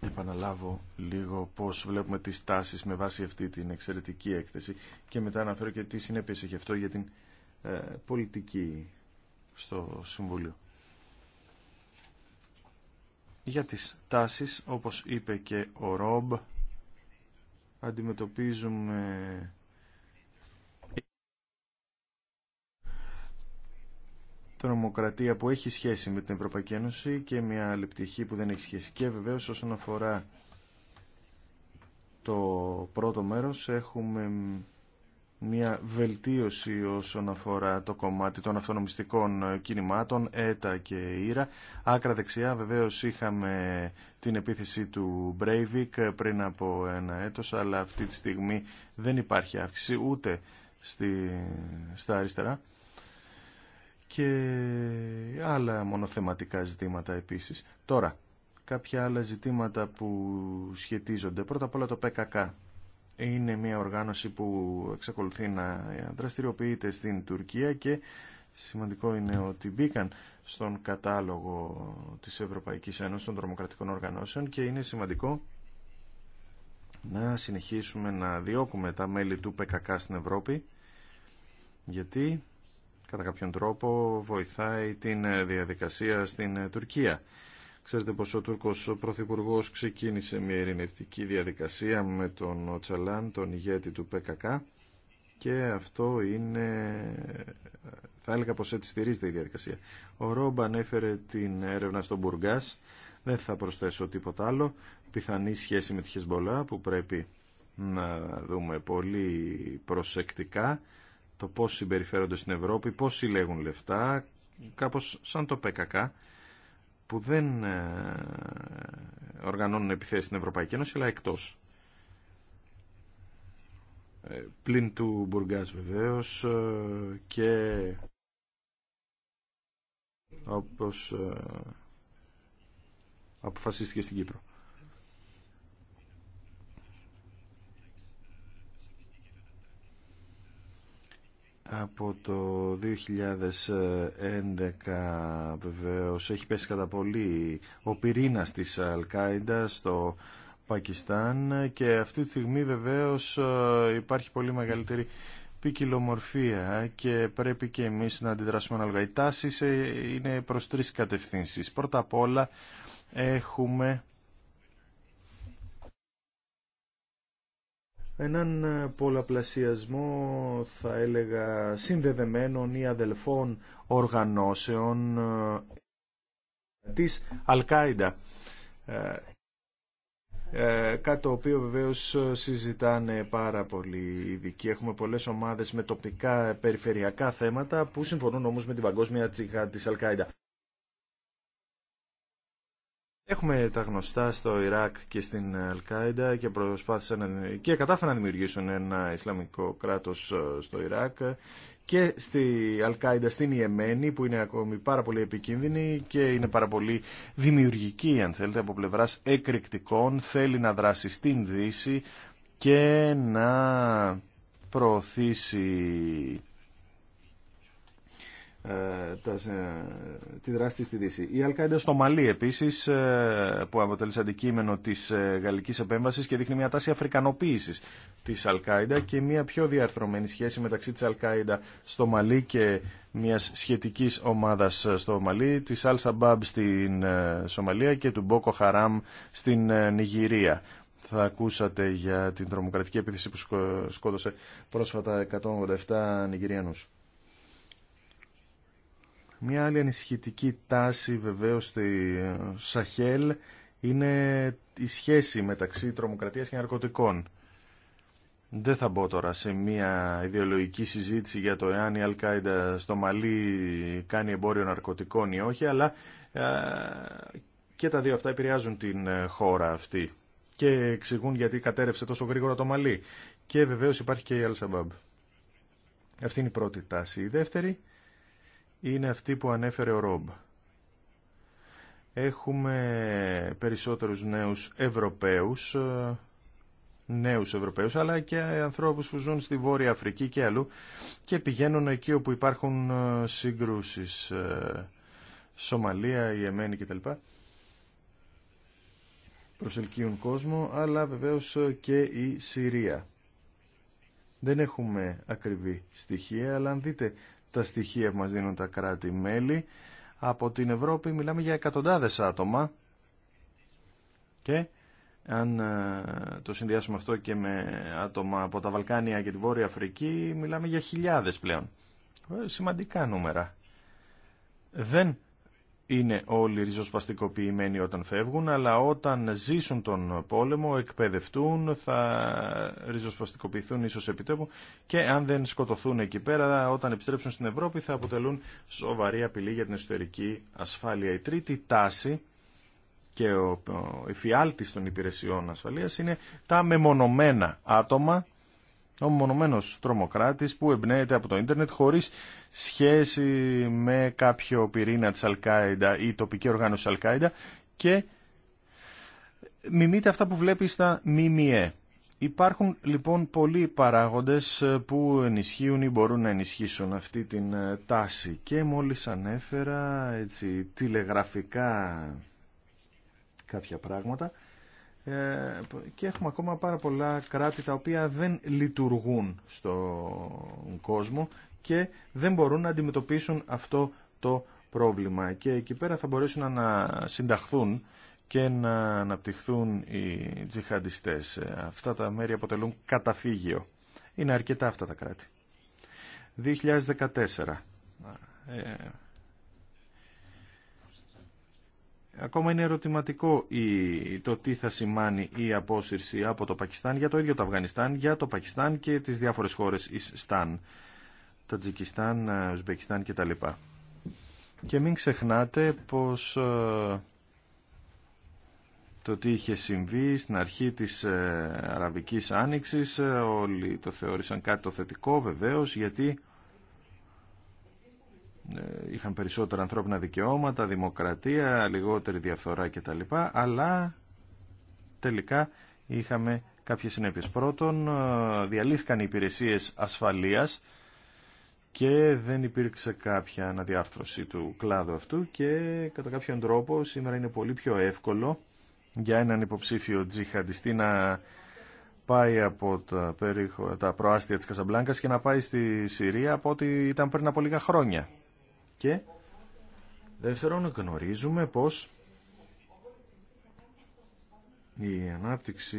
επαναλάβω λίγο πώς βλέπουμε τις τάσεις με βάση αυτή την εξαιρετική έκθεση και μετά αναφέρω και τι συνέπειες έχει αυτό για την ε, πολιτική στο Συμβούλιο. Για τις τάσεις, όπως είπε και ο Ρόμπ, αντιμετωπίζουμε τρομοκρατία που έχει σχέση με την Ευρωπαϊκή Ένωση και μια άλλη που δεν έχει σχέση. Και βεβαίως όσον αφορά το πρώτο μέρος έχουμε μια βελτίωση όσον αφορά το κομμάτι των αυτονομιστικών κινημάτων, ΕΤΑ και ήρα. Άκρα δεξιά βεβαίως είχαμε την επίθεση του Μπρέιβικ πριν από ένα έτος, αλλά αυτή τη στιγμή δεν υπάρχει αύξηση ούτε στη, στα αριστερά και άλλα μονοθεματικά ζητήματα επίσης. Τώρα, κάποια άλλα ζητήματα που σχετίζονται. Πρώτα απ' όλα το ΠΚΚ. Είναι μια οργάνωση που εξακολουθεί να δραστηριοποιείται στην Τουρκία και σημαντικό είναι ότι μπήκαν στον κατάλογο της Ευρωπαϊκής Ένωσης των τρομοκρατικών οργανώσεων και είναι σημαντικό να συνεχίσουμε να διώκουμε τα μέλη του ΠΚΚ στην Ευρώπη γιατί κατά κάποιον τρόπο βοηθάει την ε, διαδικασία στην ε, Τουρκία. Ξέρετε πως ο Τούρκος Πρωθυπουργό ξεκίνησε μια ειρηνευτική διαδικασία με τον Οτσαλάν, τον ηγέτη του ΠΚΚ και αυτό είναι, ε, θα έλεγα πως έτσι στηρίζεται η διαδικασία. Ο Ρόμπαν ανέφερε την έρευνα στον Μπουργκάς, δεν θα προσθέσω τίποτα άλλο, πιθανή σχέση με τη Χεσμολά που πρέπει να δούμε πολύ προσεκτικά το πώς συμπεριφέρονται στην Ευρώπη, πώς συλλέγουν λεφτά, κάπως σαν το ΠΚΚ που δεν ε, οργανώνουν επιθέσεις στην Ευρωπαϊκή Ένωση αλλά εκτός. Ε, πλην του Μπουργκάς βεβαίως ε, και όπως αποφασίστηκε στην Κύπρο. από το 2011 βεβαίως έχει πέσει κατά πολύ ο πυρήνας της Αλκάιντα στο Πακιστάν και αυτή τη στιγμή βεβαίως ε, υπάρχει πολύ μεγαλύτερη ποικιλομορφία και πρέπει και εμείς να αντιδράσουμε ανάλογα. Οι τάσεις ε, είναι προς τρεις κατευθύνσεις. Πρώτα απ' όλα έχουμε έναν ε, πολλαπλασιασμό θα έλεγα συνδεδεμένων ή αδελφών οργανώσεων ε, της Αλκάιντα ε, κάτι το οποίο βεβαίως συζητάνε πάρα πολύ ειδικοί. Έχουμε πολλές ομάδες με τοπικά περιφερειακά θέματα που συμφωνούν όμως με την παγκόσμια τσιχά της Αλκάιντα. Έχουμε τα γνωστά στο Ιράκ και στην Αλκάιντα και προσπάθησαν και κατάφεραν να δημιουργήσουν ένα Ισλαμικό κράτος ε, στο Ιράκ και στη Αλκάιντα στην Ιεμένη που είναι ακόμη πάρα πολύ επικίνδυνη και είναι πάρα πολύ δημιουργική αν θέλετε από πλευράς εκρηκτικών θέλει να δράσει στην Δύση και να προωθήσει ε, τη δράση της στη Δύση. Η Αλκάιντα στο Μαλί επίσης ε, που αποτελεί αντικείμενο της ε, γαλλικής επέμβασης και δείχνει μια τάση αφρικανοποίησης της Αλκάιντα και μια πιο διαρθρωμένη σχέση μεταξύ της Αλκάιντα στο Μαλί και μιας σχετικής ομάδας στο Μαλί, της Αλ Σαμπάμπ στην Σομαλία και του Μπόκο Χαράμ στην Νιγηρία. Θα ακούσατε για την τρομοκρατική επίθεση που σκότωσε πρόσφατα 187 Νιγηριανούς. Μια άλλη ανησυχητική τάση βεβαίως στη ε, Σαχέλ είναι η σχέση μεταξύ τρομοκρατίας και ναρκωτικών. Δεν θα μπω τώρα σε μια ιδεολογική συζήτηση για το εάν η Αλκάιντα στο Μαλή κάνει εμπόριο ναρκωτικών ή όχι, αλλά ε, και τα δύο αυτά επηρεάζουν την ε, χώρα αυτή και εξηγούν γιατί κατέρευσε τόσο γρήγορα το Μαλί. Και βεβαίως υπάρχει και η Αλσαμπάμπ. Αυτή είναι η πρώτη τάση. Η δεύτερη είναι αυτή που ανέφερε ο Ρόμπ. Έχουμε περισσότερους νέους Ευρωπαίους, νέους Ευρωπαίους, αλλά και ανθρώπους που ζουν στη Βόρεια Αφρική και αλλού και πηγαίνουν εκεί όπου υπάρχουν ε, συγκρούσεις, ε, Σομαλία, η Εμένη κτλ. Προσελκύουν κόσμο, αλλά βεβαίως και η Συρία. Δεν έχουμε ακριβή στοιχεία, αλλά αν δείτε τα στοιχεία που μας δίνουν τα κράτη-μέλη. Από την Ευρώπη μιλάμε για εκατοντάδες άτομα και αν ε, το συνδυάσουμε αυτό και με άτομα από τα Βαλκάνια και τη Βόρεια Αφρική μιλάμε για χιλιάδες πλέον. Ε, σημαντικά νούμερα. Δεν είναι όλοι ριζοσπαστικοποιημένοι όταν φεύγουν, αλλά όταν ζήσουν τον πόλεμο, εκπαιδευτούν, θα ριζοσπαστικοποιηθούν ίσως επιτέπου και αν δεν σκοτωθούν εκεί πέρα, όταν επιστρέψουν στην Ευρώπη θα αποτελούν σοβαρή απειλή για την εσωτερική ασφάλεια. Η τρίτη τάση και η φιάλτης των υπηρεσιών ασφαλείας είναι τα μεμονωμένα άτομα ο μονομένος τρομοκράτης που εμπνέεται από το ίντερνετ χωρίς σχέση με κάποιο πυρήνα της Αλκάιντα ή τοπική οργάνωση Αλκάιντα και μιμείται αυτά που βλέπει στα ΜΜΕ. Υπάρχουν λοιπόν πολλοί παράγοντες που ενισχύουν ή μπορούν να ενισχύσουν αυτή την ε, τάση και μόλις ανέφερα έτσι, τηλεγραφικά κάποια πράγματα ε, και έχουμε ακόμα πάρα πολλά κράτη τα οποία δεν λειτουργούν στον κόσμο και δεν μπορούν να αντιμετωπίσουν αυτό το πρόβλημα. Και εκεί πέρα θα μπορέσουν να συνταχθούν και να αναπτυχθούν οι τζιχαντιστές. Αυτά τα μέρη αποτελούν καταφύγιο. Είναι αρκετά αυτά τα κράτη. 2014. Ακόμα είναι ερωτηματικό το τι θα σημάνει η απόσυρση από το Πακιστάν για το ίδιο το Αφγανιστάν, για το Πακιστάν και τις διάφορες χώρες Ιστάν, Τατζικιστάν, ε, Ουσμπεκιστάν κτλ. Και μην ξεχνάτε πως ε, το τι είχε συμβεί στην αρχή της ε, Αραβικής Άνοιξης όλοι το θεώρησαν κάτι το θετικό βεβαίως γιατί ε, είχαν περισσότερα ανθρώπινα δικαιώματα, δημοκρατία, λιγότερη διαφθορά κτλ. Αλλά τελικά είχαμε κάποιες συνέπειες. Πρώτον, ε, διαλύθηκαν οι υπηρεσίες ασφαλείας και δεν υπήρξε κάποια αναδιάρθρωση του κλάδου αυτού και κατά κάποιον τρόπο σήμερα είναι πολύ πιο εύκολο για έναν υποψήφιο τζιχαντιστή να πάει από τα, τα προάστια της Κασαμπλάνκας και να πάει στη Συρία από ό,τι ήταν πριν από λίγα χρόνια. Και δεύτερον γνωρίζουμε πως η ανάπτυξη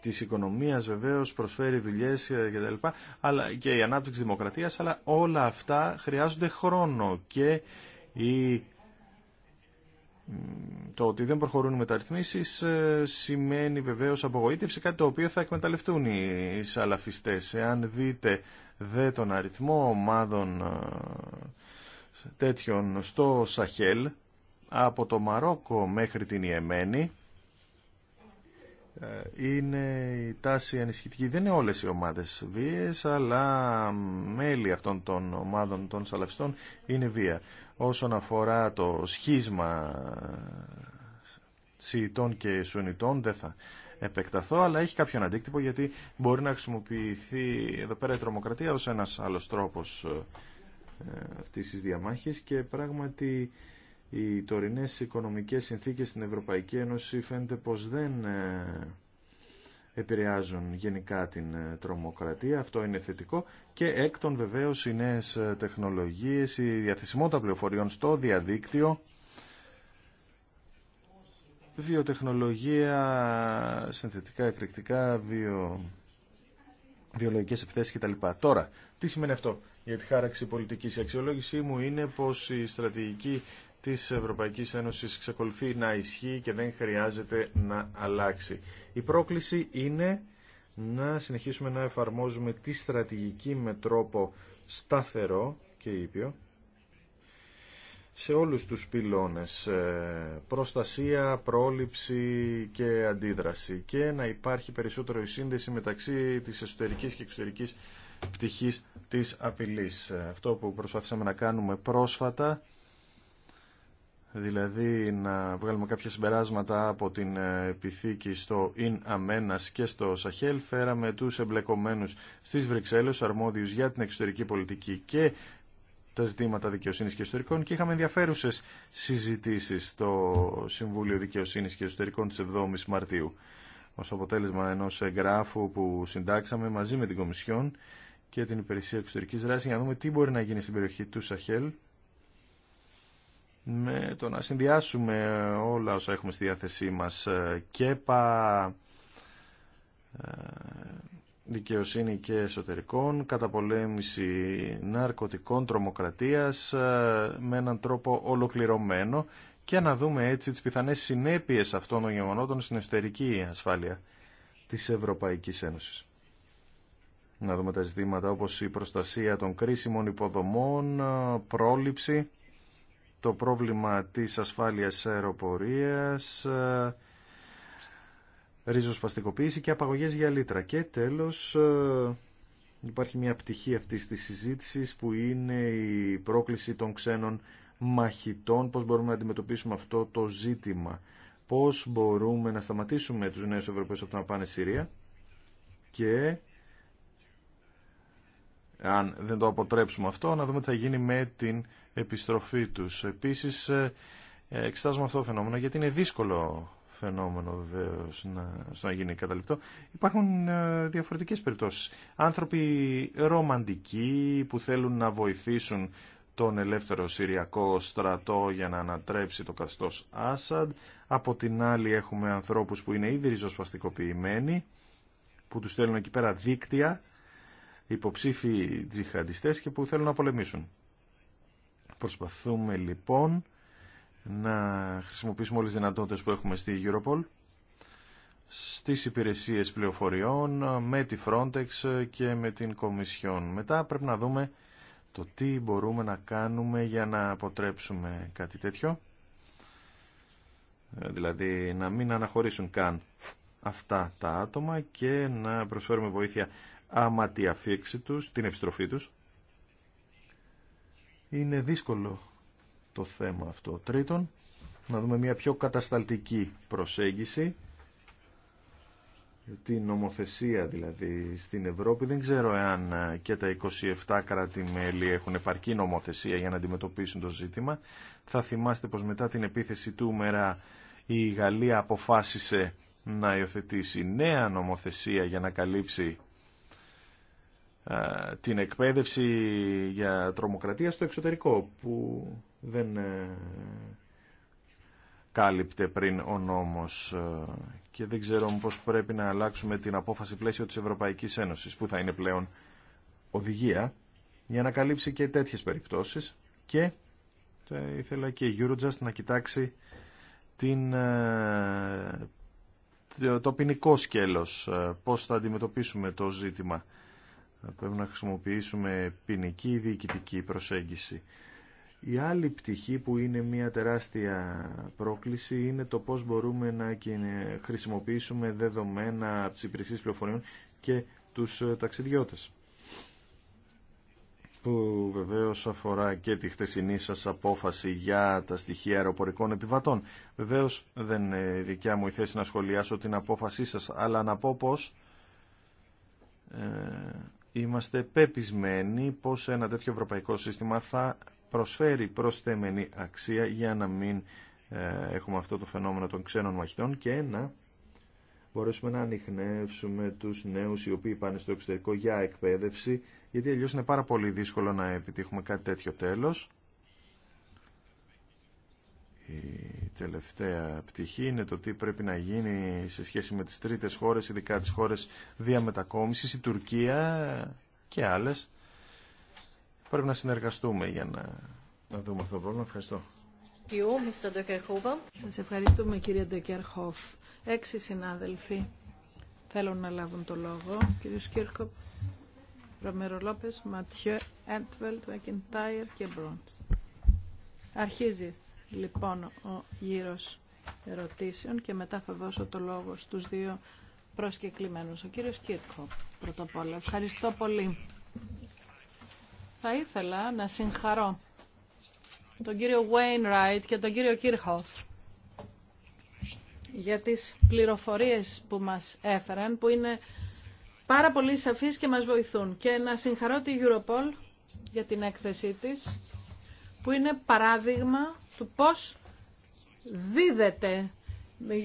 της οικονομίας βεβαίως προσφέρει δουλειές και τα αλλά και η ανάπτυξη δημοκρατίας, αλλά όλα αυτά χρειάζονται χρόνο και η... το ότι δεν προχωρούν οι μεταρρυθμίσεις ε, σημαίνει βεβαίως απογοήτευση, κάτι το οποίο θα εκμεταλλευτούν οι σαλαφιστές. Εάν δείτε δε τον αριθμό ομάδων ε, τέτοιων στο Σαχέλ από το Μαρόκο μέχρι την Ιεμένη ε, είναι η τάση ανισχυτική. Δεν είναι όλες οι ομάδες βίες, αλλά μέλη αυτών των ομάδων των σαλαφιστών είναι βία. Όσον αφορά το σχίσμα ε, σιητών και Σουνητών, δεν θα επεκταθώ, αλλά έχει κάποιον αντίκτυπο γιατί μπορεί να χρησιμοποιηθεί εδώ πέρα η τρομοκρατία ως ένας άλλος τρόπος ε, αυτής της διαμάχης και πράγματι οι τωρινές οικονομικές συνθήκες στην Ευρωπαϊκή Ένωση φαίνεται πως δεν ε, επηρεάζουν γενικά την ε, τρομοκρατία. Αυτό είναι θετικό και έκτον βεβαίως οι νέες τεχνολογίες, η διαθεσιμότητα πληροφοριών στο διαδίκτυο βιοτεχνολογία, συνθετικά εκρηκτικά, βιο... βιολογικές επιθέσεις κτλ. Τώρα, τι σημαίνει αυτό για τη χάραξη πολιτικής. Η αξιολόγησή μου είναι πως η στρατηγική της Ευρωπαϊκής Ένωσης ξεκολουθεί να ισχύει και δεν χρειάζεται να αλλάξει. Η πρόκληση είναι να συνεχίσουμε να εφαρμόζουμε τη στρατηγική με τρόπο σταθερό και ήπιο σε όλους τους πυλώνες ε, προστασία, πρόληψη και αντίδραση και να υπάρχει περισσότερο η σύνδεση μεταξύ της εσωτερικής και εξωτερικής πτυχής της απειλής. Ε, αυτό που προσπαθήσαμε να κάνουμε πρόσφατα δηλαδή να βγάλουμε κάποια συμπεράσματα από την ε, επιθήκη στο Ιν Αμένας και στο Σαχέλ. Φέραμε τους εμπλεκομένους στις Βρυξέλλες, αρμόδιους για την εξωτερική πολιτική και τα ζητήματα δικαιοσύνης και εσωτερικών και είχαμε ενδιαφέρουσε συζητήσεις στο Συμβούλιο Δικαιοσύνης και Εσωτερικών τη 7 η Μαρτίου ω αποτέλεσμα ενός εγγράφου που συντάξαμε μαζί με την Κομισιόν και την Υπηρεσία Εξωτερικής Δράσης για να δούμε τι μπορεί να γίνει στην περιοχή του Σαχέλ με το να συνδυάσουμε όλα όσα έχουμε στη διάθεσή μας ε, ΚΕΠΑ ε, δικαιοσύνη και εσωτερικών, καταπολέμηση ναρκωτικών, τρομοκρατίας ε, με έναν τρόπο ολοκληρωμένο και να δούμε έτσι τις πιθανές συνέπειες αυτών των γεγονότων στην εσωτερική ασφάλεια της Ευρωπαϊκής Ένωσης. Να δούμε τα ζητήματα όπως η προστασία των κρίσιμων υποδομών, ε, πρόληψη, το πρόβλημα της ασφάλειας αεροπορίας, ε, ριζοσπαστικοποίηση και απαγωγές για λίτρα. Και τέλος ε, υπάρχει μια πτυχή αυτής της συζήτηση που είναι η πρόκληση των ξένων μαχητών, πώς μπορούμε να αντιμετωπίσουμε αυτό το ζήτημα, πώς μπορούμε να σταματήσουμε τους νέους Ευρωπαίους από το να πάνε Συρία και αν δεν το αποτρέψουμε αυτό, να δούμε τι θα γίνει με την επιστροφή τους. Επίσης, ε, εξετάζουμε αυτό το φαινόμενο γιατί είναι δύσκολο φαινόμενο βεβαίω να, να γίνει καταληπτό. Υπάρχουν ε, διαφορετικές περιπτώσεις. Άνθρωποι ρομαντικοί που θέλουν να βοηθήσουν τον ελεύθερο Συριακό στρατό για να ανατρέψει το καστός Άσαντ. Από την άλλη έχουμε ανθρώπους που είναι ήδη ριζοσπαστικοποιημένοι, που τους στέλνουν εκεί πέρα δίκτυα, υποψήφοι τζιχαντιστές και που θέλουν να πολεμήσουν. Προσπαθούμε λοιπόν να χρησιμοποιήσουμε όλες τις δυνατότητες που έχουμε στη Europol στις υπηρεσίες πληροφοριών, με τη Frontex και με την Κομισιόν. Μετά πρέπει να δούμε το τι μπορούμε να κάνουμε για να αποτρέψουμε κάτι τέτοιο. Ε, δηλαδή να μην αναχωρήσουν καν αυτά τα άτομα και να προσφέρουμε βοήθεια άμα τη αφήξη τους, την επιστροφή τους. Είναι δύσκολο το θέμα αυτό. Τρίτον, να δούμε μια πιο κατασταλτική προσέγγιση την νομοθεσία δηλαδή στην Ευρώπη. Δεν ξέρω εάν ε, και τα 27 κράτη-μέλη έχουν επαρκή νομοθεσία για να αντιμετωπίσουν το ζήτημα. Θα θυμάστε πως μετά την επίθεση του Μερά η Γαλλία αποφάσισε να υιοθετήσει νέα νομοθεσία για να καλύψει ε, την εκπαίδευση για τρομοκρατία στο εξωτερικό που δεν ε, κάλυπτε πριν ο νόμος ε, και δεν ξέρω πώς πρέπει να αλλάξουμε την απόφαση πλαίσιο της Ευρωπαϊκής Ένωσης που θα είναι πλέον οδηγία για να καλύψει και τέτοιες περιπτώσεις και ήθελα και η Eurojust να κοιτάξει την, ε, το ποινικό σκέλος, πώς θα αντιμετωπίσουμε το ζήτημα. Πρέπει να χρησιμοποιήσουμε ποινική διοικητική προσέγγιση η άλλη πτυχή που είναι μια τεράστια πρόκληση είναι το πώς μπορούμε να χρησιμοποιήσουμε δεδομένα από τις υπηρεσίες πληροφοριών και τους ε, ταξιδιώτες που βεβαίως αφορά και τη χτεσινή σας απόφαση για τα στοιχεία αεροπορικών επιβατών. Βεβαίως δεν είναι δικιά μου η θέση να σχολιάσω την απόφασή σας, αλλά να πω πως ε, είμαστε πεπισμένοι πως ένα τέτοιο ευρωπαϊκό σύστημα θα προσφέρει προσθέμενη αξία για να μην ε, έχουμε αυτό το φαινόμενο των ξένων μαχητών και να μπορέσουμε να ανοιχνεύσουμε τους νέους οι οποίοι πάνε στο εξωτερικό για εκπαίδευση, γιατί αλλιώς είναι πάρα πολύ δύσκολο να επιτύχουμε κάτι τέτοιο τέλος. Η τελευταία πτυχή είναι το τι πρέπει να γίνει σε σχέση με τις τρίτες χώρες, ειδικά τις χώρες διαμετακόμισης, η Τουρκία και άλλες πρέπει να συνεργαστούμε για να, να δούμε αυτό το πρόβλημα. Ευχαριστώ. Σα ευχαριστούμε κύριε Ντοκερχόφ. Έξι συνάδελφοι θέλουν να λάβουν το λόγο. Κύριο Κύρκοπ, Ρομέρο Ματιέ, Έντβελτ, Βακεντάιερ και Μπροντ. Αρχίζει λοιπόν ο γύρο ερωτήσεων και μετά θα δώσω το λόγο στου δύο προσκεκλημένους. Ο κύριο Κύρκοπ πρώτα απ' όλα. Ευχαριστώ πολύ. Θα ήθελα να συγχαρώ τον κύριο Wainwright και τον κύριο Kirchhoff για τις πληροφορίες που μας έφεραν, που είναι πάρα πολύ σαφείς και μας βοηθούν. Και να συγχαρώ τη Europol για την έκθεσή της, που είναι παράδειγμα του πώς δίδεται ε,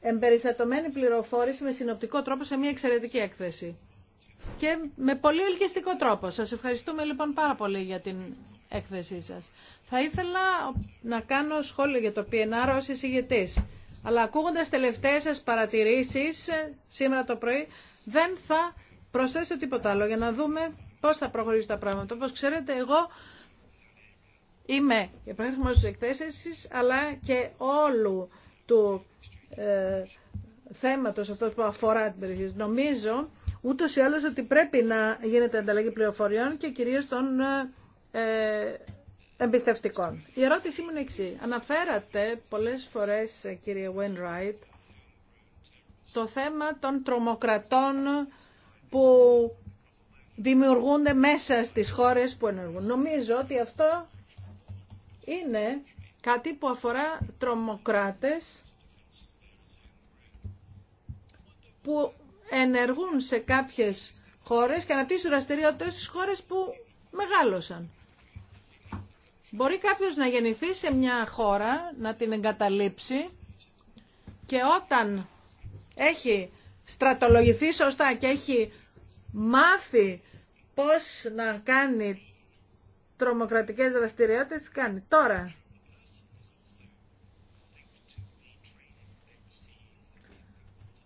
εμπεριστατωμένη πληροφόρηση με συνοπτικό τρόπο σε μια εξαιρετική έκθεση και με πολύ ελκυστικό τρόπο. Σας ευχαριστούμε λοιπόν πάρα πολύ για την έκθεσή σας. Θα ήθελα να κάνω σχόλιο για το PNR ως εισηγητής. Αλλά ακούγοντας τελευταίες σας παρατηρήσεις ε, σήμερα το πρωί, δεν θα προσθέσω τίποτα άλλο για να δούμε πώς θα προχωρήσει τα πράγματα. Όπως ξέρετε, εγώ είμαι υπέρχομαι της εκθέσεις, αλλά και όλου του ε, θέματος αυτό που αφορά την περιοχή. Νομίζω ούτως ή άλλως ότι πρέπει να γίνεται ανταλλαγή πληροφοριών και κυρίως των ε, ε, εμπιστευτικών. Η ερώτησή μου είναι εξή. Αναφέρατε πολλές φορές, ε, κύριε Wainwright, το θέμα των τρομοκρατών που δημιουργούνται μέσα στις χώρες που ενεργούν. Νομίζω ότι αυτό είναι κάτι που αφορά τρομοκράτες που ενεργούν σε κάποιες χώρες και αναπτύσσουν δραστηριότητες στις χώρες που μεγάλωσαν. Μπορεί κάποιος να γεννηθεί σε μια χώρα, να την εγκαταλείψει και όταν έχει στρατολογηθεί σωστά και έχει μάθει πώς να κάνει τρομοκρατικές δραστηριότητες, κάνει. Τώρα,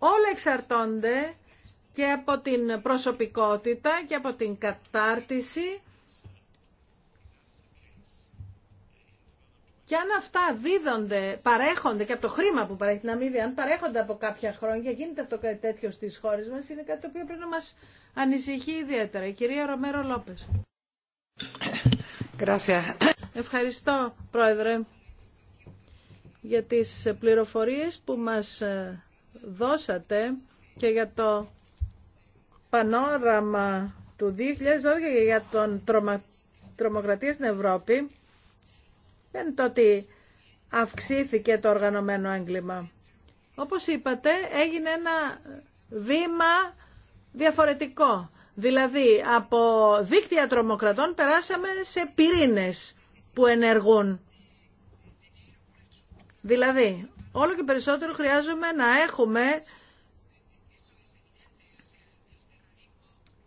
Όλα εξαρτώνται και από την προσωπικότητα και από την κατάρτιση Και αν αυτά δίδονται, παρέχονται και από το χρήμα που παρέχει την αμοιβή, αν παρέχονται από κάποια χρόνια, γίνεται αυτό κάτι τέτοιο στις χώρες μας, είναι κάτι το οποίο πρέπει να μας ανησυχεί ιδιαίτερα. Η κυρία Ρομέρο Λόπε. Ευχαριστώ, Πρόεδρε, για τις πληροφορίες που μας ε, δώσατε και για το πανόραμα του 2012 και για τον τρομα... τρομοκρατία στην Ευρώπη δεν το ότι αυξήθηκε το οργανωμένο έγκλημα. Όπως είπατε έγινε ένα βήμα διαφορετικό. Δηλαδή από δίκτυα τρομοκρατών περάσαμε σε πυρήνες που ενεργούν. Δηλαδή όλο και περισσότερο χρειάζομαι να έχουμε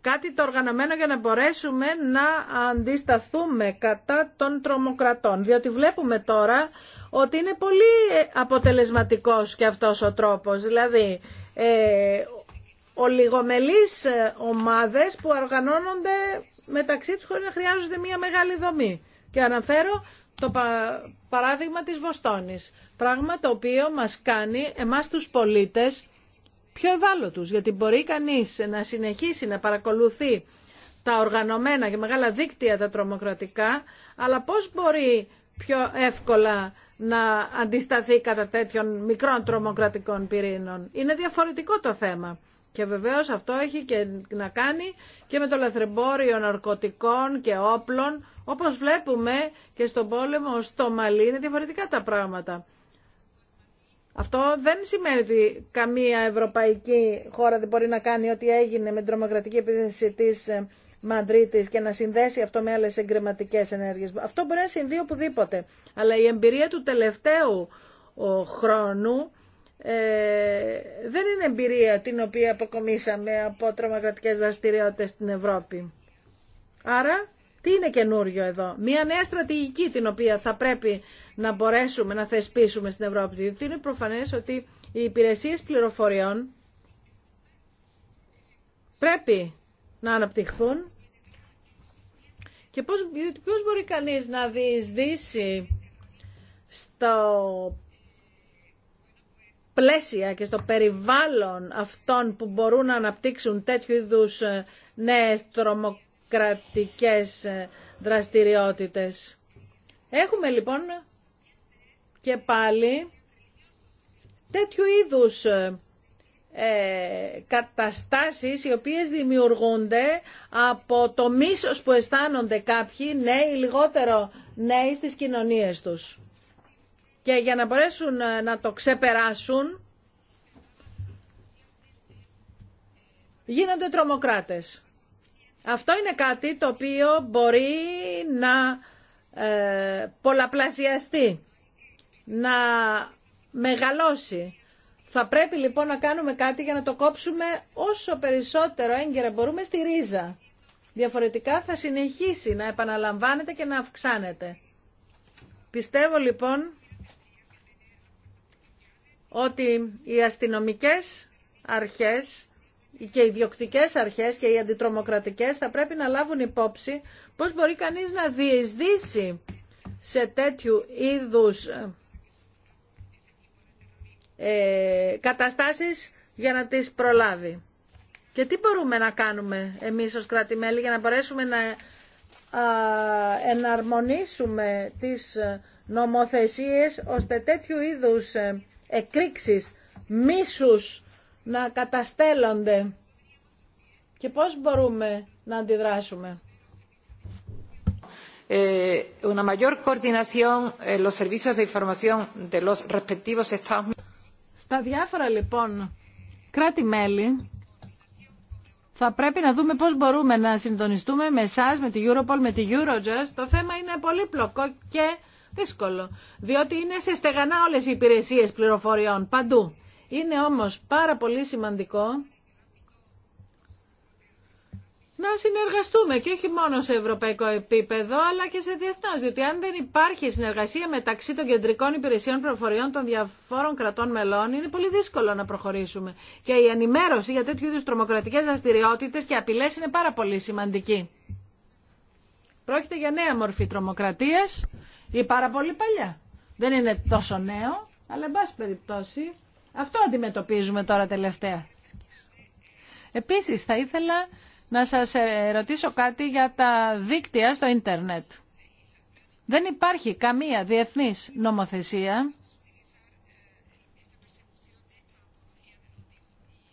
κάτι το οργανωμένο για να μπορέσουμε να αντισταθούμε κατά των τρομοκρατών. Διότι βλέπουμε τώρα ότι είναι πολύ ε, αποτελεσματικός και αυτός ο τρόπος. Δηλαδή, ε, ολιγομελείς ε, ομάδες που οργανώνονται μεταξύ τους χωρίς να χρειάζονται μια μεγάλη δομή. Και αναφέρω το παράδειγμα της Βοστόνης. Πράγμα το οποίο μας κάνει εμάς τους πολίτες πιο ευάλωτους, γιατί μπορεί κανείς να συνεχίσει να παρακολουθεί τα οργανωμένα και μεγάλα δίκτυα τα τρομοκρατικά, αλλά πώς μπορεί πιο εύκολα να αντισταθεί κατά τέτοιων μικρών τρομοκρατικών πυρήνων. Είναι διαφορετικό το θέμα. Και βεβαίως αυτό έχει και να κάνει και με το λαθρεμπόριο ναρκωτικών και όπλων, όπως βλέπουμε και στον πόλεμο στο Μαλί, είναι διαφορετικά τα πράγματα. Αυτό δεν σημαίνει ότι καμία ευρωπαϊκή χώρα δεν μπορεί να κάνει ό,τι έγινε με την τρομοκρατική επίθεση της ε, Μαντρίτη και να συνδέσει αυτό με άλλε εγκρεματικέ ενέργειε. Αυτό μπορεί να συμβεί οπουδήποτε. Αλλά η εμπειρία του τελευταίου χρόνου ε, δεν είναι εμπειρία την οποία αποκομίσαμε από τρομοκρατικές δραστηριότητε στην Ευρώπη. Άρα τι είναι καινούριο εδώ. Μία νέα στρατηγική την οποία θα πρέπει να μπορέσουμε να θεσπίσουμε στην Ευρώπη. Διότι είναι προφανές ότι οι υπηρεσίες πληροφοριών πρέπει να αναπτυχθούν και πώς, πώς μπορεί κανείς να διεισδύσει στο πλαίσια και στο περιβάλλον αυτών που μπορούν να αναπτύξουν τέτοιου είδους ε, νέες τρομο, κρατικές ε, δραστηριότητες. Έχουμε λοιπόν και πάλι τέτοιου είδους ε, ε, καταστάσεις οι οποίες δημιουργούνται από το μίσος που αισθάνονται κάποιοι νέοι, λιγότερο νέοι στις κοινωνίες τους. Και για να μπορέσουν ε, να το ξεπεράσουν γίνονται τρομοκράτες. Αυτό είναι κάτι το οποίο μπορεί να ε, πολλαπλασιαστεί, να μεγαλώσει. Θα πρέπει λοιπόν να κάνουμε κάτι για να το κόψουμε όσο περισσότερο έγκαιρα μπορούμε στη ρίζα. Διαφορετικά θα συνεχίσει να επαναλαμβάνεται και να αυξάνεται. Πιστεύω λοιπόν ότι οι αστυνομικές αρχές και οι διοκτικές αρχές και οι αντιτρομοκρατικές θα πρέπει να λάβουν υπόψη πώς μπορεί κανείς να διεισδύσει σε τέτοιου είδους ε, καταστάσεις για να τις προλάβει. Και τι μπορούμε να κάνουμε εμείς ως κράτη-μέλη για να μπορέσουμε να εναρμονίσουμε τις νομοθεσίες ώστε τέτοιου είδους ε, εκρήξεις, μίσους να καταστέλλονται και πώς μπορούμε να αντιδράσουμε. Ε, una mayor coordinación en los servicios de información de los respectivos estados. Στα διάφορα λοιπόν κράτη-μέλη θα πρέπει να δούμε πώς μπορούμε να συντονιστούμε με εσά, με τη Europol, με τη Eurojust. Το θέμα είναι πολύ πλοκό και δύσκολο, διότι είναι σε στεγανά όλες οι υπηρεσίες πληροφοριών παντού. Είναι όμως πάρα πολύ σημαντικό να συνεργαστούμε και όχι μόνο σε ευρωπαϊκό επίπεδο αλλά και σε διεθνώς, διότι αν δεν υπάρχει συνεργασία μεταξύ των κεντρικών υπηρεσιών προφοριών των διαφόρων κρατών μελών είναι πολύ δύσκολο να προχωρήσουμε. Και η ενημέρωση για τέτοιου είδους τρομοκρατικές δραστηριότητε και απειλέ είναι πάρα πολύ σημαντική. Πρόκειται για νέα μορφή τρομοκρατίας ή πάρα πολύ παλιά. Δεν είναι τόσο νέο, αλλά εν πάση περιπτώσει αυτό αντιμετωπίζουμε τώρα τελευταία. Επίσης, θα ήθελα να σας ε, ρωτήσω κάτι για τα δίκτυα στο ίντερνετ. Δεν υπάρχει καμία διεθνής νομοθεσία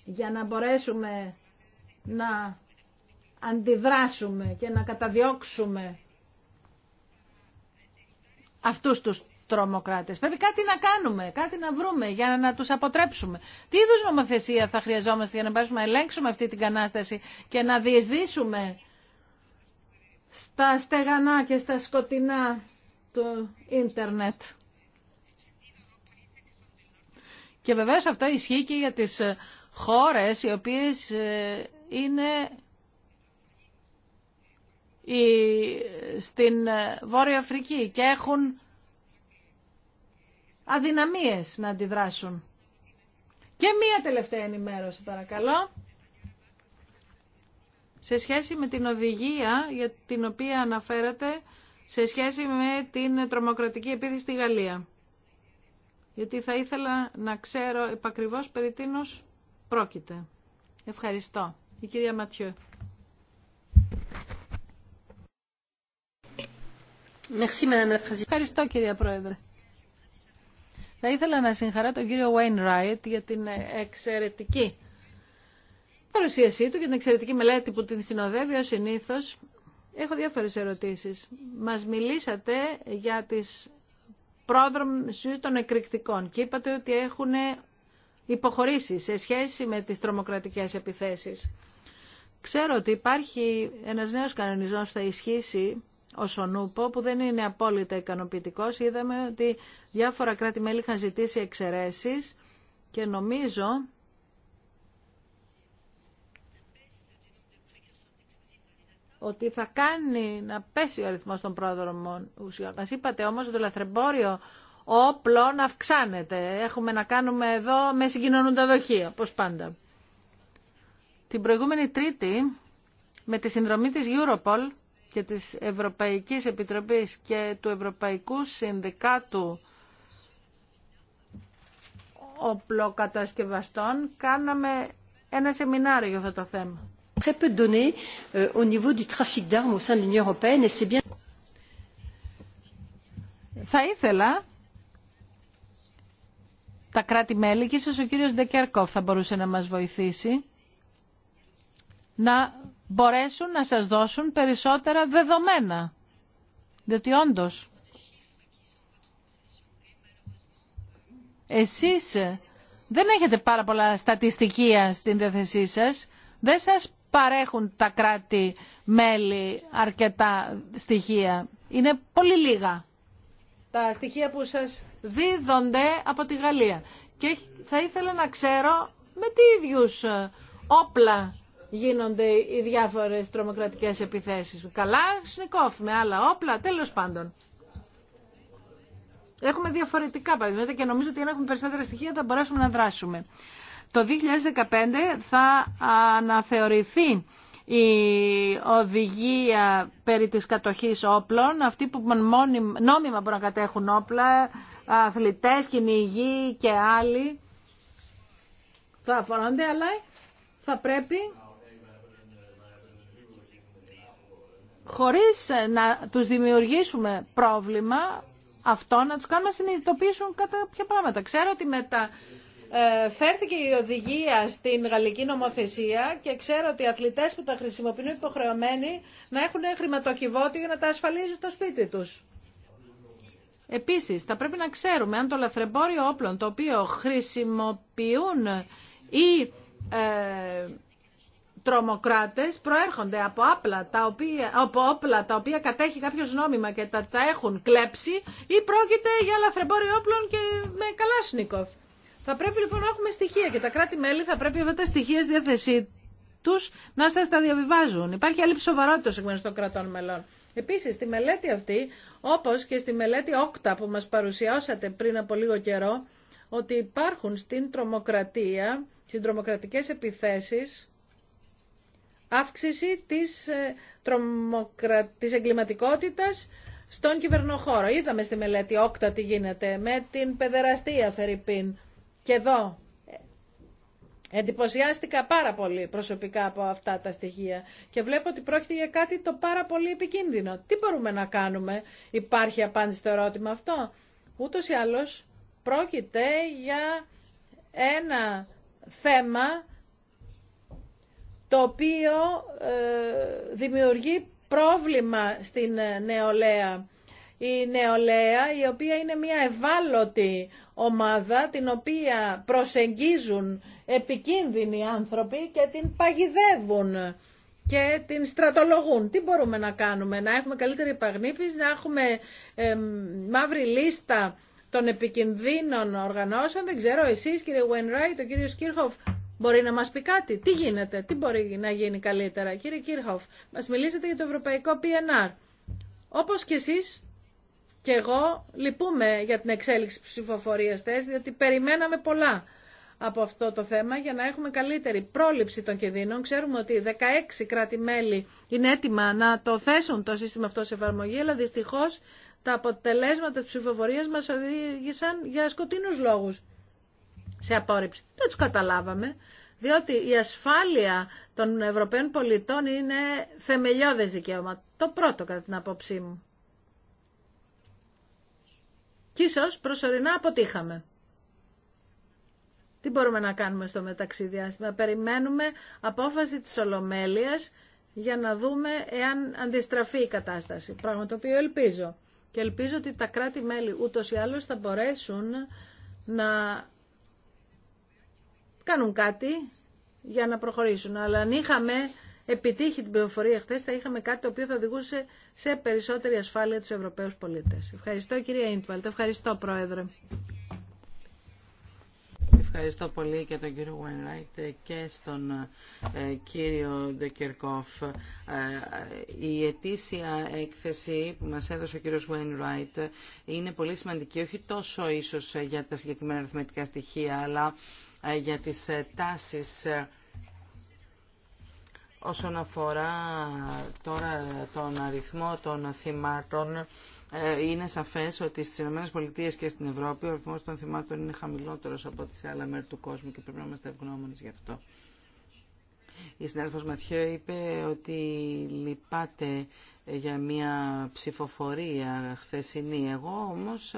για να μπορέσουμε να αντιδράσουμε και να καταδιώξουμε αυτούς τους τρομοκράτες. Πρέπει κάτι να κάνουμε, κάτι να βρούμε για να τους αποτρέψουμε. Τι είδους νομοθεσία θα χρειαζόμαστε για να μπορέσουμε να ελέγξουμε αυτή την κατάσταση και να διεισδύσουμε στα στεγανά και στα σκοτεινά του ίντερνετ. Και βεβαίως αυτό ισχύει και για τις ε, χώρες οι οποίες ε, είναι ε, στην Βόρεια Αφρική και έχουν αδυναμίες να αντιδράσουν. Και μία τελευταία ενημέρωση παρακαλώ. Σε σχέση με την οδηγία για την οποία αναφέρατε, σε σχέση με την τρομοκρατική επίθεση στη Γαλλία. Γιατί θα ήθελα να ξέρω επακριβώς περί τίνος πρόκειται. Ευχαριστώ. Η κυρία Ματιού. Ευχαριστώ κυρία Πρόεδρε. Θα ήθελα να συγχαρά τον κύριο Ράιτ για την εξαιρετική παρουσίασή του και την εξαιρετική μελέτη που την συνοδεύει ως συνήθως. Έχω διάφορες ερωτήσεις. Μας μιλήσατε για τις πρόδρομες των εκρηκτικών και είπατε ότι έχουν υποχωρήσει σε σχέση με τις τρομοκρατικές επιθέσεις. Ξέρω ότι υπάρχει ένας νέος κανονισμός που θα ισχύσει ο Σονούπο, που δεν είναι απόλυτα ικανοποιητικός. Είδαμε ότι διάφορα κράτη-μέλη είχαν ζητήσει εξαιρέσεις και νομίζω ότι θα κάνει να πέσει ο αριθμός των πρόδρομων ουσιών. Μας είπατε όμως ότι το λαθρεμπόριο όπλο να αυξάνεται. Έχουμε να κάνουμε εδώ με συγκοινωνούντα δοχεία, όπως πάντα. Την προηγούμενη Τρίτη, με τη συνδρομή της Europol, και της Ευρωπαϊκής Επιτροπής και του Ευρωπαϊκού Συνδικάτου Οπλοκατασκευαστών κάναμε ένα σεμινάριο για αυτό το θέμα. Θα ήθελα τα κράτη-μέλη και ίσως ο κύριος Ντεκέρκοφ θα μπορούσε να μας βοηθήσει να μπορέσουν να σας δώσουν περισσότερα δεδομένα. Διότι όντως εσείς δεν έχετε πάρα πολλά στατιστικία στην διαθεσή σας, δεν σας παρέχουν τα κράτη-μέλη αρκετά στοιχεία. Είναι πολύ λίγα τα στοιχεία που σας δίδονται από τη Γαλλία. Και θα ήθελα να ξέρω με τι ίδιους όπλα γίνονται οι διάφορες τρομοκρατικές επιθέσεις. Καλά, σνικόφ άλλα όπλα, τέλος πάντων. Έχουμε διαφορετικά παραδείγματα και νομίζω ότι αν έχουμε περισσότερα στοιχεία θα μπορέσουμε να δράσουμε. Το 2015 θα αναθεωρηθεί η οδηγία περί της κατοχής όπλων, αυτοί που νόμιμα μπορούν να κατέχουν όπλα, αθλητές, κυνηγοί και άλλοι θα αφορώνται, αλλά θα πρέπει χωρίς ε, να τους δημιουργήσουμε πρόβλημα αυτό, να τους κάνουμε να συνειδητοποιήσουν κατά ποια πράγματα. Ξέρω ότι μετά ε, φέρθηκε η οδηγία στην γαλλική νομοθεσία και ξέρω ότι οι αθλητές που τα χρησιμοποιούν υποχρεωμένοι να έχουν χρηματοκιβώτιο για να τα ασφαλίζουν το σπίτι τους. Επίσης, θα πρέπει να ξέρουμε αν το λαθρεμπόριο όπλων το οποίο χρησιμοποιούν ή ε, τρομοκράτες προέρχονται από, όπλα τα οποία, οποία κατέχει κάποιος νόμιμα και τα, τα έχουν κλέψει ή πρόκειται για λαθρεμπόριο όπλων και με καλάσνικοφ. Θα πρέπει λοιπόν να έχουμε στοιχεία και τα κράτη-μέλη θα πρέπει αυτά τα στοιχεία στη διάθεσή τους να σας τα διαβιβάζουν. Υπάρχει έλλειψη σοβαρότητα εκ των κρατών μελών. Επίσης, στη μελέτη αυτή, όπως και στη μελέτη όκτα που μας παρουσιάσατε πριν από λίγο καιρό, ότι υπάρχουν στην τρομοκρατία, Στι τρομοκρατικέ επιθέσει αύξηση της, ε, τρομοκρα... της εγκληματικότητας στον κυβερνοχώρο. Είδαμε στη μελέτη όκτα τι γίνεται με την παιδεραστία Φερρυππίν. Και εδώ ε, εντυπωσιάστηκα πάρα πολύ προσωπικά από αυτά τα στοιχεία και βλέπω ότι πρόκειται για κάτι το πάρα πολύ επικίνδυνο. Τι μπορούμε να κάνουμε, υπάρχει απάντηση στο ερώτημα αυτό. Ούτως ή άλλως πρόκειται για ένα θέμα το οποίο ε, δημιουργεί πρόβλημα στην ε, νεολαία. Η νεολαία η οποία είναι μια ευάλωτη ομάδα την οποία προσεγγίζουν επικίνδυνοι άνθρωποι και την παγιδεύουν και την στρατολογούν. Τι μπορούμε να κάνουμε, να έχουμε καλύτερη υπαγνήπηση, να έχουμε μαύρη λίστα των επικινδύνων οργανώσεων. Δεν ξέρω εσείς κύριε Wainwright, ο κύριος Κύρχοφ, Μπορεί να μας πει κάτι. Τι γίνεται, τι μπορεί να γίνει καλύτερα. Κύριε Κύρχοφ, μας μιλήσατε για το ευρωπαϊκό PNR. Όπως και εσείς και εγώ λυπούμε για την εξέλιξη ψηφοφορίας τες, διότι περιμέναμε πολλά από αυτό το θέμα για να έχουμε καλύτερη πρόληψη των κινδύνων. Ξέρουμε ότι 16 κράτη-μέλη είναι έτοιμα να το θέσουν το σύστημα αυτό σε εφαρμογή, αλλά δυστυχώς τα αποτελέσματα της ψηφοφορίας μας οδήγησαν για σκοτεινούς λόγους σε απόρριψη. Δεν του καταλάβαμε, διότι η ασφάλεια των Ευρωπαίων πολιτών είναι θεμελιώδες δικαίωμα. Το πρώτο κατά την απόψή μου. Και ίσως προσωρινά αποτύχαμε. Τι μπορούμε να κάνουμε στο μεταξύ διάστημα. Περιμένουμε απόφαση της Ολομέλειας για να δούμε εάν αντιστραφεί η κατάσταση. Πράγμα το οποίο ελπίζω. Και ελπίζω ότι τα κράτη-μέλη ούτως ή άλλως θα μπορέσουν να κάνουν κάτι για να προχωρήσουν. Αλλά αν είχαμε επιτύχει την πληροφορία χθε, θα είχαμε κάτι το οποίο θα οδηγούσε σε περισσότερη ασφάλεια του Ευρωπαίου πολίτε. Ευχαριστώ, κυρία Ιντβαλτ. Ευχαριστώ, Πρόεδρε. Ευχαριστώ πολύ και τον κύριο Βουενράιτ και στον ε, κύριο Ντεκερκόφ. Ε, η ετήσια έκθεση που μας έδωσε ο κύριος Βουενράιτ είναι πολύ σημαντική, όχι τόσο ίσως για τα συγκεκριμένα αριθμητικά στοιχεία, αλλά για τις ε, τάσεις ε, όσον αφορά τώρα τον αριθμό των θυμάτων ε, είναι σαφές ότι στις ΗΠΑ και στην Ευρώπη ο αριθμός των θυμάτων είναι χαμηλότερος από τις άλλα μέρη του κόσμου και πρέπει να είμαστε ευγνώμονες γι' αυτό. Η συνάδελφος Ματιό είπε ότι λυπάται για μια ψηφοφορία χθεσινή. Εγώ όμως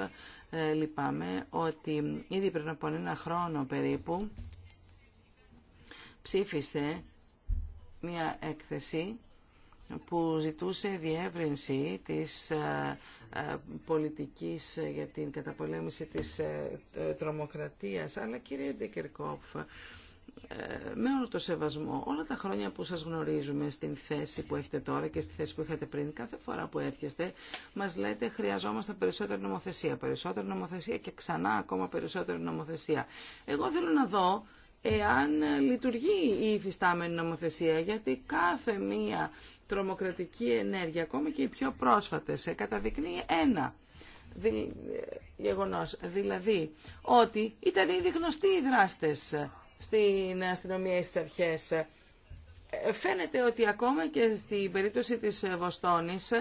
ε, λυπάμαι ότι ήδη πριν από ένα χρόνο περίπου ψήφισε μια έκθεση που ζητούσε διεύρυνση της ε, ε, πολιτικής για την καταπολέμηση της τρομοκρατίας. Αλλά κύριε Ντεκερκόφ, ε, με όλο το σεβασμό, όλα τα χρόνια που σας γνωρίζουμε στην θέση που έχετε τώρα και στη θέση που είχατε πριν, κάθε φορά που έρχεστε, μας λέτε χρειαζόμαστε περισσότερη νομοθεσία, περισσότερη νομοθεσία και ξανά ακόμα περισσότερη νομοθεσία. Εγώ θέλω να δω εάν λειτουργεί η υφιστάμενη νομοθεσία, γιατί κάθε μία τρομοκρατική ενέργεια, ακόμα και οι πιο πρόσφατες, ε, καταδεικνύει ένα ε, γεγονός, δηλαδή ότι ήταν ήδη γνωστοί οι δράστες στην αστυνομία ή στις αρχές. Φαίνεται ότι ακόμα και στην περίπτωση της Βοστόνης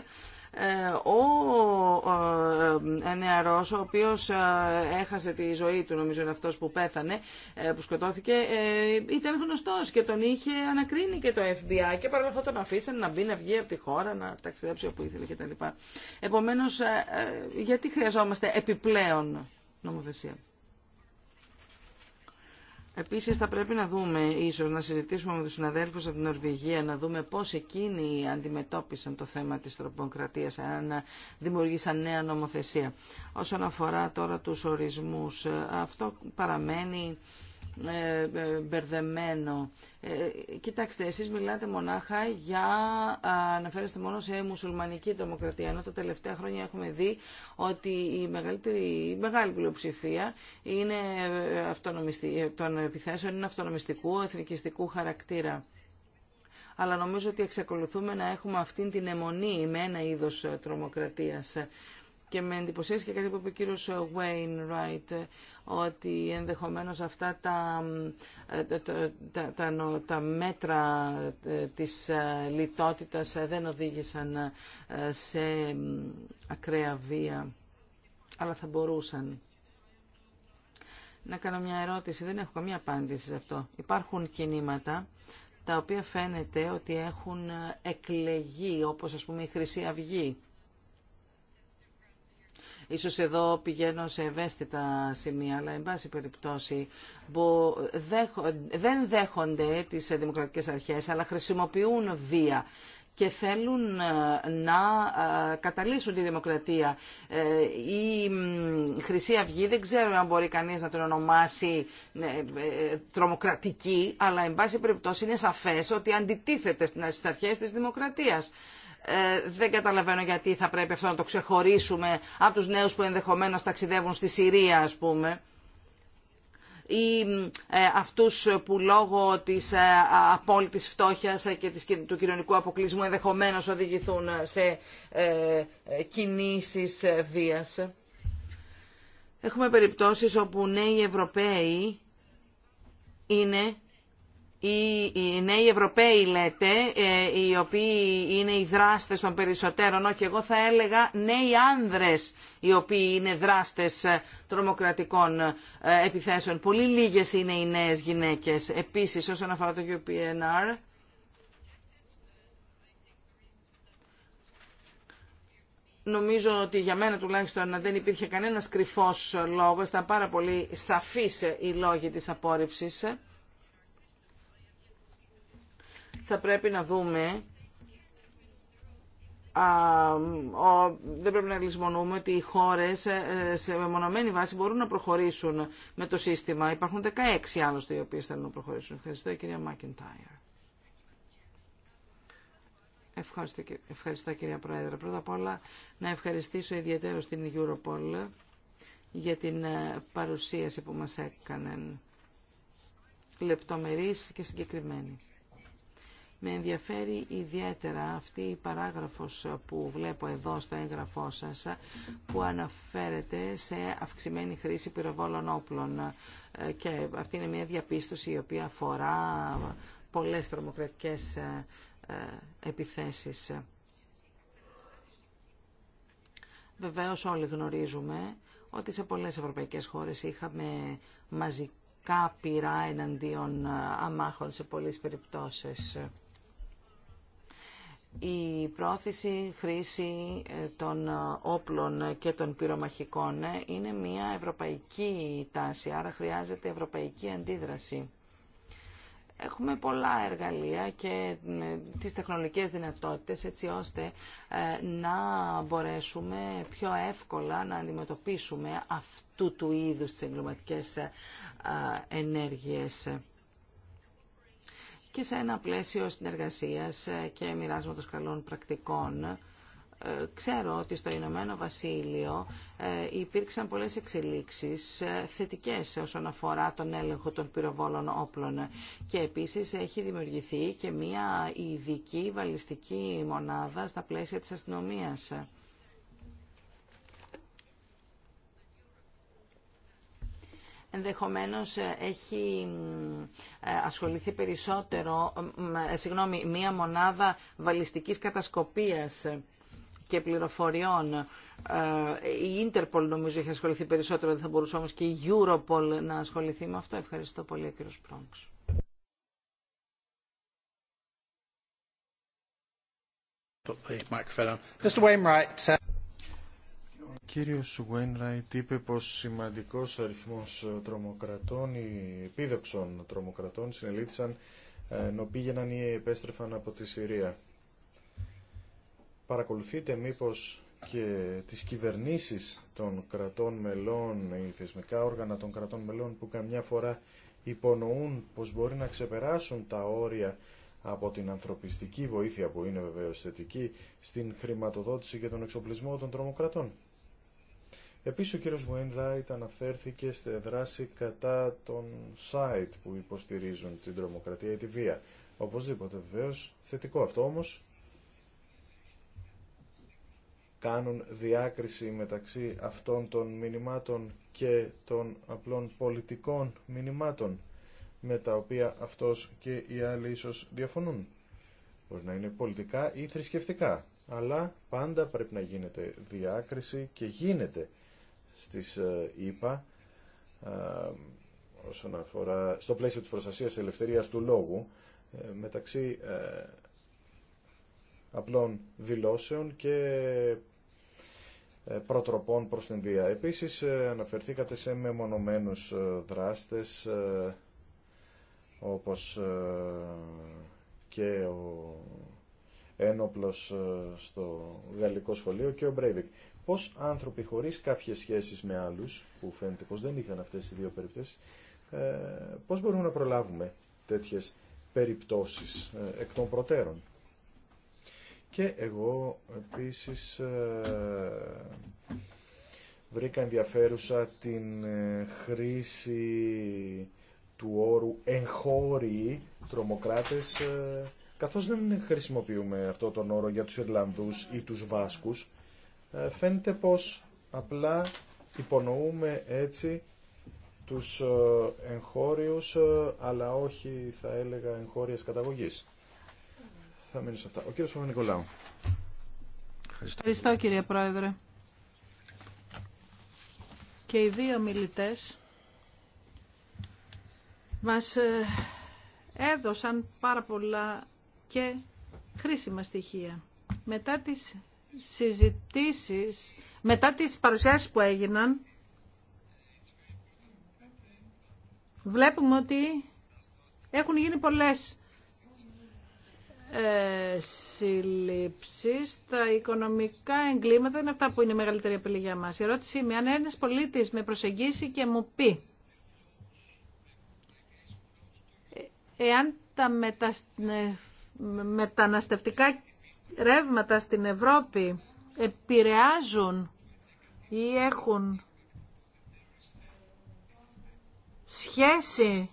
ε, ο ε, νεαρός ο οποίος ε, έχασε τη ζωή του νομίζω είναι αυτός που πέθανε που σκοτώθηκε ήταν γνωστός και τον είχε ανακρίνει και το FBI και παρόλο τον αφήσανε να μπει να βγει από τη χώρα να ταξιδέψει όπου ήθελε κτλ. Επομένως γιατί χρειαζόμαστε επιπλέον νομοθεσία. Επίσης θα πρέπει να δούμε, ίσω να συζητήσουμε με τους συναδέλφους από την Νορβηγία, να δούμε πώ εκείνοι αντιμετώπισαν το θέμα της τροποκρατίας, αν δημιουργήσαν νέα νομοθεσία. Όσον αφορά τώρα τους ορισμούς, αυτό παραμένει ε, ε, μπερδεμένο. Ε, κοιτάξτε, εσείς μιλάτε μονάχα για, αναφέρεστε μόνο σε μουσουλμανική τρομοκρατία; ενώ τα τελευταία χρόνια έχουμε δει ότι η, μεγαλύτερη, μεγάλη πλειοψηφία είναι των επιθέσεων είναι αυτονομιστικού, εθνικιστικού χαρακτήρα αλλά νομίζω ότι εξακολουθούμε να έχουμε αυτήν την αιμονή με ένα είδος τρομοκρατίας και με εντυπωσίασε και κάτι που είπε ο κύριος Ράιτ ότι ενδεχομένως αυτά τα, ε, τα, τα, μέτρα ε, της ε, λιτότητας δεν οδήγησαν σε ακραία βία αλλά θα μπορούσαν. Να κάνω μια ερώτηση, δεν έχω καμία απάντηση σε αυτό. Υπάρχουν κινήματα τα οποία φαίνεται ότι έχουν εκλεγεί, όπως ας πούμε η Χρυσή Αυγή Ίσως εδώ πηγαίνω σε ευαίσθητα σημεία, αλλά εν πάση περιπτώσει δεν δέχονται τις δημοκρατικές αρχές, αλλά χρησιμοποιούν βία και θέλουν ε, να ε, καταλύσουν τη δημοκρατία. Ε, η Χρυσή Αυγή δεν ξέρω αν μπορεί κανείς να την ονομάσει τρομοκρατική, αλλά εν πάση περιπτώσει είναι σαφές ότι αντιτίθεται στις αρχές της δημοκρατίας. Ε, δεν καταλαβαίνω γιατί θα πρέπει αυτό να το ξεχωρίσουμε από τους νέους που ενδεχομένως ταξιδεύουν στη Συρία, ας πούμε ή ε, αυτούς που λόγω της ε, απόλυτης φτώχειας ε, και του κοινωνικού αποκλεισμού ενδεχομένως οδηγηθούν σε ε, ε κινήσεις βίας. Έχουμε περιπτώσεις όπου νέοι Ευρωπαίοι είναι οι νέοι Ευρωπαίοι λέτε, ε, οι οποίοι είναι οι δράστες των περισσότερων, όχι εγώ θα έλεγα νέοι άνδρες οι οποίοι είναι δράστες ε, τρομοκρατικών ε, επιθέσεων. Πολύ λίγες είναι οι νέες γυναίκες. Επίσης όσον αφορά το UPNR, νομίζω ότι για μένα τουλάχιστον δεν υπήρχε κανένας κρυφός λόγος, ήταν πάρα πολύ σαφής οι λόγοι της απόρριψης θα πρέπει να δούμε δεν πρέπει να λησμονούμε ότι οι χώρες ε, σε μεμονωμένη βάση μπορούν να προχωρήσουν με το σύστημα. Υπάρχουν 16 άλλωστε οι οποίες θέλουν να προχωρήσουν. Ευχαριστώ κυρία Μάκιντάιρ. Ευχαριστώ, ευχαριστώ κυρία Πρόεδρε. Πρώτα απ' όλα να ευχαριστήσω ιδιαίτερα στην Europol για την ε, παρουσίαση που μας έκανε λεπτομερής και συγκεκριμένη. Με ενδιαφέρει ιδιαίτερα αυτή η παράγραφος που βλέπω εδώ στο έγγραφό σας που αναφέρεται σε αυξημένη χρήση πυροβόλων όπλων και αυτή είναι μια διαπίστωση η οποία αφορά πολλές τρομοκρατικές ε, ε, επιθέσεις. Βεβαίως όλοι γνωρίζουμε ότι σε πολλές ευρωπαϊκές χώρες είχαμε μαζικά πειρά εναντίον ε, αμάχων σε πολλές περιπτώσεις η πρόθεση χρήση ε, των ε, όπλων και των πυρομαχικών ε, είναι μια ευρωπαϊκή τάση, άρα χρειάζεται ευρωπαϊκή αντίδραση. Έχουμε πολλά εργαλεία και τις τεχνολογικές δυνατότητες έτσι ώστε να μπορέσουμε πιο εύκολα να αντιμετωπίσουμε αυτού του είδους τις εγκληματικές ενέργειες και σε ένα πλαίσιο συνεργασίας και μοιράσματος καλών πρακτικών. Ε, ξέρω ότι στο Ηνωμένο Βασίλειο ε, υπήρξαν πολλές εξελίξεις ε, θετικές όσον αφορά τον έλεγχο των πυροβόλων όπλων και επίσης έχει δημιουργηθεί και μια ειδική βαλιστική μονάδα στα πλαίσια της αστυνομίας. ενδεχομένως ε, έχει ε, ασχοληθεί περισσότερο, ε, συγγνώμη, μία μονάδα βαλιστικής κατασκοπίας και πληροφοριών. Η Interpol νομίζω έχει ασχοληθεί περισσότερο, δεν θα μπορούσε όμως και η Europol να ασχοληθεί με αυτό. Ευχαριστώ πολύ, κύριο Πρόγκ κύριος Γουένραϊτ είπε πως σημαντικός αριθμός τρομοκρατών ή επίδοξων τρομοκρατών συνελήφθησαν ε, ενώ πήγαιναν ή επέστρεφαν από τη Συρία. Παρακολουθείτε μήπως και τις κυβερνήσεις των κρατών μελών, ή θεσμικά όργανα των κρατών μελών που καμιά φορά υπονοούν πως μπορεί να ξεπεράσουν τα όρια από την ανθρωπιστική βοήθεια που είναι βεβαίω θετική στην χρηματοδότηση και τον εξοπλισμό των τρομοκρατών. Επίσης ο κύριος Wainwright αναφέρθηκε στη δράση κατά των site που υποστηρίζουν την τρομοκρατία ή τη βία. Οπωσδήποτε βεβαίω θετικό αυτό όμως κάνουν διάκριση μεταξύ αυτών των μηνυμάτων και των απλών πολιτικών μηνυμάτων με τα οποία αυτός και οι άλλοι ίσως διαφωνούν. Μπορεί να είναι πολιτικά ή θρησκευτικά, αλλά πάντα πρέπει να γίνεται διάκριση και γίνεται στις ε, ΗΠΑ ε, όσον αφορά στο πλαίσιο της προστασίας ελευθερίας του λόγου ε, μεταξύ απλών δηλώσεων και προτροπών προς την βία. Επίσης αναφερθήκατε σε μεμονωμένους δράστες όπως και ο ένοπλος στο γαλλικό σχολείο και ο Μπρέιβικ πως άνθρωποι χωρίς κάποιες σχέσεις με άλλους, που φαίνεται πως δεν είχαν αυτές οι δύο περιπτώσεις, ε, πως μπορούμε να προλάβουμε τέτοιες περιπτώσεις ε, εκ των προτέρων. Και εγώ επίσης ε, βρήκα ενδιαφέρουσα την χρήση του όρου εγχώριοι τρομοκράτες καθώς δεν χρησιμοποιούμε αυτό τον όρο για τους Ιρλανδούς ή τους Βάσκους ε, φαίνεται πως απλά υπονοούμε έτσι τους ε, εγχώριους, ε, αλλά όχι θα έλεγα εγχώριες καταγωγής. Θα μείνω σε αυτά. Ο κύριος Παπα-Νικολάου. Ευχαριστώ. Ευχαριστώ κύριε Πρόεδρε. Και οι δύο μιλητές μας έδωσαν πάρα πολλά και χρήσιμα στοιχεία. Μετά τις συζητήσεις, μετά τις παρουσιάσεις που έγιναν, βλέπουμε ότι έχουν γίνει πολλές ε, συλλήψεις. Τα οικονομικά εγκλήματα είναι αυτά που είναι η μεγαλύτερη επιλογή για μας. Η ερώτησή είναι αν ένας πολίτης με προσεγγίσει και μου πει ε, εάν τα ε, μεταναστευτικά ρεύματα στην Ευρώπη επηρεάζουν ή έχουν σχέση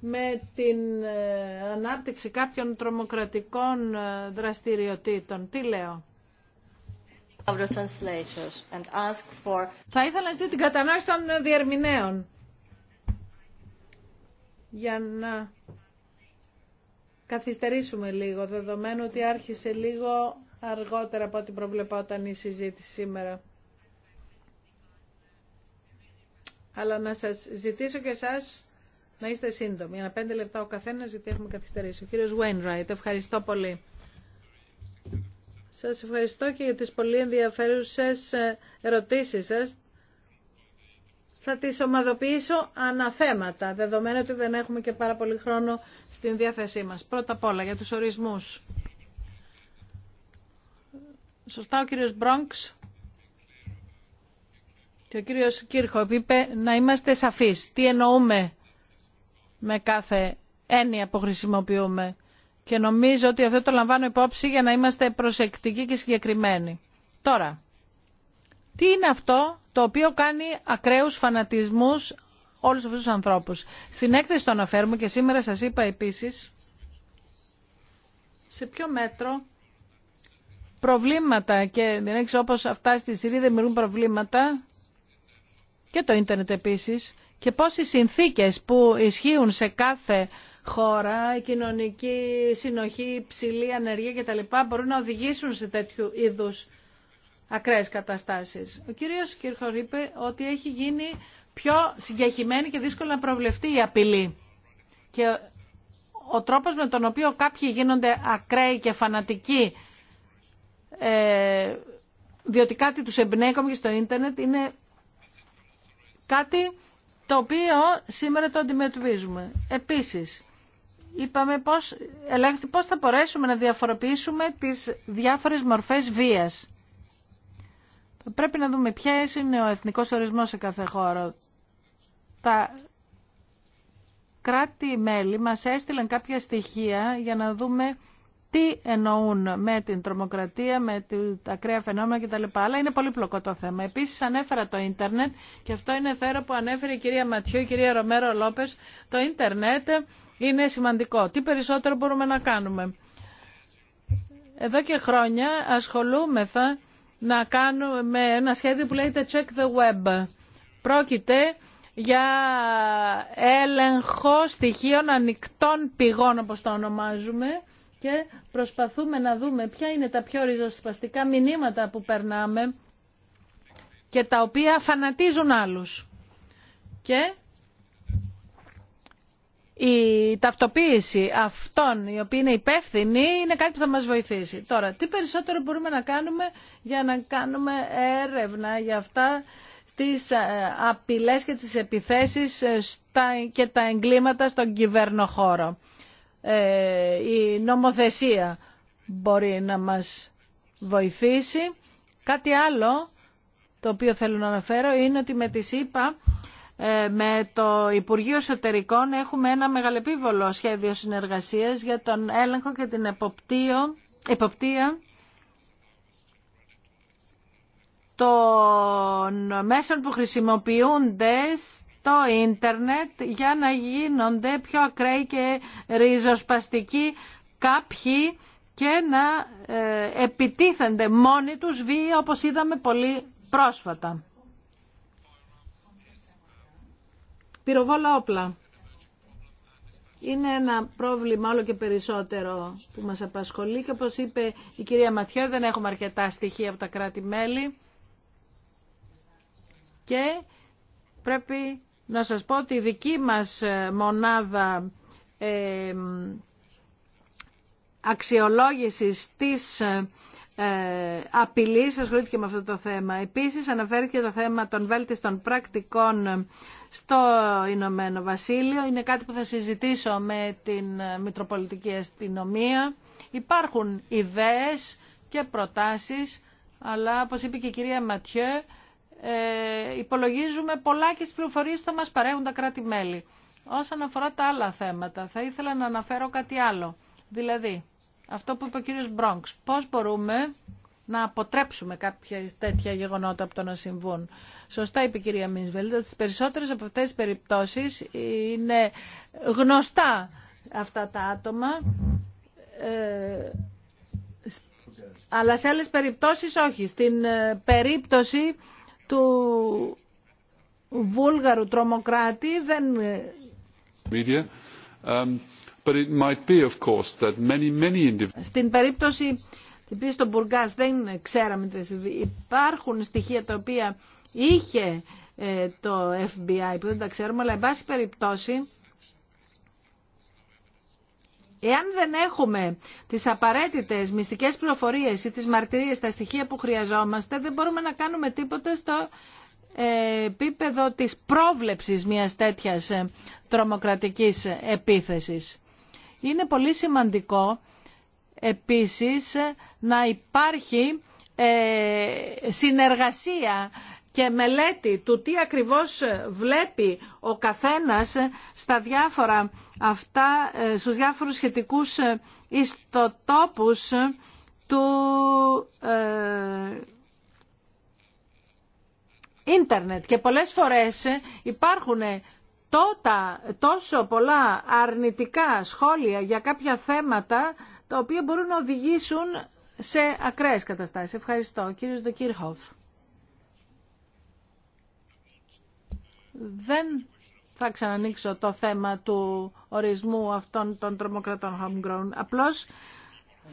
με την ε, ανάπτυξη κάποιων τρομοκρατικών ε, δραστηριοτήτων. Τι λέω. Θα ήθελα να ζητήσω την κατανόηση των διερμηνέων για να καθυστερήσουμε λίγο, δεδομένου ότι άρχισε λίγο αργότερα από ό,τι προβλεπόταν η συζήτηση σήμερα. Αλλά να σας ζητήσω και εσάς να είστε σύντομοι. Ένα πέντε λεπτά ο καθένας, γιατί έχουμε καθυστερήσει. Ο κύριος Wainwright, ευχαριστώ πολύ. Σας ευχαριστώ και για τις πολύ ενδιαφέρουσες ε, ερωτήσεις σας θα τις ομαδοποιήσω αναθέματα, δεδομένου ότι δεν έχουμε και πάρα πολύ χρόνο στην διάθεσή μας. Πρώτα απ' όλα για τους ορισμούς. Σωστά ο κύριος Μπρόγκς και ο κύριος Κύρχο είπε να είμαστε σαφείς. Τι εννοούμε με κάθε έννοια που χρησιμοποιούμε. Και νομίζω ότι αυτό το λαμβάνω υπόψη για να είμαστε προσεκτικοί και συγκεκριμένοι. Τώρα, τι είναι αυτό το οποίο κάνει ακραίους φανατισμούς όλους αυτούς τους ανθρώπους. Στην έκθεση το αναφέρουμε και σήμερα σας είπα επίσης σε ποιο μέτρο προβλήματα και δεν έχεις όπως αυτά στη δεν δημιουργούν προβλήματα και το ίντερνετ επίσης και πώς οι συνθήκες που ισχύουν σε κάθε χώρα, η κοινωνική συνοχή, υψηλή, ψηλή ανεργία κτλ. μπορούν να οδηγήσουν σε τέτοιου είδους ακραίες καταστάσεις. Ο κύριος Κύρχορ είπε ότι έχει γίνει πιο συγκεχημένη και δύσκολα να προβλεφτεί η απειλή. Και ο τρόπος με τον οποίο κάποιοι γίνονται ακραίοι και φανατικοί ε, διότι κάτι τους εμπνέει και στο ίντερνετ είναι κάτι το οποίο σήμερα το αντιμετωπίζουμε. Επίσης, είπαμε πώς, πώς θα μπορέσουμε να διαφοροποιήσουμε τις διάφορες μορφές βίας. Πρέπει να δούμε ποιε είναι ο εθνικός ορισμός σε κάθε χώρο. Τα κράτη-μέλη μας έστειλαν κάποια στοιχεία για να δούμε τι εννοούν με την τρομοκρατία, με τα ακραία φαινόμενα κτλ. Αλλά είναι πολύ πλοκό το θέμα. Επίσης ανέφερα το ίντερνετ και αυτό είναι θέρο που ανέφερε η κυρία Ματιού, η κυρία Ρομέρο Λόπες. Το ίντερνετ είναι σημαντικό. Τι περισσότερο μπορούμε να κάνουμε. Εδώ και χρόνια ασχολούμεθα να κάνουμε ένα σχέδιο που λέγεται Check the Web. Πρόκειται για έλεγχο στοιχείων ανοιχτών πηγών, όπως το ονομάζουμε, και προσπαθούμε να δούμε ποια είναι τα πιο ριζοσπαστικά μηνύματα που περνάμε και τα οποία φανατίζουν άλλους. Και η ταυτοποίηση αυτών οι οποίοι είναι υπεύθυνοι είναι κάτι που θα μας βοηθήσει. Τώρα, τι περισσότερο μπορούμε να κάνουμε για να κάνουμε έρευνα για αυτά τις ε, απειλές και τις επιθέσεις ε, και τα εγκλήματα στον κυβέρνοχώρο. Ε, η νομοθεσία μπορεί να μας βοηθήσει. Κάτι άλλο το οποίο θέλω να αναφέρω είναι ότι με τη ΣΥΠΑ ε, με το Υπουργείο Εσωτερικών έχουμε ένα μεγαλεπίβολο σχέδιο συνεργασίας για τον έλεγχο και την εποπτείο, εποπτεία των μέσων που χρησιμοποιούνται το ίντερνετ για να γίνονται πιο ακραίοι και ριζοσπαστικοί κάποιοι και να ε, επιτίθενται μόνοι τους βία όπως είδαμε πολύ πρόσφατα. πυροβόλα όπλα. Είναι ένα πρόβλημα όλο και περισσότερο που μας απασχολεί και όπως είπε η κυρία Ματιό δεν έχουμε αρκετά στοιχεία από τα κράτη-μέλη και πρέπει να σας πω ότι η δική μας ε, μονάδα ε, αξιολόγησης της ε, ε, απειλή ασχολήθηκε με αυτό το θέμα. Επίσης αναφέρει το θέμα των βέλτιστων πρακτικών στο Ηνωμένο Βασίλειο. Είναι κάτι που θα συζητήσω με την Μητροπολιτική Αστυνομία. Υπάρχουν ιδέες και προτάσεις, αλλά όπως είπε και η κυρία Ματιέ, ε, υπολογίζουμε πολλά και στις πληροφορίες θα μας παρέχουν τα κράτη-μέλη. Όσον αφορά τα άλλα θέματα, θα ήθελα να αναφέρω κάτι άλλο. Δηλαδή, αυτό που είπε ο κύριος Μπρόγκς. Πώς μπορούμε να αποτρέψουμε κάποια τέτοια γεγονότα από το να συμβούν. Σωστά είπε η κυρία Μίνσβελ, ότι τις περισσότερες από αυτές τις περιπτώσεις είναι γνωστά αυτά τα άτομα, ε, αλλά σε άλλες περιπτώσεις όχι. Στην ε, περίπτωση του βούλγαρου τρομοκράτη δεν... Ε, στην περίπτωση την πτήση των Μπουργκάς δεν ξέραμε τι Υπάρχουν στοιχεία τα οποία είχε ε, το FBI που δεν τα ξέρουμε, αλλά εν πάση περιπτώσει, εάν δεν έχουμε τις απαραίτητες μυστικές πληροφορίες ή τις μαρτυρίες, τα στοιχεία που χρειαζόμαστε, δεν μπορούμε να κάνουμε τίποτα στο ε, επίπεδο της πρόβλεψης μιας τέτοιας ε, τρομοκρατικής επίθεσης. Είναι πολύ σημαντικό επίσης να υπάρχει ε, συνεργασία και μελέτη του τι ακριβώς βλέπει ο καθένας στα διάφορα αυτά, ε, στους διάφορους σχετικούς ε, ιστοτόπους του ίντερνετ. Και πολλές φορές υπάρχουν τότε τόσο πολλά αρνητικά σχόλια για κάποια θέματα τα οποία μπορούν να οδηγήσουν σε ακραίες καταστάσεις. Ευχαριστώ. Κύριος Δοκύρχοφ. Δεν θα ξανανοίξω το θέμα του ορισμού αυτών των τρομοκρατών homegrown. Απλώς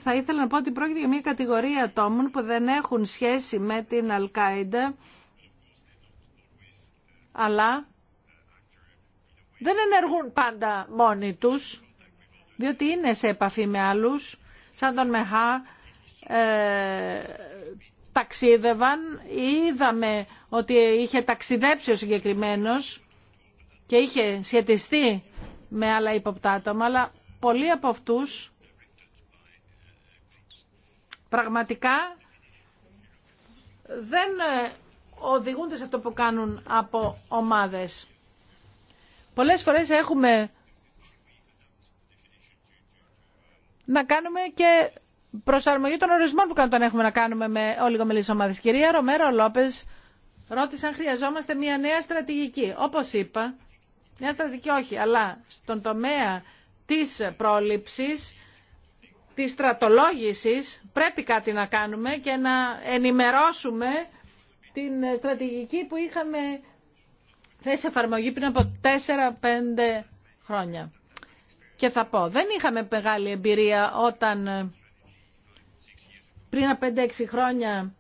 θα ήθελα να πω ότι πρόκειται για μια κατηγορία ατόμων που δεν έχουν σχέση με την Αλκάιντα, αλλά δεν ενεργούν πάντα μόνοι τους, διότι είναι σε επαφή με άλλους, σαν τον Μεχά, ε, ταξίδευαν, είδαμε ότι είχε ταξιδέψει ο συγκεκριμένος και είχε σχετιστεί με άλλα υποπτάτομα, αλλά πολλοί από αυτούς πραγματικά δεν ε, οδηγούνται σε αυτό που κάνουν από ομάδες. Πολλές φορές έχουμε να κάνουμε και προσαρμογή των ορισμών που κάναμε έχουμε να κάνουμε με οι ομάδες. Κυρία Ρομέρο Λόπες ρώτησε αν χρειαζόμαστε μια νέα στρατηγική. Όπως είπα, μια στρατηγική όχι, αλλά στον τομέα της πρόληψης, της στρατολόγησης πρέπει κάτι να κάνουμε και να ενημερώσουμε την στρατηγική που είχαμε θέση εφαρμογή πριν από 4-5 χρόνια. Και θα πω, δεν είχαμε μεγάλη εμπειρία όταν ε, πριν από 5-6 χρόνια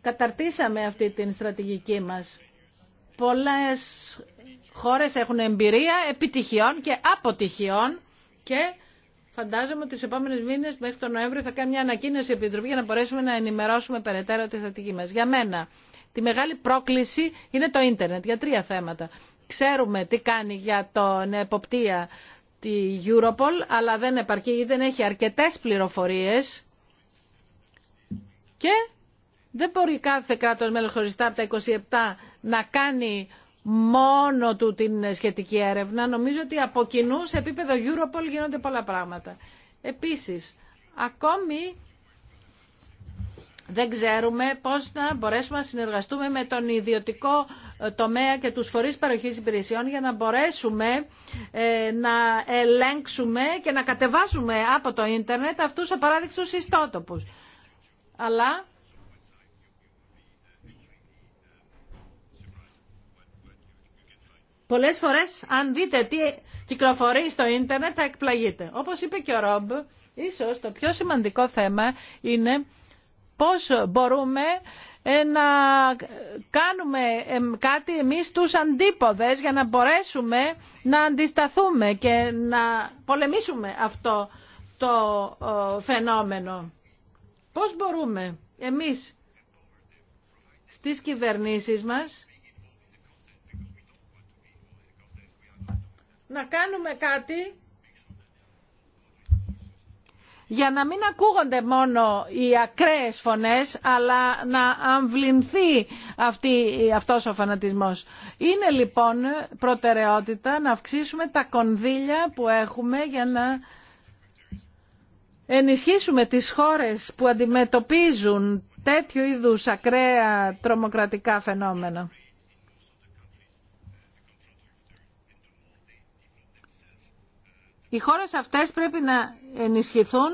καταρτήσαμε αυτή την στρατηγική μας. Πολλές χώρες έχουν εμπειρία επιτυχιών και αποτυχιών και φαντάζομαι ότι τις επόμενες μήνες μέχρι τον Νοέμβριο θα κάνει μια ανακοίνωση Επιτροπή για να μπορέσουμε να ενημερώσουμε περαιτέρω τη στρατηγική μας. Για μένα, τη μεγάλη πρόκληση είναι το ίντερνετ για τρία θέματα. Ξέρουμε τι κάνει για τον εποπτεία τη Europol, αλλά δεν επαρκεί δεν έχει αρκετές πληροφορίες και δεν μπορεί κάθε κράτος μέλος χωριστά από τα 27 να κάνει μόνο του την σχετική έρευνα. Νομίζω ότι από κοινού σε επίπεδο Europol γίνονται πολλά πράγματα. Επίσης, ακόμη δεν ξέρουμε πώς να μπορέσουμε να συνεργαστούμε με τον ιδιωτικό ε, τομέα και τους φορείς παροχής υπηρεσιών για να μπορέσουμε ε, να ελέγξουμε και να κατεβάσουμε από το ίντερνετ αυτούς απαράδεκτους ιστότοπους. Αλλά πολλές φορές αν δείτε τι κυκλοφορεί στο ίντερνετ θα εκπλαγείτε. Όπως είπε και ο Ρόμπ, ίσως το πιο σημαντικό θέμα είναι πώς μπορούμε ε, να κάνουμε ε, κάτι εμείς τους αντίποδες για να μπορέσουμε να αντισταθούμε και να πολεμήσουμε αυτό το φαινόμενο. Πώς μπορούμε εμείς στις κυβερνήσεις μας να κάνουμε κάτι για να μην ακούγονται μόνο οι ακραίες φωνές αλλά να αμβληνθεί αυτή, αυτός ο φανατισμός. Είναι λοιπόν προτεραιότητα να αυξήσουμε τα κονδύλια που έχουμε για να ενισχύσουμε τις χώρες που αντιμετωπίζουν τέτοιου είδους ακραία τρομοκρατικά φαινόμενα. Οι χώρες αυτές πρέπει να ενισχυθούν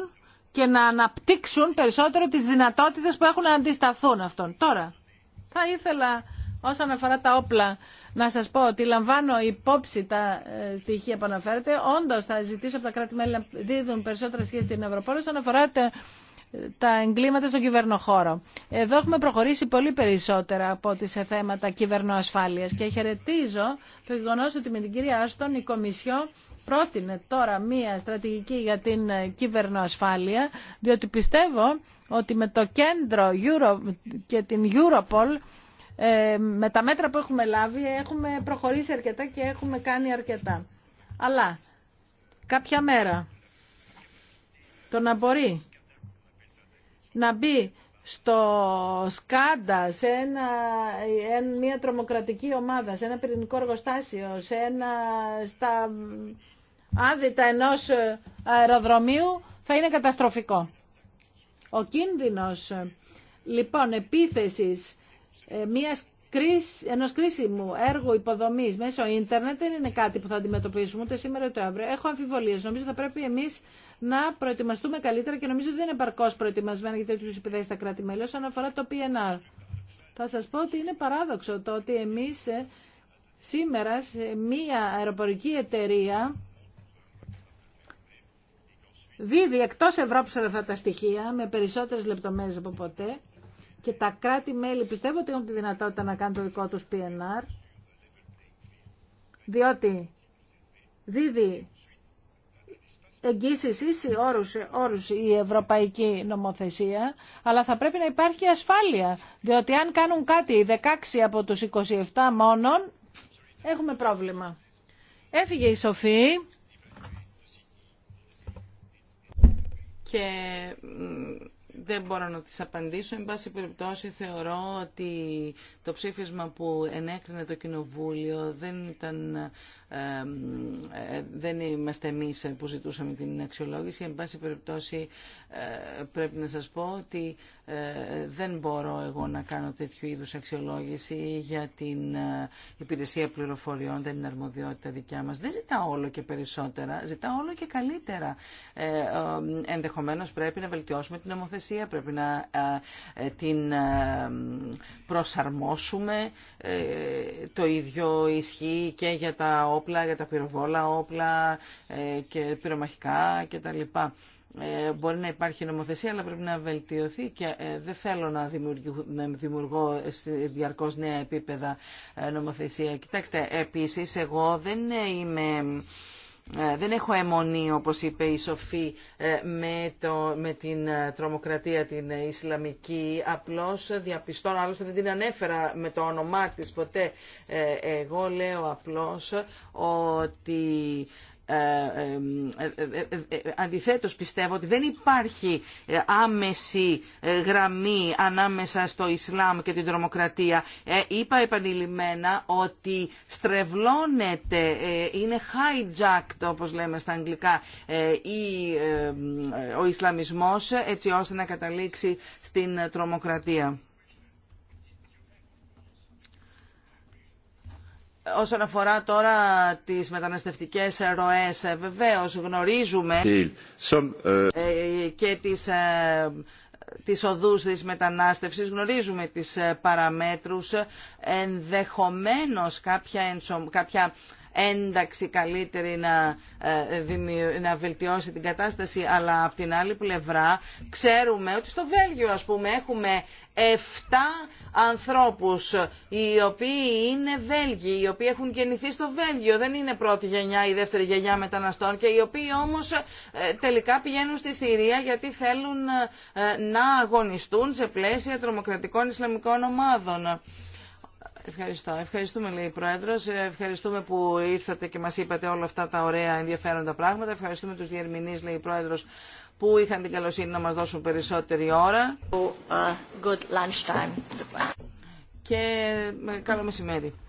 και να αναπτύξουν περισσότερο τις δυνατότητες που έχουν να αντισταθούν αυτών. Τώρα, θα ήθελα όσον αφορά τα όπλα να σας πω ότι λαμβάνω υπόψη τα ε, στοιχεία που αναφέρετε. Όντως θα ζητήσω από τα κράτη-μέλη να δίδουν περισσότερα στοιχεία στην Ευρωπόλη όσον αφορά τα εγκλήματα στον κυβερνοχώρο. Εδώ έχουμε προχωρήσει πολύ περισσότερα από ό,τι σε θέματα κυβερνοασφάλειας και χαιρετίζω το γεγονό ότι με την κυρία Άστον η Κομισιό πρότεινε τώρα μία στρατηγική για την κυβερνοασφάλεια, διότι πιστεύω ότι με το κέντρο και την Europol ε, με τα μέτρα που έχουμε λάβει έχουμε προχωρήσει αρκετά και έχουμε κάνει αρκετά. Αλλά κάποια μέρα το να μπορεί να μπει στο Σκάντα, σε ένα, μια τρομοκρατική ομάδα, σε ένα πυρηνικό εργοστάσιο, σε ένα, στα άδυτα ενός ε, αεροδρομίου, θα είναι καταστροφικό. Ο κίνδυνος, ε, λοιπόν, επίθεσης ε, μιας Ενό κρίσιμου έργου υποδομή μέσω ίντερνετ δεν είναι κάτι που θα αντιμετωπίσουμε ούτε σήμερα ούτε αύριο. Έχω αμφιβολίε. Νομίζω θα πρέπει εμεί να προετοιμαστούμε καλύτερα και νομίζω ότι δεν είναι παρκώς προετοιμασμένα για τέτοιου επιδέσεις στα κράτη-μέλη όσον αφορά το PNR. Θα σα πω ότι είναι παράδοξο το ότι εμεί ε, σήμερα σε μία αεροπορική εταιρεία δίδει εκτό Ευρώπη όλα αυτά τα στοιχεία με περισσότερε λεπτομέρειε από ποτέ και τα κράτη-μέλη πιστεύω ότι έχουν τη δυνατότητα να κάνουν το δικό τους PNR, διότι δίδει εγγύσεις ίση όρους, η ευρωπαϊκή νομοθεσία, αλλά θα πρέπει να υπάρχει ασφάλεια, διότι αν κάνουν κάτι 16 από τους 27 μόνον, έχουμε πρόβλημα. Έφυγε η Σοφή. Και δεν μπορώ να τις απαντήσω. Εν πάση περιπτώσει θεωρώ ότι το ψήφισμα που ενέκρινε το Κοινοβούλιο δεν ήταν... Ε, δεν είμαστε εμείς που ζητούσαμε την αξιολόγηση. Εν πάση περιπτώσει ε, πρέπει να σας πω ότι ε, δεν μπορώ εγώ να κάνω τέτοιου είδους αξιολόγηση για την ε, υπηρεσία πληροφοριών, δεν είναι αρμοδιότητα δικιά μας. Δεν ζητά όλο και περισσότερα, ζητά όλο και καλύτερα. Ε, ενδεχομένως πρέπει να βελτιώσουμε την νομοθεσία, πρέπει να την προσαρμόσουμε. Το ίδιο ισχύει και για τα όπλα, για τα πυροβόλα όπλα και πυρομαχικά κτλ. Ε, μπορεί να υπάρχει νομοθεσία, αλλά πρέπει να βελτιωθεί και ε, δεν θέλω να, να δημιουργώ διαρκώ νέα επίπεδα ε, νομοθεσία. Κοιτάξτε, επίσης, εγώ δεν είμαι... Ε, δεν έχω αιμονή, όπως είπε η Σοφή, με, το, με την τρομοκρατία την Ισλαμική. Απλώς διαπιστώνω, άλλωστε δεν την ανέφερα με το όνομά της ποτέ. Εγώ λέω απλώς ότι ε, ε, ε, αντιθέτως πιστεύω ότι δεν υπάρχει άμεση γραμμή ανάμεσα στο Ισλάμ και την τρομοκρατία. Είπα επανειλημμένα ότι στρεβλώνεται, είναι hijacked όπως λέμε στα αγγλικά ή ο Ισλαμισμός έτσι ώστε να καταλήξει στην τρομοκρατία. Όσον αφορά τώρα τις μεταναστευτικές ροές, ε, βεβαίως γνωρίζουμε ε, ε, και τις, τις οδούς της μετανάστευσης, γνωρίζουμε τις παραμέτρους, ενδεχομένως κάποια, κάποια ένταξη καλύτερη να, ε, να βελτιώσει την κατάσταση, αλλά από την άλλη πλευρά ξέρουμε ότι στο Βέλγιο ας πούμε έχουμε 7 ανθρώπους οι οποίοι είναι Βέλγοι, οι οποίοι έχουν γεννηθεί στο Βέλγιο, δεν είναι πρώτη γενιά ή δεύτερη γενιά μεταναστών και οι οποίοι όμως ε, τελικά πηγαίνουν στη Συρία γιατί θέλουν ε, να αγωνιστούν σε πλαίσια τρομοκρατικών Ισλαμικών ομάδων. Ευχαριστώ. Ευχαριστούμε, λέει η Πρόεδρο. Ευχαριστούμε που ήρθατε και μα είπατε όλα αυτά τα ωραία ενδιαφέροντα πράγματα. Ευχαριστούμε του διερμηνεί, λέει η Πρόεδρο, που είχαν την καλοσύνη να μα δώσουν περισσότερη ώρα. Oh, uh, good Και ε, καλό μεσημέρι.